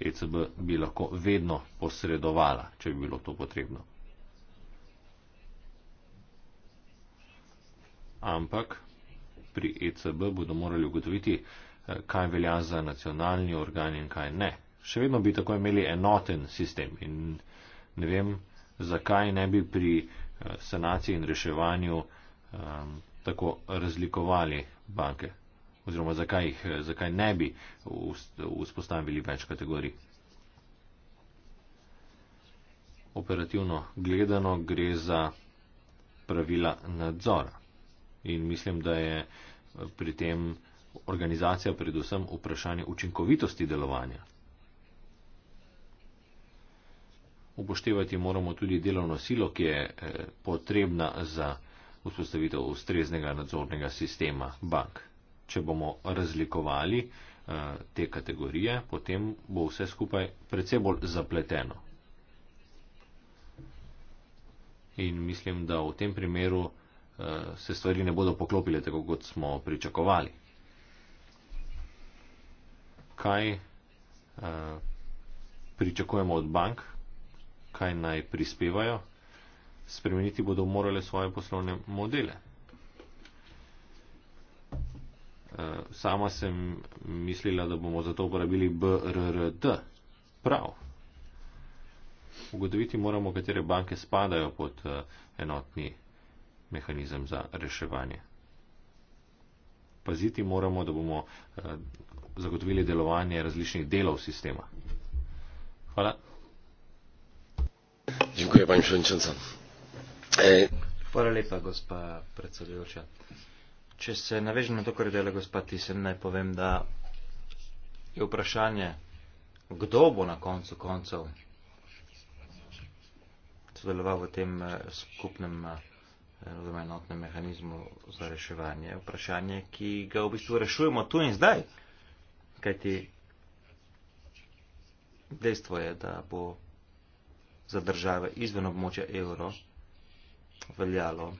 ECB bi lahko vedno posredovala, če bi bilo to potrebno. ampak pri ECB bodo morali ugotoviti, eh, kaj velja za nacionalni organ in kaj ne. Še vedno bi tako imeli enoten sistem in ne vem, zakaj ne bi pri eh, sanaciji in reševanju um, tako razlikovali banke oziroma zakaj, jih, eh, zakaj ne bi vzpostavili več kategorij. Operativno gledano gre za pravila nadzora. In mislim, da je pri tem organizacija predvsem vprašanje učinkovitosti delovanja. Upoštevati moramo tudi delovno silo, ki je eh, potrebna za vzpostavitev ustreznega nadzornega sistema bank. Če bomo razlikovali eh, te kategorije, potem bo vse skupaj predvsej bolj zapleteno. In mislim, da v tem primeru Eh, se stvari ne bodo poklopile tako, kot smo pričakovali. Kaj eh, pričakujemo od bank, kaj naj prispevajo? Spremeniti bodo morale svoje poslovne modele. Eh, sama sem mislila, da bomo za to uporabili BRRD. Prav. Ugotoviti moramo, katere banke spadajo pod enotni mehanizem za reševanje. Paziti moramo, da bomo eh, zagotovili delovanje različnih delov sistema. Hvala. Dziękuję, pani przewodnicząca. E, Hvala lepa, gospa predsedujoča. Če se navežem na to, kar je delala gospa Tisen, naj povem, da je vprašanje, kdo bo na koncu koncev sodeloval v tem eh, skupnem eh, razumem, enotne mehanizme za reševanje, vprašanje, ki ga v bistvu rešujemo tu in zdaj. Kajti dejstvo je, da bo za države izven območja evro veljalo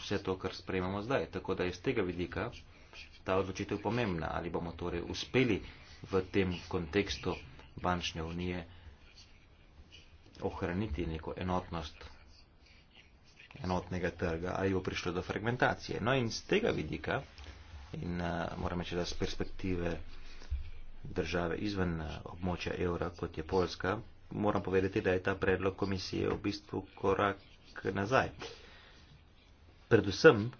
vse to, kar sprejemamo zdaj. Tako da je z tega vidika ta odločitev pomembna, ali bomo torej uspeli v tem kontekstu bančne unije ohraniti neko enotnost enotnega trga ali bo prišlo do fragmentacije. No in z tega vidika in uh, moram reči, da z perspektive države izven uh, območja evra, kot je Poljska, moram povedati, da je ta predlog komisije v bistvu korak nazaj. Predvsem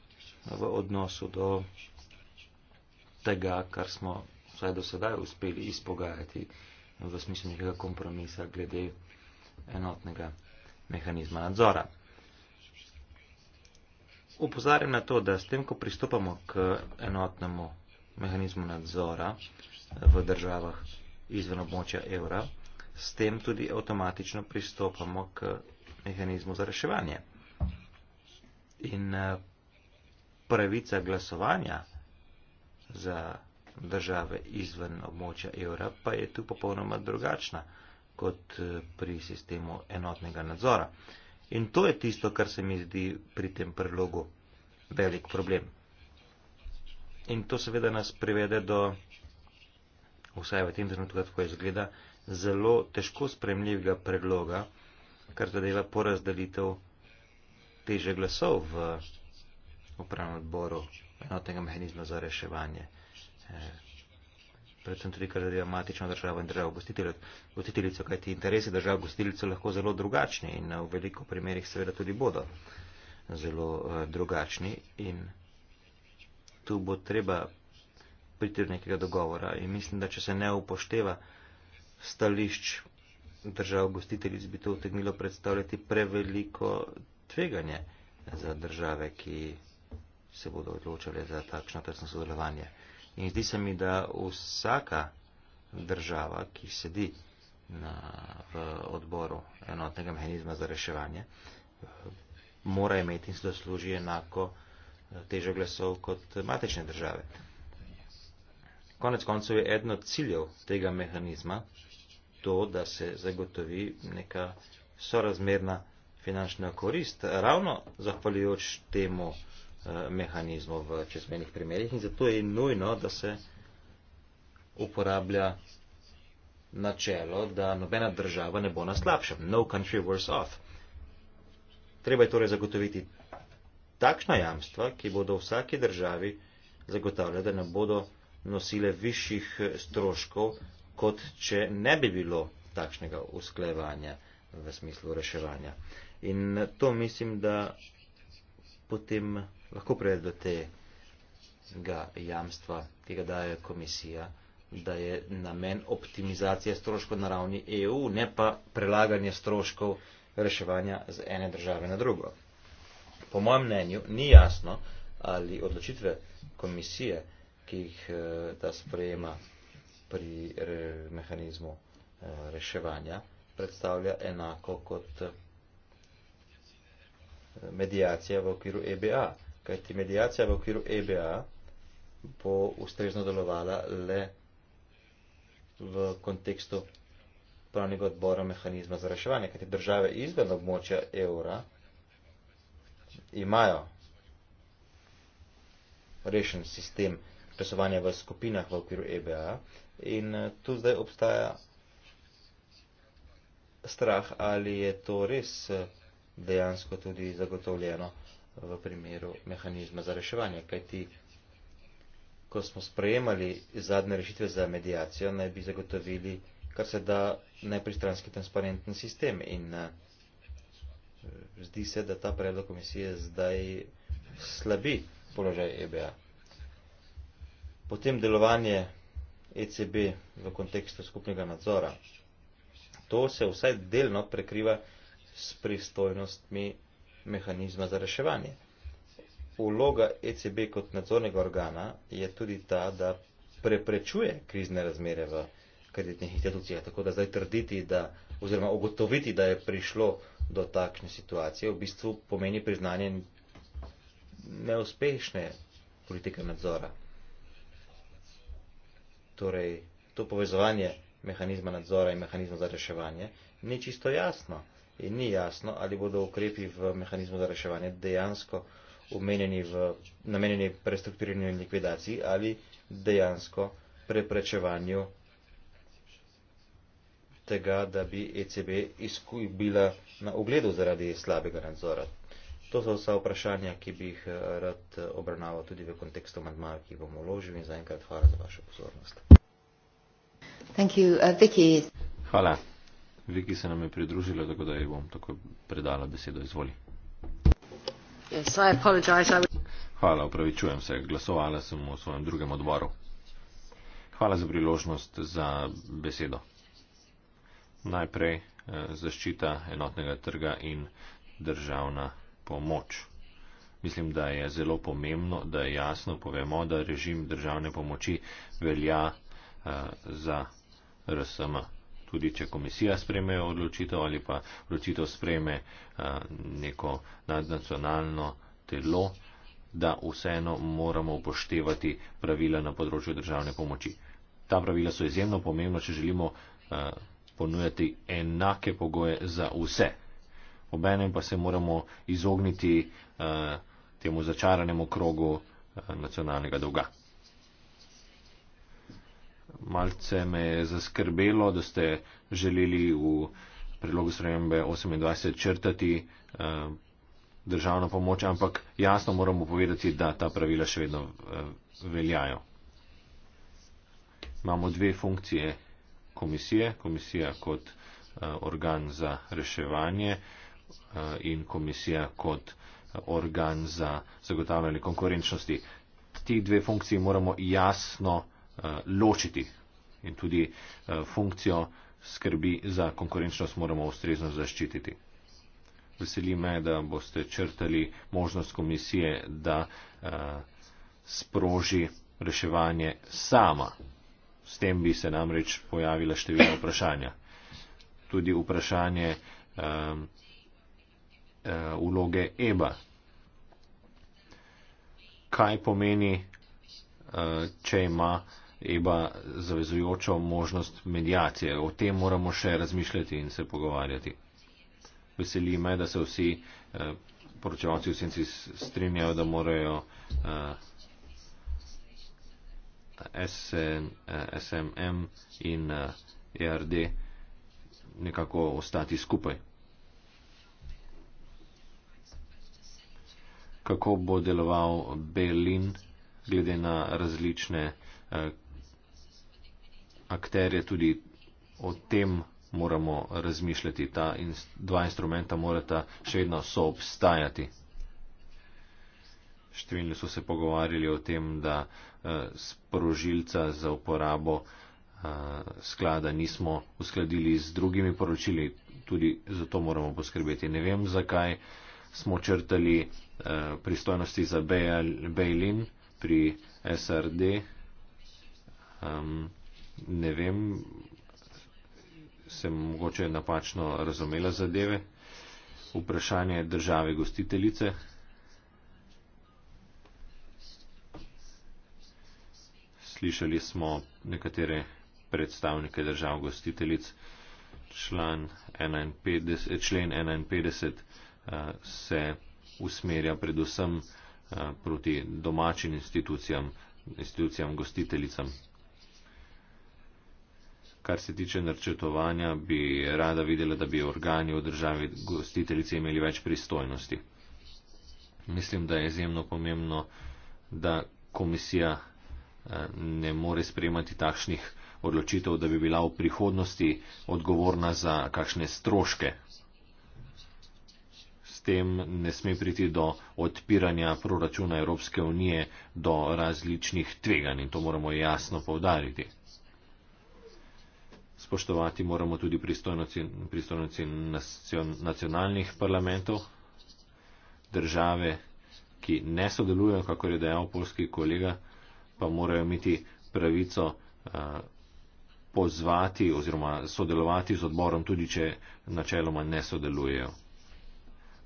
v odnosu do tega, kar smo vsaj do sedaj uspeli izpogajati v smislu nekega kompromisa glede enotnega mehanizma nadzora upozarjam na to, da s tem, ko pristopamo k enotnemu mehanizmu nadzora eh, v državah izven območja evra, s tem tudi avtomatično pristopamo k mehanizmu za reševanje. In eh, pravica glasovanja za države izven območja evra pa je tu popolnoma drugačna kot eh, pri sistemu enotnega nadzora. Uh, In to je tisto, kar se mi zdi pri tem predlogu velik problem. In to seveda nas privede do, vsaj v tem trenutku, kako izgleda, zelo težko spremljivega predloga, kar zadeva porazdelitev teže glasov v upravnem odboru enotnega mehanizma za reševanje eh, predvsem tudi, ker je matična država in država gostiteljica, kajti interesi držav gostiteljicev lahko zelo drugačni in eh, v veliko primerjih seveda tudi bodo eh, zelo uh, drugačni in tu bo treba priti do nekega dogovora in mislim, da če se ne upošteva stališč držav gostiteljic, bi to utegnilo predstavljati preveliko tveganje za države, ki se bodo odločile za takšno tesno sodelovanje. In zdi se mi, da vsaka država, ki sedi na, v odboru enotnega mehanizma za reševanje, mora imeti in se zasluži enako težo glasov kot matične države. Konec koncev je eno od ciljev tega mehanizma to, da se zagotovi neka sorazmerna finančna korist, ravno zahvaljujoč temu uh, Eh, mehanizmov v čezmenih primerjih in zato je nujno, da se uporablja načelo, da nobena država ne bo na slabšem. No country worse off. Treba je torej zagotoviti takšna jamstva, ki bodo vsaki državi zagotavljali, da ne bodo nosile višjih stroškov, kot če ne bi bilo takšnega usklevanja v smislu reševanja. In to mislim, da potem lahko prijede do tega jamstva, ki ga daje komisija, da je namen optimizacije stroškov na ravni EU, ne pa prelaganje stroškov reševanja z ene države na drugo. Po mojem mnenju ni jasno, ali odločitve komisije, ki jih eh, ta sprejema pri re, mehanizmu eh, reševanja, predstavlja enako kot eh, medijacija v okviru EBA kajti medijacija v okviru EBA bo ustrezno delovala le v kontekstu pravnega odbora mehanizma za reševanje, kajti države izven območja evra imajo rešen sistem presovanja v skupinah v okviru EBA in eh, tu zdaj obstaja strah, ali je to res eh, dejansko tudi zagotovljeno v primeru mehanizma za reševanje. Kajti, ko smo sprejemali zadnje rešitve za medijacijo, naj bi zagotovili kar se da nepristranski transparenten sistem. In eh, zdi se, da ta predlog komisije zdaj slabi položaj EBA. Potem delovanje ECB v kontekstu skupnega nadzora. To se vsaj delno prekriva s pristojnostmi mehanizma za reševanje. Uloga ECB kot nadzornega organa je tudi ta, da preprečuje krizne razmere v kreditnih institucijah. Tako da zdaj trditi, da, oziroma ugotoviti, da je prišlo do takšne situacije, v bistvu pomeni priznanje neuspešne politike nadzora. Torej, to povezovanje mehanizma nadzora in mehanizma za reševanje ni čisto jasno in ni jasno, ali bodo ukrepi v mehanizmu za reševanje dejansko v, namenjeni prestrukturiranju in likvidaciji ali dejansko preprečevanju tega, da bi ECB izgubila na ugledu zaradi slabega nadzora. To so vsa vprašanja, ki bi jih eh, rad eh, obravnaval tudi v kontekstu mandmaja, ki bomo vložili in zaenkrat hvala za vašo pozornost. Thank you, uh, Vicky. Hvala. Viki se nam je pridružila, tako da ji bom tako predala besedo. Izvoli. Yes, I apologize, I... Hvala, upravičujem se. Glasovala sem v svojem drugem odboru. Hvala za priložnost za besedo. Najprej eh, zaščita enotnega trga in državna pomoč. Mislim, da je zelo pomembno, da jasno povemo, da režim državne pomoči velja eh, za RSM tudi če komisija spreme odločitev ali pa odločitev spreme eh, neko nadnacionalno telo, da vseeno moramo upoštevati pravila na področju državne pomoči. Ta pravila so izjemno pomembna, če želimo eh, ponujati enake pogoje za vse. Obenem pa se moramo izogniti eh, temu začaranemu krogu nacionalnega dolga malce me je zaskrbelo, da ste želeli v predlogu spremembe 28 črtati eh, državno pomoč, ampak jasno moramo povedati, da ta pravila še vedno eh, veljajo. Imamo dve funkcije komisije, komisija kot eh, organ za reševanje eh, in komisija kot eh, organ za zagotavljanje konkurenčnosti. Ti dve funkciji moramo jasno Eh, ločiti. In tudi eh, funkcijo skrbi za konkurenčnost moramo ustrezno zaščititi. Veseli me, da boste črtali možnost komisije, da uh, sproži reševanje sama. S tem bi se namreč pojavila številna vprašanja. Tudi vprašanje um, uh, uloge EBA. Kaj pomeni, uh, če ima uh, EBA zavezujočo možnost medijacije. O tem moramo še razmišljati in se pogovarjati. Veseli me, da se vsi eh, poročevalci v senci strinjajo, da morajo eh, SN, eh, SMM in eh, ERD nekako ostati skupaj. Kako bo deloval Berlin glede na različne eh, akterje tudi o tem moramo razmišljati. Ta in, dva instrumenta morata še vedno soobstajati. Številni so se pogovarjali o tem, da eh, sporožilca za uporabo eh, sklada nismo uskladili z drugimi poročili, tudi zato moramo poskrbeti. Ne vem, zakaj smo črtali eh, pristojnosti za Bejlin pri SRD. Um, ne vem, sem mogoče napačno razumela zadeve. Vprašanje države gostiteljice. Slišali smo nekatere predstavnike držav gostiteljic. Član 51, člen 51 eh, se usmerja predvsem eh, proti domačim institucijam, institucijam gostiteljicam. Kar se tiče načrtovanja, bi rada videla, da bi organi v državi gostiteljice imeli več pristojnosti. Mislim, da je izjemno pomembno, da komisija eh, ne more sprejemati takšnih odločitev, da bi bila v prihodnosti odgovorna za kakšne stroške. S tem ne sme priti do odpiranja proračuna Evropske unije do različnih tveganj in to moramo jasno povdariti spoštovati moramo tudi pristojnosti, pristojnosti nacionalnih parlamentov, države, ki ne sodelujejo, kako je dejal polski kolega, pa morajo imeti pravico eh, pozvati oziroma sodelovati z odborom, tudi če načeloma ne sodelujejo.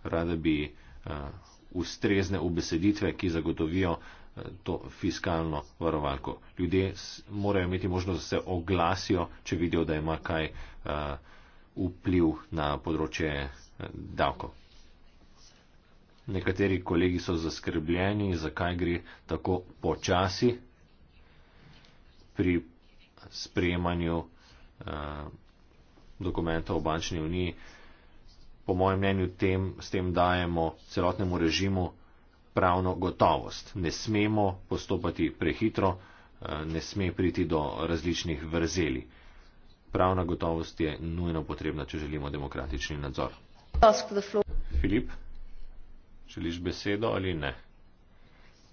Rada bi eh, ustrezne obeseditve, ki zagotovijo uh, to fiskalno varovalko. Ljudje morajo imeti možnost, da se oglasijo, če vidijo, da ima kaj uh, vpliv na področje davkov. Nekateri kolegi so zaskrbljeni, zakaj gre tako počasi pri sprejemanju uh, dokumentov v bančni uniji. Po mojem mnenju, tem, s tem dajemo celotnemu režimu pravno gotovost. Ne smemo postopati prehitro, eh, ne sme priti do različnih vrzeli. Pravna gotovost je nujno potrebna, če želimo demokratični nadzor. Filip, želiš besedo ali ne?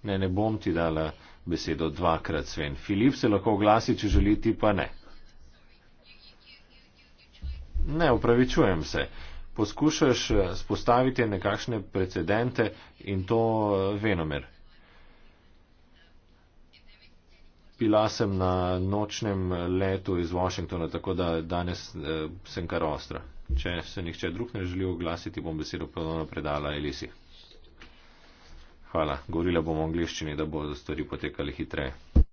Ne, ne bom ti dala besedo dvakrat, Sven. Filip se lahko oglasi, če želi, ti pa ne. Ne, upravičujem se poskušaš eh, spostaviti nekakšne precedente in to eh, venomer. Bila sem na nočnem letu iz Washingtona, tako da danes eh, sem kar ostra. Če se nihče drug ne želi oglasiti, bom besedo ponovno predala Elisi. Hvala, govorila bom o angliščini, da bo stvari potekali hitreje.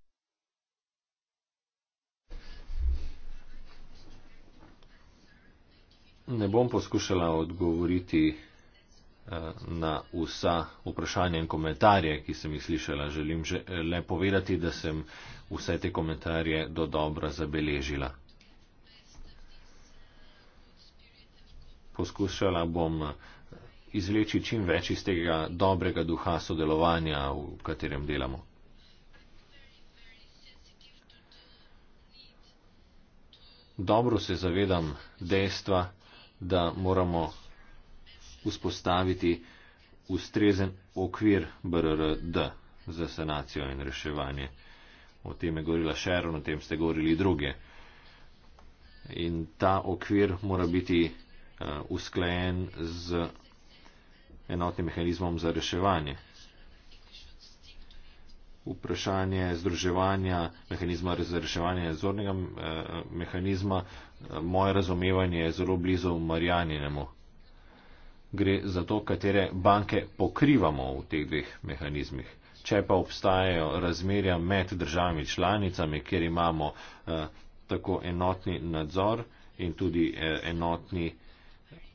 ne bom poskušala odgovoriti eh, na vsa vprašanja in komentarje, ki sem jih slišala. Želim že eh, le povedati, da sem vse te komentarje do dobra zabeležila. Poskušala bom eh, izvleči čim več iz tega dobrega duha sodelovanja, v katerem delamo. Dobro se zavedam dejstva, da moramo vzpostaviti ustrezen okvir BRRD za sanacijo in reševanje. O tem je govorila Sharon, o tem ste govorili druge. In ta okvir mora biti eh, usklajen z enotnim mehanizmom za reševanje vprašanje združevanja mehanizma razreševanja nadzornega eh, mehanizma, moje razumevanje je zelo blizu Marjaninemu. Gre za to, katere banke pokrivamo v teh dveh mehanizmih. Če pa obstajajo razmerja med državami članicami, kjer imamo eh, tako enotni nadzor in tudi eh, enotni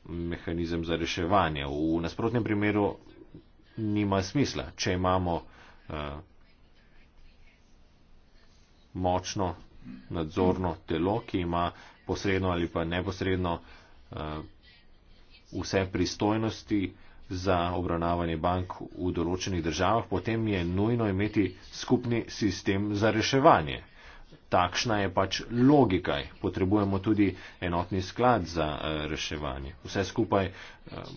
mehanizem za reševanje. V nasprotnem primeru nima smisla, če imamo uh, močno nadzorno telo, ki ima posredno ali pa neposredno eh, vse pristojnosti za obravnavanje bank v določenih državah, potem je nujno imeti skupni sistem za reševanje. Takšna je pač logika. Potrebujemo tudi enotni sklad za eh, reševanje. Vse skupaj eh,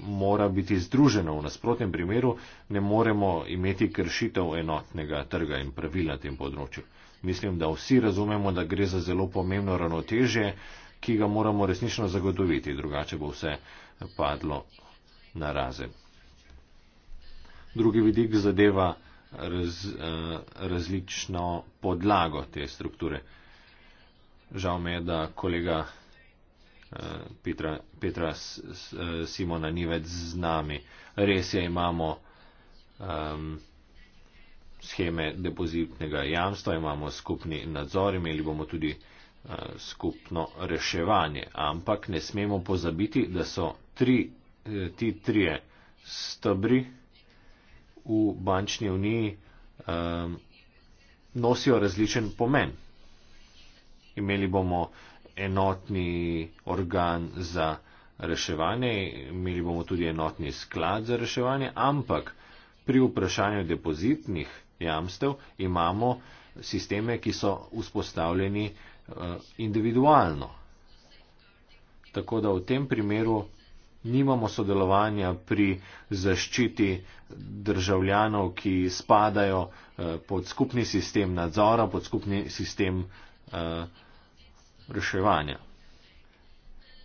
mora biti združeno. V nasprotnem primeru ne moremo imeti kršitev enotnega trga in pravil na tem področju mislim, da vsi razumemo, da gre za zelo pomembno ravnotežje, ki ga moramo resnično zagotoviti, drugače bo vse padlo na raze. Drugi vidik zadeva raz, eh, različno podlago te strukture. Žal me je, da kolega eh, Petra, Petra eh, Simona ni več z nami. Res je, imamo. Um, scheme depozitnega jamstva, imamo skupni nadzor, imeli bomo tudi eh, skupno reševanje. Ampak ne smemo pozabiti, da so tri, eh, ti trije stebri v bančni uniji um, nosijo različen pomen. Imeli bomo enotni organ za reševanje, imeli bomo tudi enotni sklad za reševanje, ampak pri vprašanju depozitnih jamstev, imamo sisteme, ki so vzpostavljeni eh, individualno. Tako da v tem primeru nimamo sodelovanja pri zaščiti državljanov, ki spadajo eh, pod skupni sistem nadzora, pod skupni sistem eh, reševanja.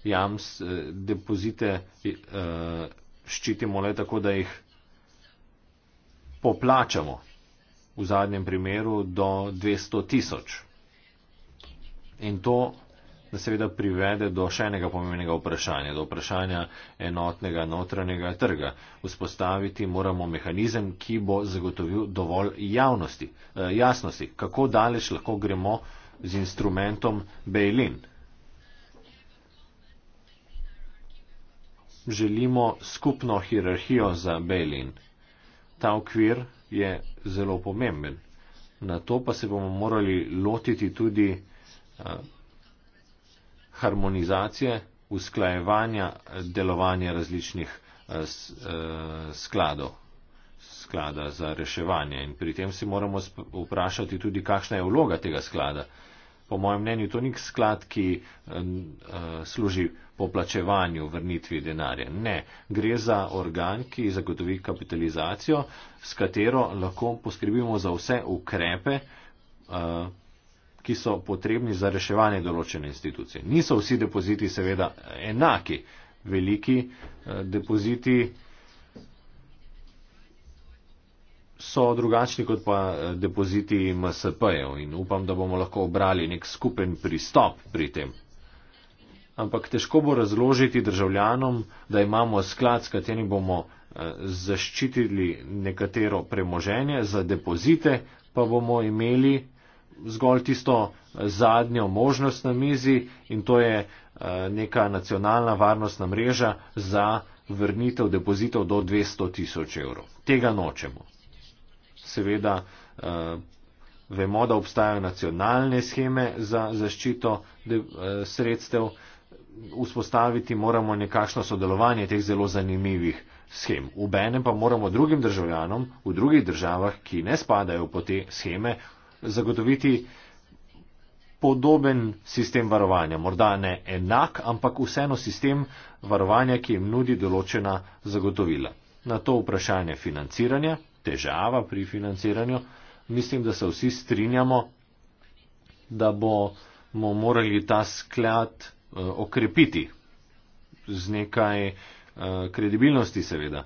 Jams, depozite ščitimo le tako, da jih poplačamo v zadnjem primeru do 200 tisoč. In to nas seveda privede do še enega pomembnega vprašanja, do vprašanja enotnega notranjega trga. Vzpostaviti moramo mehanizem, ki bo zagotovil dovolj javnosti, eh, jasnosti, kako daleč lahko gremo z instrumentom Bejlin. Želimo skupno hierarhijo za Bejlin. Ta okvir je zelo pomemben. Na to pa se bomo morali lotiti tudi eh, harmonizacije, usklajevanja eh, delovanja različnih eh, eh, skladov, sklada za reševanje. In pri tem si moramo vprašati tudi, kakšna je vloga tega sklada. Eh, po mojem mnenju, to ni sklad, ki eh, eh, služi poplačevanju vrnitvi denarja. Ne, gre za organ, ki zagotovi kapitalizacijo, s katero lahko poskrbimo za vse ukrepe, eh, ki so potrebni za reševanje določene institucije. Niso vsi depoziti seveda enaki. Veliki depoziti so drugačni kot pa eh, depoziti MSP-jev in upam, da bomo lahko obrali nek skupen pristop pri tem. Ampak težko bo razložiti državljanom, da imamo sklad, s katerim bomo eh, zaščitili nekatero premoženje za depozite, pa bomo imeli zgolj tisto eh, zadnjo možnost na mizi in to je neka nacionalna varnostna mreža za vrnitev depozitov do 200 tisoč evrov. Tega nočemo seveda uh, vemo, da obstajajo nacionalne scheme za zaščito de, uh, sredstev, vzpostaviti moramo nekakšno sodelovanje teh zelo zanimivih schem. Obenem pa moramo drugim državljanom v drugih državah, ki ne spadajo po te scheme, zagotoviti podoben sistem varovanja, morda ne enak, ampak vseeno sistem varovanja, ki jim nudi določena zagotovila. Na to vprašanje financiranja težava pri financiranju. Mislim, da se vsi strinjamo, da bomo morali ta sklad eh, okrepiti z nekaj eh, kredibilnosti, seveda.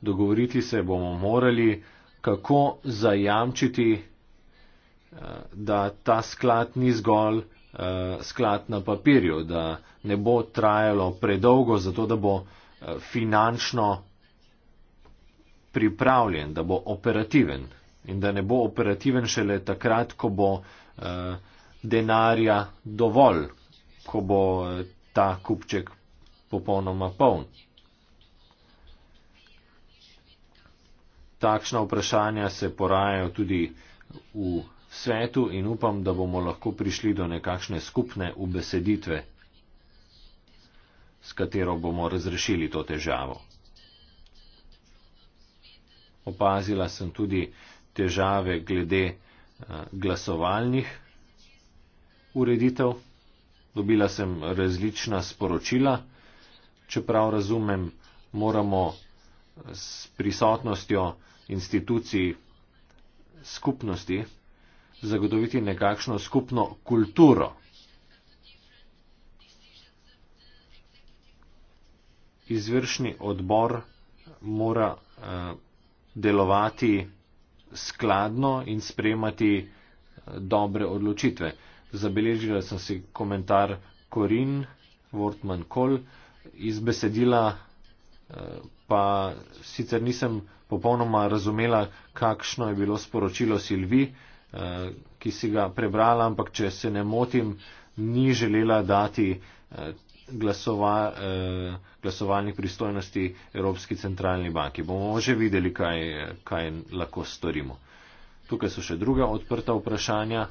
Dogovoriti se bomo morali, kako zajamčiti, eh, da ta sklad ni zgolj sklad na papirju, da ne bo trajalo predolgo, zato da bo finančno pripravljen, da bo operativen in da ne bo operativen šele takrat, ko bo eh, denarja dovolj, ko bo eh, ta kupček popolnoma poln. Takšna vprašanja se porajajo tudi v svetu in upam, da bomo lahko prišli do nekakšne skupne ubeseditve, s katero bomo razrešili to težavo opazila sem tudi težave glede eh, glasovalnih ureditev. Dobila sem različna sporočila. Čeprav razumem, moramo eh, s prisotnostjo institucij skupnosti zagotoviti nekakšno skupno kulturo. Izvršni odbor mora eh, delovati skladno in spremati eh, dobre odločitve. Zabeležila sem si komentar Korin, Wortman Kol, iz besedila eh, pa sicer nisem popolnoma razumela, kakšno je bilo sporočilo Silvi, eh, ki si ga prebrala, ampak če se ne motim, ni želela dati glasova, eh, glasovalnih pristojnosti Evropski centralni banki. Bomo že videli, kaj, kaj lahko storimo. Tukaj so še druga odprta vprašanja.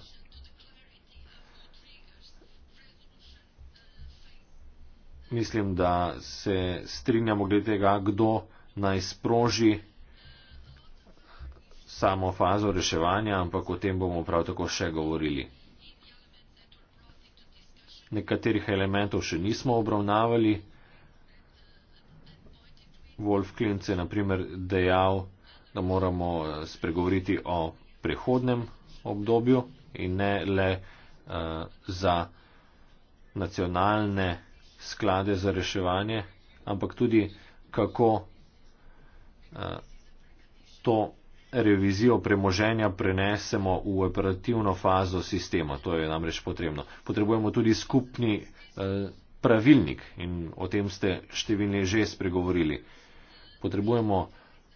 Mislim, da se strinjamo glede tega, kdo naj sproži samo fazo reševanja, ampak o tem bomo prav tako še govorili nekaterih elementov še nismo obravnavali. Wolf Klinc je naprimer dejal, da moramo eh, spregovoriti o prehodnem obdobju in ne le uh, za nacionalne sklade za reševanje, ampak tudi kako uh, to revizijo premoženja prenesemo v operativno fazo sistema. To je namreč potrebno. Potrebujemo tudi skupni eh, pravilnik in o tem ste številni že spregovorili. Potrebujemo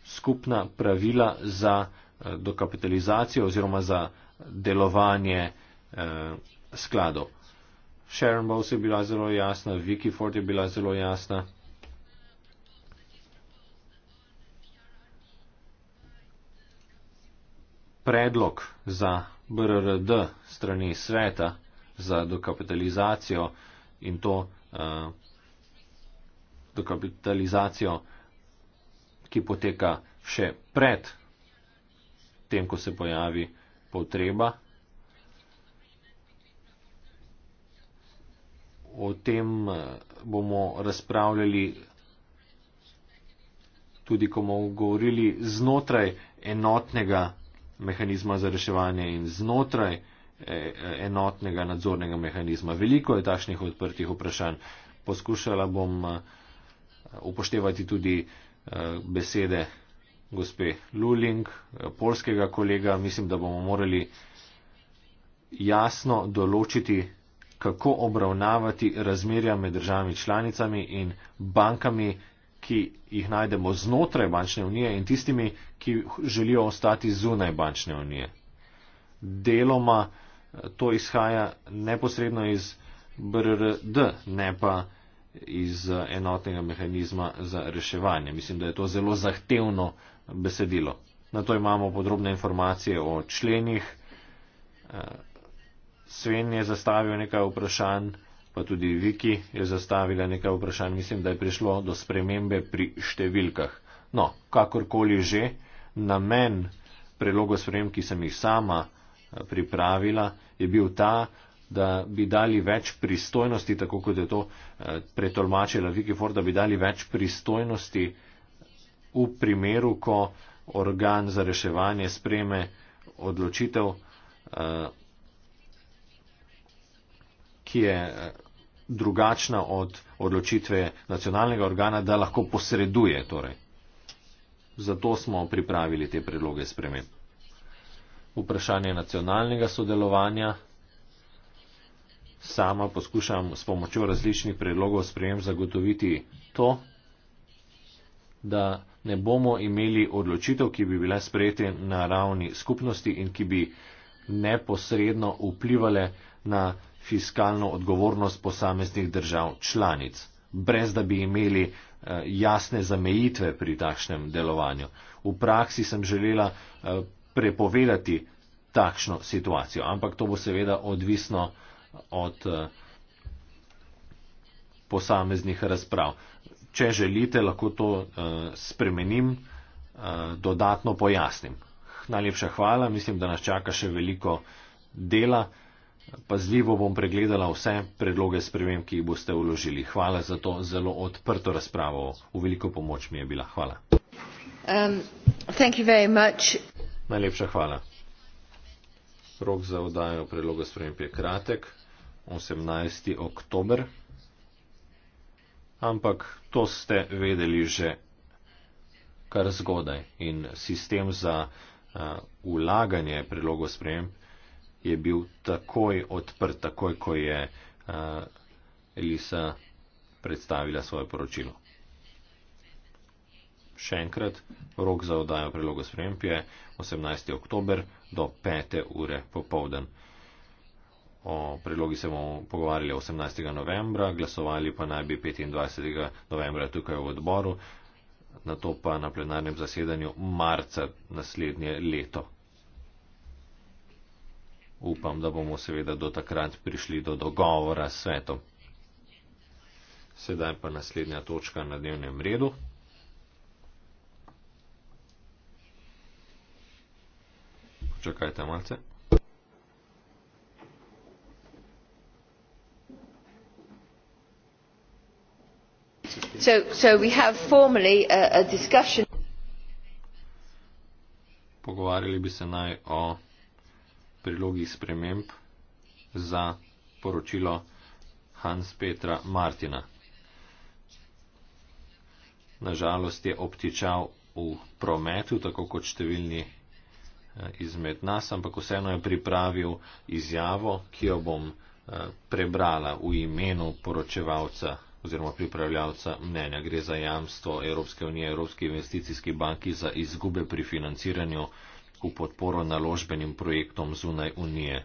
skupna pravila za eh, dokapitalizacijo oziroma za delovanje eh, skladov. Sharon Bowles je bila zelo jasna, Vicky Ford je bila zelo jasna. predlog za BRRD strani sveta za dokapitalizacijo in to uh, dokapitalizacijo, ki poteka še pred tem, ko se pojavi potreba. O tem eh, bomo razpravljali tudi, ko bomo govorili znotraj enotnega mehanizma za reševanje in znotraj e, e, enotnega nadzornega mehanizma. Veliko je takšnih odprtih vprašanj. Poskušala bom e, upoštevati tudi besede gospe Luling, polskega kolega. Mislim, da bomo morali jasno določiti, kako obravnavati razmerja med državami članicami in bankami, ki jih najdemo znotraj bančne unije in tistimi, ki želijo ostati zunaj bančne unije. Deloma eh, to izhaja neposredno iz BRRD, ne pa iz eh, enotnega mehanizma za reševanje. Mislim, da je to zelo zahtevno besedilo. Na to imamo podrobne informacije o členih. Eh, Sven je zastavil nekaj vprašanj pa tudi Viki je zastavila nekaj vprašanj, mislim, da je prišlo do spremembe pri številkah. No, kakorkoli že, namen prelogo sprem, ki sem jih sama eh, pripravila, je bil ta, da bi dali več pristojnosti, tako kot je to eh, pretolmačila Viki Ford, da bi dali več pristojnosti v primeru, ko organ za reševanje spreme odločitev, eh, ki je drugačna od odločitve nacionalnega organa, da lahko posreduje. Torej. Zato smo pripravili te predloge spremen. Vprašanje nacionalnega sodelovanja. Sama poskušam s pomočjo različnih predlogov sprejem zagotoviti to, da ne bomo imeli odločitev, ki bi bile sprejete na ravni skupnosti in ki bi neposredno vplivale na fiskalno odgovornost posameznih držav članic, brez da bi imeli eh, jasne zamejitve pri takšnem delovanju. V praksi sem želela eh, prepovedati takšno situacijo, ampak to bo seveda odvisno od eh, posameznih razprav. Če želite, lahko to spremenim, dodatno pojasnim. Najlepša hvala, mislim, da nas čaka še veliko dela. Pazljivo bom pregledala vse predloge sprememb, ki jih boste uložili. Hvala za to zelo odprto razpravo. V veliko pomoč mi je bila. Hvala. Um, Najlepša hvala. Rok za oddajo predloga sprememb je kratek, 18. oktober. Ampak to ste vedeli že kar zgodaj in sistem za uh, ulaganje predlogov sprememb je bil takoj odprt, takoj, ko je uh, Elisa predstavila svoje poročilo. Še enkrat, rok za odajo prilogo sprememb je 18. oktober do 5. ure popovden. O prilogi se bomo pogovarjali 18. novembra, glasovali pa naj bi 25. novembra tukaj v odboru, na to pa na plenarnem zasedanju marca naslednje leto upam, da bomo seveda do takrat prišli do dogovora s svetom. Sedaj pa naslednja točka na dnevnem redu. Počakajte malce. So, so formally, uh, a Pogovarjali bi se naj o prilogi sprememb za poročilo Hans Petra Martina. Nažalost je obtičal v prometu, tako kot številni eh, izmed nas, ampak vseeno je pripravil izjavo, ki jo bom eh, prebrala v imenu poročevalca oziroma pripravljalca mnenja. Gre za jamstvo Evropske unije, Evropske investicijske banki za izgube pri financiranju v podporo naložbenim projektom zunaj Unije.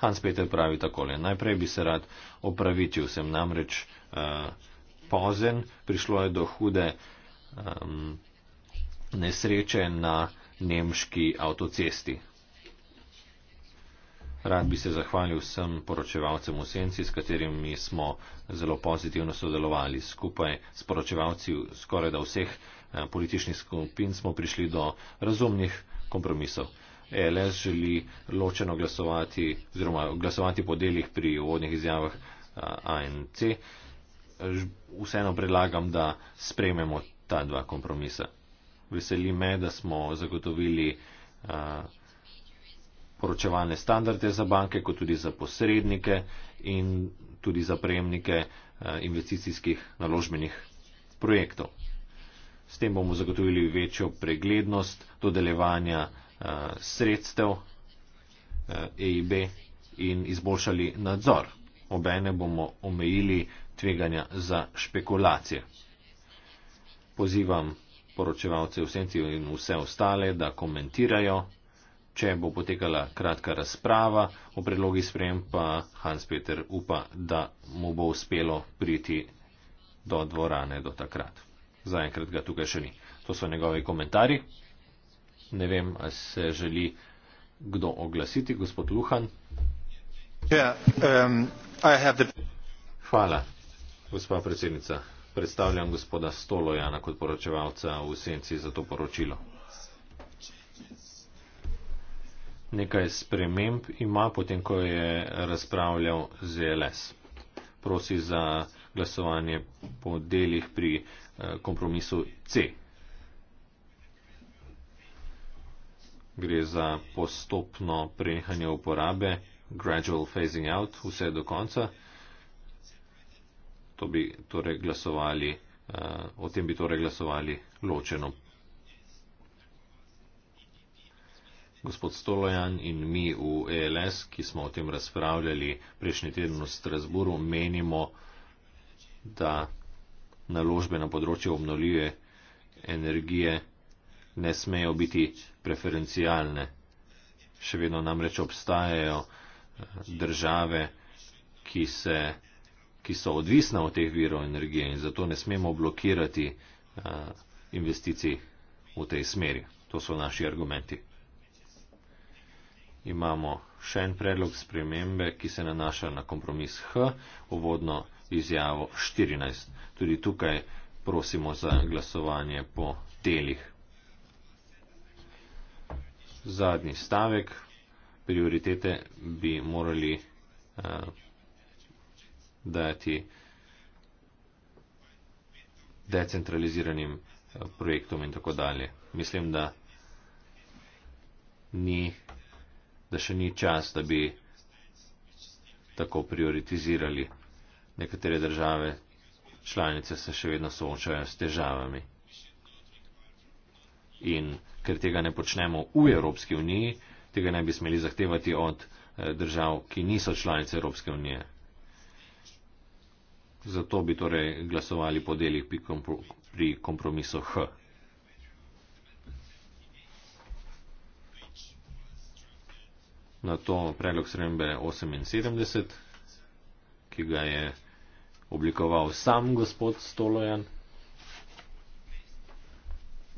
Hans Peter pravi takole, najprej bi se rad opravičil, sem namreč uh, pozen, prišlo je do hude um, nesreče na nemški avtocesti. Rad bi se zahvalil vsem poročevalcem v senci, s katerimi smo zelo pozitivno sodelovali skupaj s poročevalci skoraj da vseh. Eh, političnih skupin smo prišli do razumnih kompromisov. E LS želi ločeno glasovati oziroma glasovati po delih pri uvodnih izjavah eh, A in C. Vseeno predlagam, da sprejmemo ta dva kompromisa. Veseli me, da smo zagotovili eh, poročevalne standarde za banke, kot tudi za posrednike in tudi za prejemnike investicijskih naložbenih projektov. S tem bomo zagotovili večjo preglednost dodelevanja uh, eh, sredstev uh, eh, EIB in izboljšali nadzor. Obene bomo omejili tveganja za špekulacije. Pozivam poročevalce v senci in vse ostale, da komentirajo, če bo potekala kratka razprava o predlogi sprem, pa Hans Peter upa, da mu bo uspelo priti do dvorane do takrat. Zaenkrat ga tukaj še ni. To so njegovi komentarji. Ne vem, ali se želi kdo oglasiti, gospod Luhan. Yeah, um, the... Hvala, gospa predsednica. Predstavljam gospoda Stolojana kot poročevalca v senci za to poročilo. Nekaj sprememb ima potem, ko je razpravljal ZLS. Prosi za glasovanje po delih pri Eh, kompromisu C. Gre za postopno prenehanje uporabe, gradual phasing out, vse do konca. To bi torej glasovali, eh, o tem bi torej glasovali ločeno. Gospod Stolojan in mi v ELS, ki smo o tem razpravljali prejšnji teden v Strasburu, menimo, da naložbe na področju obnoljive energije ne smejo biti preferencialne. Še vedno namreč obstajajo eh, države, ki, se, ki so odvisne od teh virov energije in zato ne smemo blokirati eh, investicij v tej smeri. To so naši argumenti. Imamo še en predlog spremembe, ki se nanaša na kompromis H, uvodno izjavo 14. Tudi tukaj prosimo za glasovanje po telih. Zadnji stavek. Prioritete bi morali uh, dati decentraliziranim eh, projektom in tako dalje. Mislim, da, ni, da še ni čas, da bi tako prioritizirali. Nekatere države članice se še vedno soočajo s težavami. In ker tega ne počnemo v Evropski uniji, tega ne bi smeli zahtevati od eh, držav, ki niso članice Evropske unije. Zato bi torej glasovali po delih pri kompromisu H. Na to predlog sremembe 78, ki ga je oblikoval sam gospod Stolojan.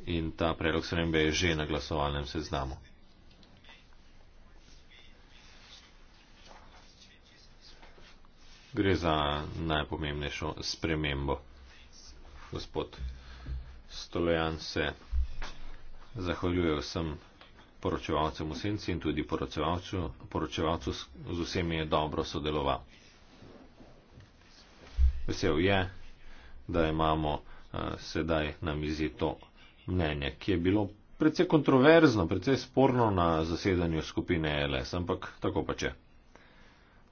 In ta predlog spremembe je že na glasovalnem seznamu. Gre za najpomembnejšo spremembo. Gospod Stolojan se zahvaljuje vsem poročevalcem v senci in tudi poročevalcu, poročevalcu z vsemi je dobro sodeloval. Vesel je, da imamo uh, sedaj na mizi to mnenje, ki je bilo predvsej kontroverzno, predvsej sporno na zasedanju skupine LS, ampak tako pa če.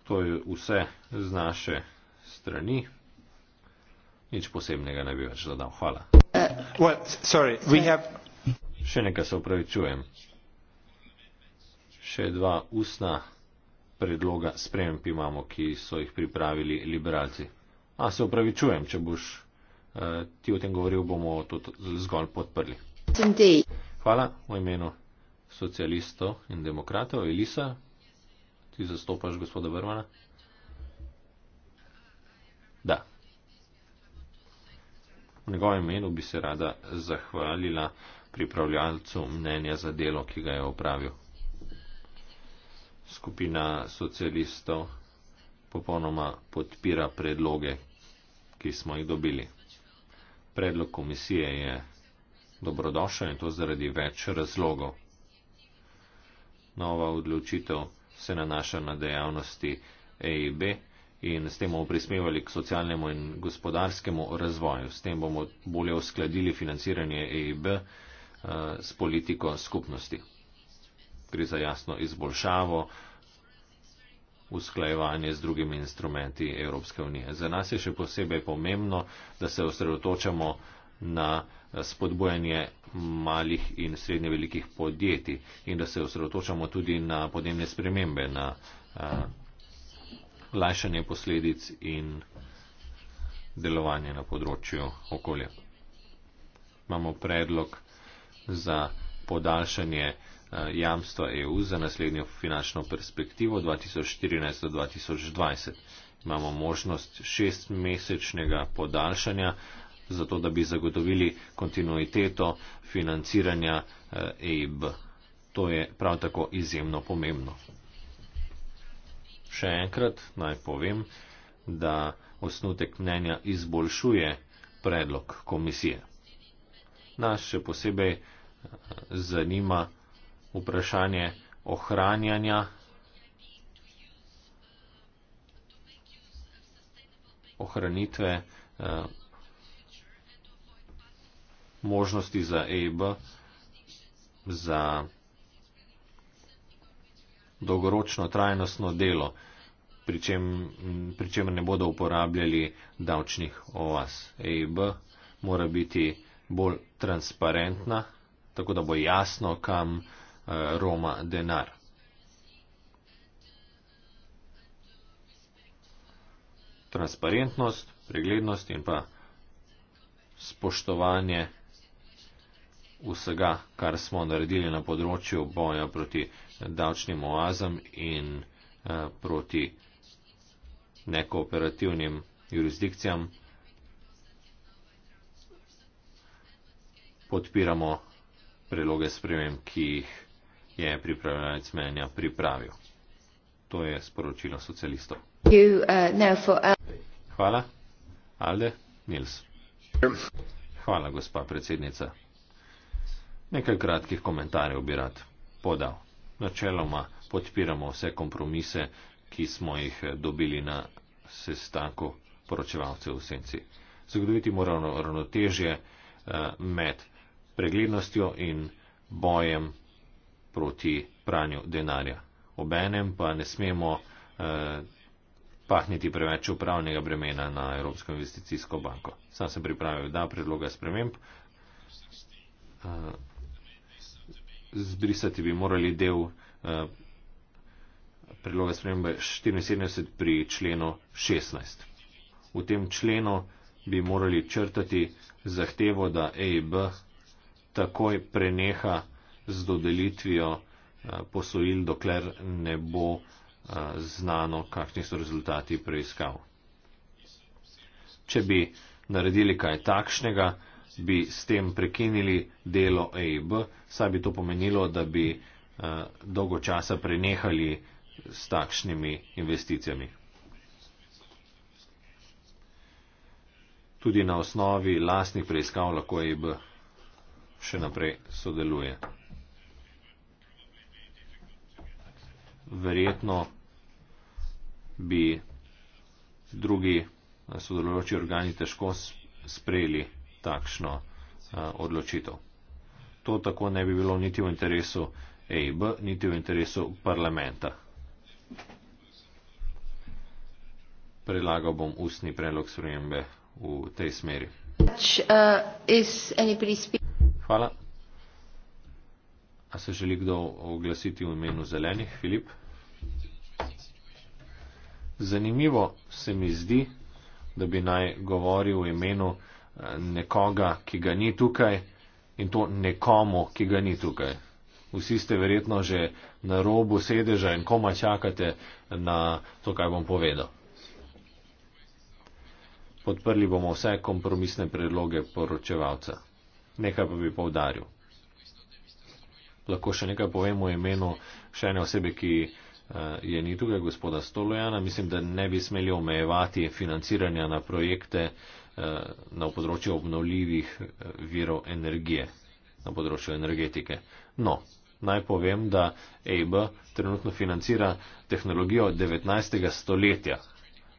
To je vse z naše strani. Nič posebnega ne bi več dodal. Hvala. Uh, well, sorry, have... Še nekaj se upravičujem. Še dva ustna predloga sprememb imamo, ki so jih pripravili liberalci. A se upravičujem, če boš uh, ti o tem govoril, bomo to zgolj podprli. Hvala v imenu socialistov in demokratov. Elisa, ti zastopaš gospoda Brmana? Da. V njegovem imenu bi se rada zahvalila pripravljalcu mnenja za delo, ki ga je opravil. Skupina socialistov popolnoma podpira predloge, ki smo jih dobili. Predlog komisije je dobrodošel in to zaradi več razlogov. Nova odločitev se nanaša na dejavnosti EIB in s tem bomo prispevali k socialnemu in gospodarskemu razvoju. S tem bomo bolje uskladili financiranje EIB uh, eh, s politiko skupnosti. Gre za jasno izboljšavo uh, usklajevanje z drugimi instrumenti Evropske unije. Za nas je še posebej pomembno, da se osredotočamo na spodbujanje malih in srednje velikih podjetij in da se osredotočamo tudi na podnebne spremembe, na uh, lajšanje posledic in delovanje na področju okolja. Imamo predlog za podaljšanje Eh, jamstva EU za naslednjo finančno perspektivo 2014 do 2020. Imamo možnost šestmesečnega podaljšanja, zato da bi zagotovili kontinuiteto financiranja EIB. Eh, e to je prav tako izjemno pomembno. Še enkrat naj povem, da osnutek mnenja izboljšuje predlog komisije. Nas še posebej eh, zanima, vprašanje ohranjanja. ohranitve eh, možnosti za EIB, za dolgoročno trajnostno delo, pri čem, pri čem ne bodo uporabljali davčnih ovas. EIB mora biti bolj transparentna, tako da bo jasno, kam eh, Roma denar. Transparentnost, preglednost in pa spoštovanje vsega, kar smo naredili na področju boja proti davčnim oazam in eh, proti nekooperativnim jurisdikcijam. Podpiramo preloge sprejem, ki jih je pripravljalec menja pripravil. To je sporočilo socialistov. Uh, Hvala. Alde, Nils. Hvala, gospa predsednica. Nekaj kratkih komentarjev bi rad podal. Načeloma podpiramo vse kompromise, ki smo jih dobili na sestanku poročevalcev v senci. Zagotoviti moramo ravnotežje eh, med preglednostjo in bojem proti pranju denarja. Obenem pa ne smemo eh, pahniti preveč upravnega bremena na Evropsko investicijsko banko. Sam sem pripravil dva predloga sprememb. Eh, zbrisati bi morali del eh, predloga spremembe 74 pri členu 16. V tem členu bi morali črtati zahtevo, da EIB takoj preneha z dodelitvijo eh, posojil, dokler ne bo eh, znano, kakšni so rezultati preiskav. Če bi naredili kaj takšnega, bi s tem prekinili delo EIB, saj bi to pomenilo, da bi eh, dolgo časa prenehali s takšnimi investicijami. Tudi na osnovi lastnih preiskav lahko EIB še naprej sodeluje. verjetno bi drugi eh, sodelujoči organi težko sprejeli takšno eh, odločitev. To tako ne bi bilo niti v interesu EIB, niti v interesu parlamenta. Predlagal bom ustni predlog sprejembe v tej smeri. Hvala. A se želi kdo oglasiti v imenu zelenih? Filip? Zanimivo se mi zdi, da bi naj govoril v imenu eh, nekoga, ki ga ni tukaj in to nekomu, ki ga ni tukaj. Vsi ste verjetno že na robu sedeža in koma čakate na to, kaj bom povedal. Podprli bomo vse kompromisne predloge poročevalca. Nekaj pa bi povdaril. Lahko še nekaj povem v imenu še ene osebe, ki je ni tukaj gospoda Stolojana. Mislim, da ne bi smeli omejevati financiranja na projekte eh, na področju obnovljivih eh, virov energije, na področju energetike. No, naj povem, da EIB trenutno financira tehnologijo 19. stoletja,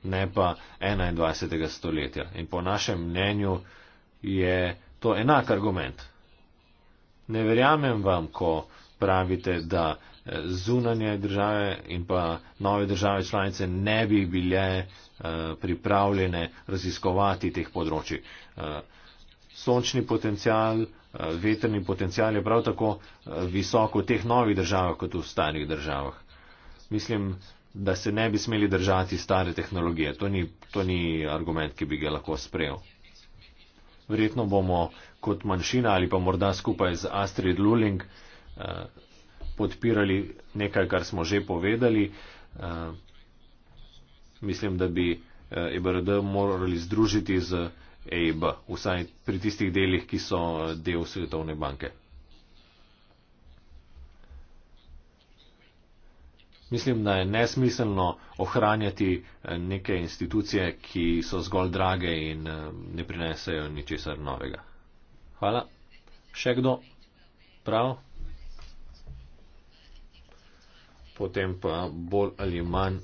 ne pa 21. stoletja. In po našem mnenju je to enak argument. Ne verjamem vam, ko pravite, da Eh, zunanje države in pa nove države članice ne bi bile eh, pripravljene raziskovati teh področji. Eh, sončni potencial, veterni potencial je prav tako visok v teh novih državah kot v starih državah. Mislim, da se ne bi smeli držati stare tehnologije. To ni, to ni argument, ki bi ga lahko sprejel. Verjetno bomo kot manjšina ali pa morda skupaj z Astrid Luling podpirali nekaj, kar smo že povedali. Eh, mislim, da bi EBRD eh, e morali združiti z EIB, vsaj pri tistih delih, ki so eh, del Svetovne banke. Mislim, da je nesmiselno ohranjati neke institucije, ki so zgolj drage in ne prinesejo ničesar novega. Hvala. Še kdo? Prav? potem pa bolj ali manj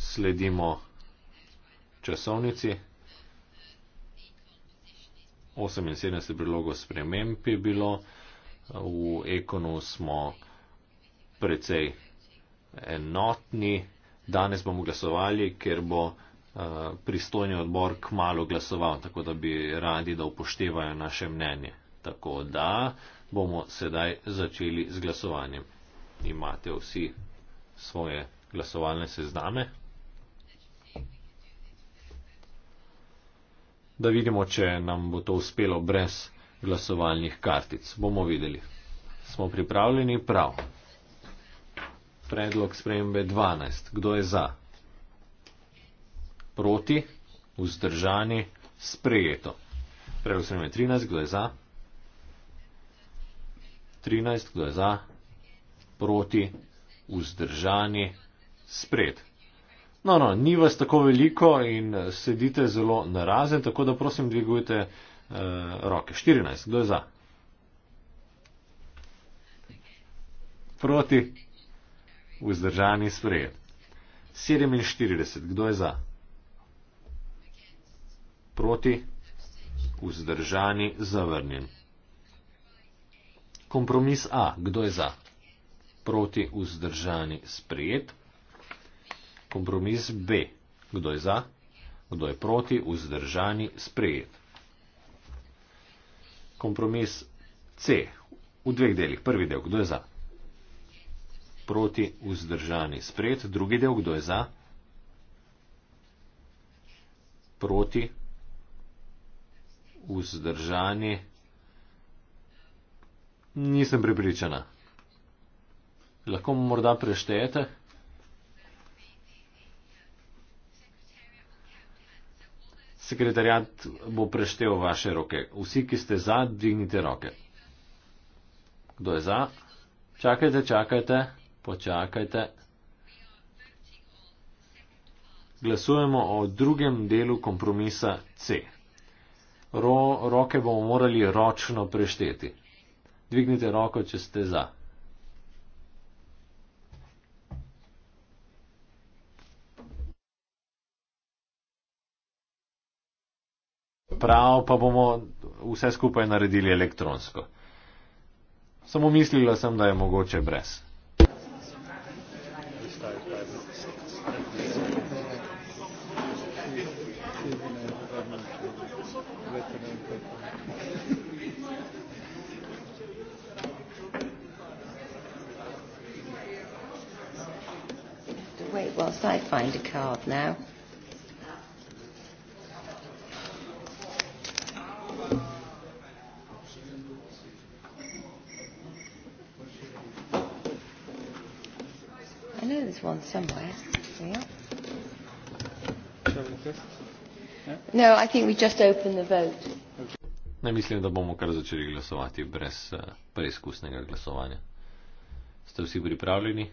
sledimo časovnici. 78 prilogov sprememb je bilo, v ekonu smo precej enotni. Danes bomo glasovali, ker bo eh, pristojni odbor k malu glasoval, tako da bi radi, da upoštevajo naše mnenje. Tako da bomo sedaj začeli z glasovanjem imate vsi svoje glasovalne sezname. Da vidimo, če nam bo to uspelo brez glasovalnih kartic. Bomo videli. Smo pripravljeni prav. Predlog spremembe 12. Kdo je za? Proti? Vzdržani? Sprejeto. Predlog spremembe 13. Kdo je za? 13. Kdo je za? proti, vzdržani, spred. No, no, ni vas tako veliko in sedite zelo narazen, tako da prosim, dvigujte eh, roke. 14, kdo je za? Proti, vzdržani, spred. 47, kdo je za? Proti, vzdržani, zavrnjen. Kompromis A, kdo je za? proti vzdržani sprejet. Kompromis B. Kdo je za? Kdo je proti vzdržani sprejet? Kompromis C. V dveh delih. Prvi del. Kdo je za? Proti vzdržani sprejet. Drugi del. Kdo je za? Proti vzdržani. Nisem pripričana lahko morda preštejete. Sekretarjat bo preštel vaše roke. Vsi, ki ste za, dvignite roke. Kdo je za? Čakajte, čakajte, počakajte. Glasujemo o drugem delu kompromisa C. Ro, roke bomo morali ročno prešteti. Dvignite roko, če ste za. prav, pa bomo vse skupaj naredili elektronsko. Samo mislila sem, da je mogoče brez. Wait, well, I find a card now. this one somewhere. Here we are. No, I think we just open the vote. Ne mislim, da bomo kar začeli glasovati brez eh, preizkusnega glasovanja. Ste vsi pripravljeni?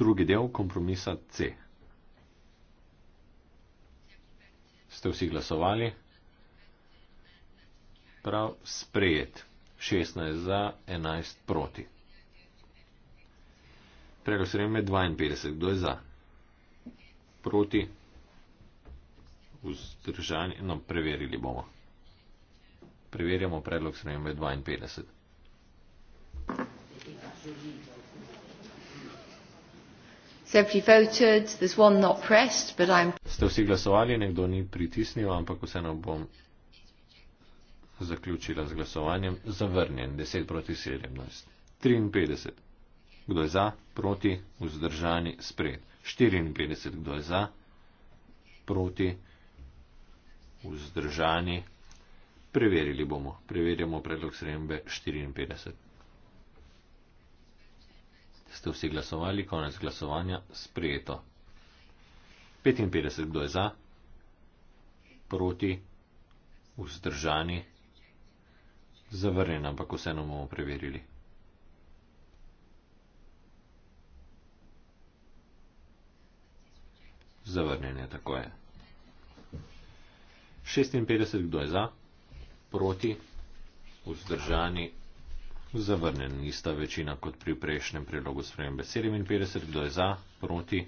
Drugi del kompromisa C. Ste vsi glasovali? prav sprejet. 16 za, 11 proti. Predlog sprejem je 52. Kdo je za? Proti? Vzdržanje? No, preverili bomo. Preverjamo predlog sprejem je 52. Voted, pressed, ste vsi glasovali, nekdo ni pritisnil, ampak vseeno bom zaključila z glasovanjem zavrnjen 10 proti 17. 53. Kdo je za, proti, vzdržani, spred. 54. Kdo je za, proti, vzdržani. Preverili bomo. Preverjamo predlog srembe 54. Ste vsi glasovali, konec glasovanja, sprejeto. 55. Kdo je za, proti, vzdržani, spred zavrnjen, ampak vseeno bomo preverili. Zavrnjen je, tako je. 56, kdo je za, proti, vzdržani, zavrnjen, ista večina kot pri prejšnjem predlogu spremembe. 57, kdo je za, proti,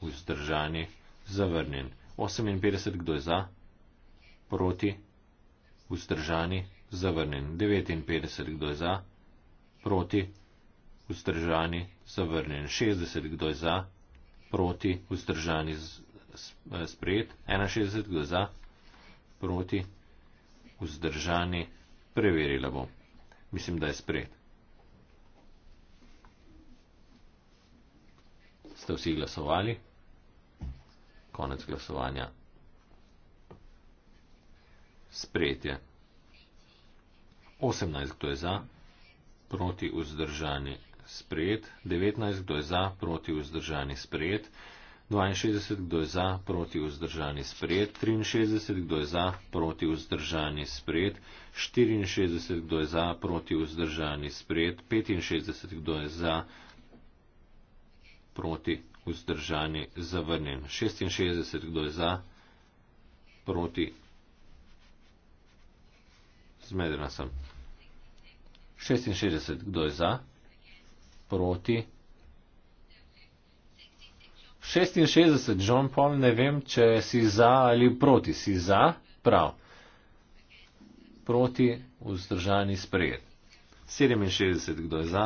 vzdržani, zavrnjen. 58, kdo je za, proti, vzdržani, zavrnjen. 59, kdo je za, proti, vzdržani, zavrnjen. 60, kdo je za, proti, vzdržani, eh, sprejet. 61, kdo je za, proti, vzdržani, preverila bom. Mislim, da je sprejet. Ste vsi glasovali? Konec glasovanja. Sprejet je. 18, kdo je za, proti vzdržani sprejet, 19, kdo je za, proti vzdržani sprejet, 62, kdo je za, proti vzdržani sprejet, 63, kdo je za, proti vzdržani sprejet, 64, kdo je za, proti vzdržani sprejet, 65, kdo je za, proti vzdržani zavrnjen, 66, kdo je za, proti Zmedena sem. 66, kdo je za? Proti. 66, John Paul, ne vem, če si za ali proti. Si za? Prav. Proti, vzdržani, sprejet. 67, kdo je za?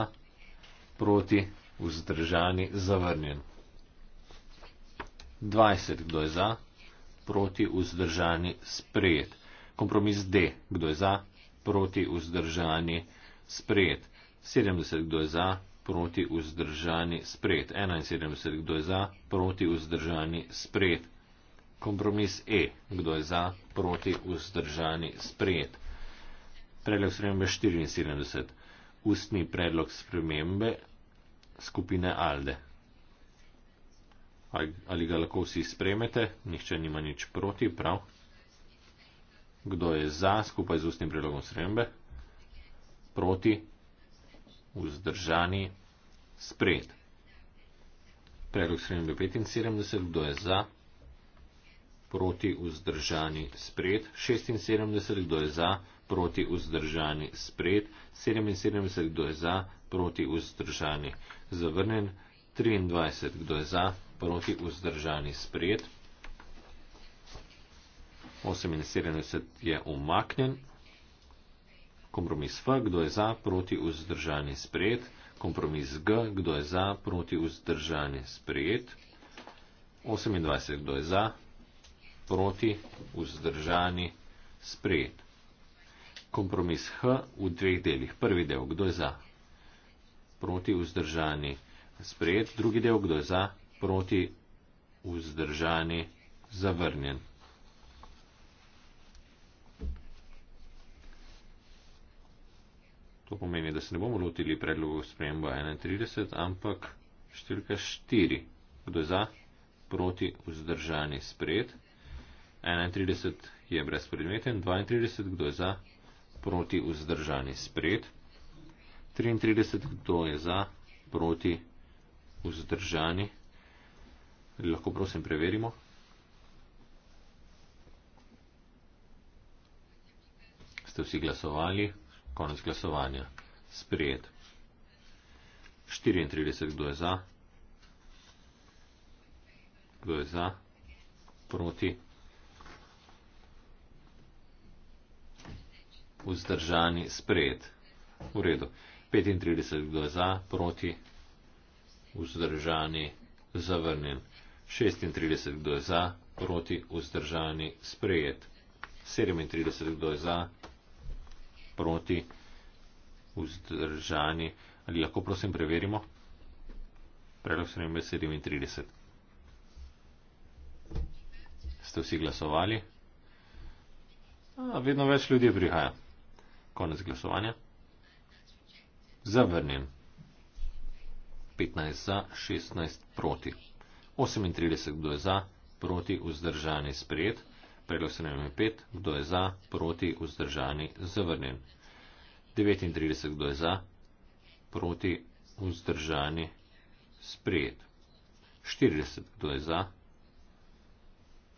Proti, vzdržani, zavrnjen. 20, kdo je za? Proti, vzdržani, sprejet. Kompromis D, kdo je za? proti vzdržani spred. 70 kdo je za, proti vzdržani spred. 71 kdo je za, proti vzdržani spred. Kompromis E, kdo je za, proti vzdržani spred. Predlog spremembe 74. Ustni predlog spremembe skupine Alde. Ali ga lahko vsi spremete? Nihče nima nič proti, prav? Kdo je za, skupaj z ustnim predlogom srembe? Proti? Vzdržani? Sprejet. Predlog srembe 75. Kdo je za? Proti? Vzdržani? Sprejet. 76. Kdo je za? Proti? Vzdržani? Sprejet. 77. Kdo je za? Proti? Vzdržani? Zavrnen. 23. Kdo je za? Proti? Vzdržani? Sprejet. 78 je umaknjen. Kompromis F, kdo je za, proti vzdržanje sprejet. Kompromis G, kdo je za, proti vzdržanje sprejet. 28, kdo je za, proti vzdržanje sprejet. Kompromis H v dveh delih. Prvi del, kdo je za, proti vzdržanje sprejet. Drugi del, kdo je za, proti vzdržanje zavrnjen. To pomeni, da se ne bomo lotili predlogov spremembo 31, ampak številka 4. Kdo je za, proti, vzdržani, spred. 31 je brezpredmeten, 32, kdo je za, proti, vzdržani, spred. 33, kdo je za, proti, vzdržani. Lahko prosim preverimo. Ste vsi glasovali? Konec glasovanja. Sprijet. 34. Kdo je za? Kdo je za? Proti? Vzdržani. Sprijet. V redu. 35. Kdo je za? Proti? Vzdržani. Zavrnjen. 36. Kdo je za? Proti? Vzdržani. Sprijet. 37. Kdo je za? Proti? proti vzdržani. Ali lahko prosim preverimo? Predlog se nam je 37. Ste vsi glasovali? A, vedno več ljudi prihaja. Konec glasovanja. Zavrnjen. 15 za, 16 proti. 38 kdo je za, proti, vzdržani, sprejet preglasujemo 5, kdo je za, proti, vzdržani, zavrnjen. 39, kdo je za, proti, vzdržani, sprejet. 40, kdo je za,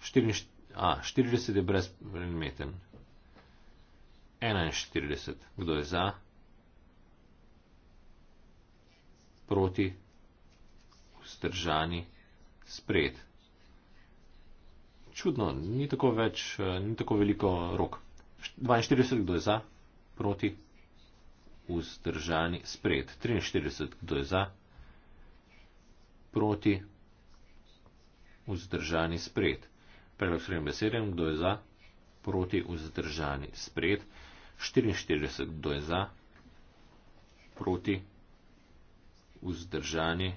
44, a, 40 je brezpredmeten. 41, kdo je za, proti, vzdržani, sprejet čudno, ni tako več, eh, ni tako veliko rok. 42, kdo je za, proti, vzdržani, spred. 43, kdo je za, proti, vzdržani, spred. Predlog srednje 7, kdo je za, proti, vzdržani, spred. 44, kdo je za, proti, vzdržani,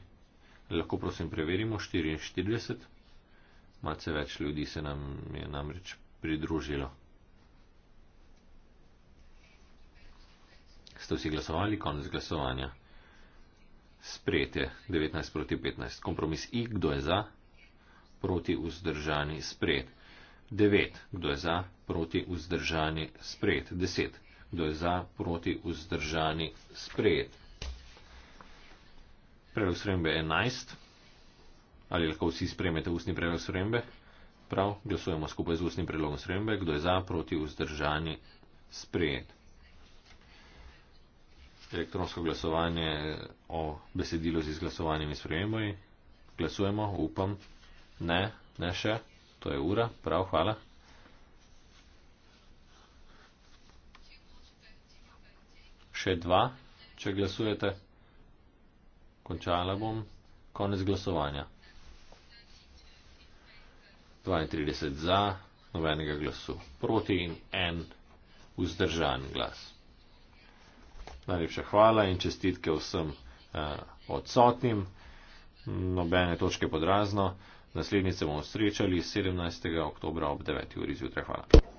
lahko prosim preverimo, 44. Malce več ljudi se nam je namreč pridružilo. Ste vsi glasovali? Konec glasovanja. Sprejete 19 proti 15. Kompromis I, kdo je za? Proti vzdržani sprejet. 9. Kdo je za? Proti vzdržani sprejet. 10. Kdo je za? Proti vzdržani sprejet. Predvsem je 11. Ali lahko vsi sprejmete ustni predlog srembe? Prav, glasujemo skupaj z ustnim predlogom srembe, kdo je za, proti, vzdržani, sprejet. Elektronsko glasovanje o besedilu z izglasovanimi sprejemami. Glasujemo, upam. Ne, ne še. To je ura. Prav, hvala. Še dva, če glasujete. Končala bom. Konec glasovanja. 32 za, nobenega glasu proti in en vzdržan glas. Najlepša hvala in čestitke vsem uh, odsotnim. Nobene točke podrazno. Naslednjice bomo srečali 17. oktobra ob 9. uri zjutraj. Hvala.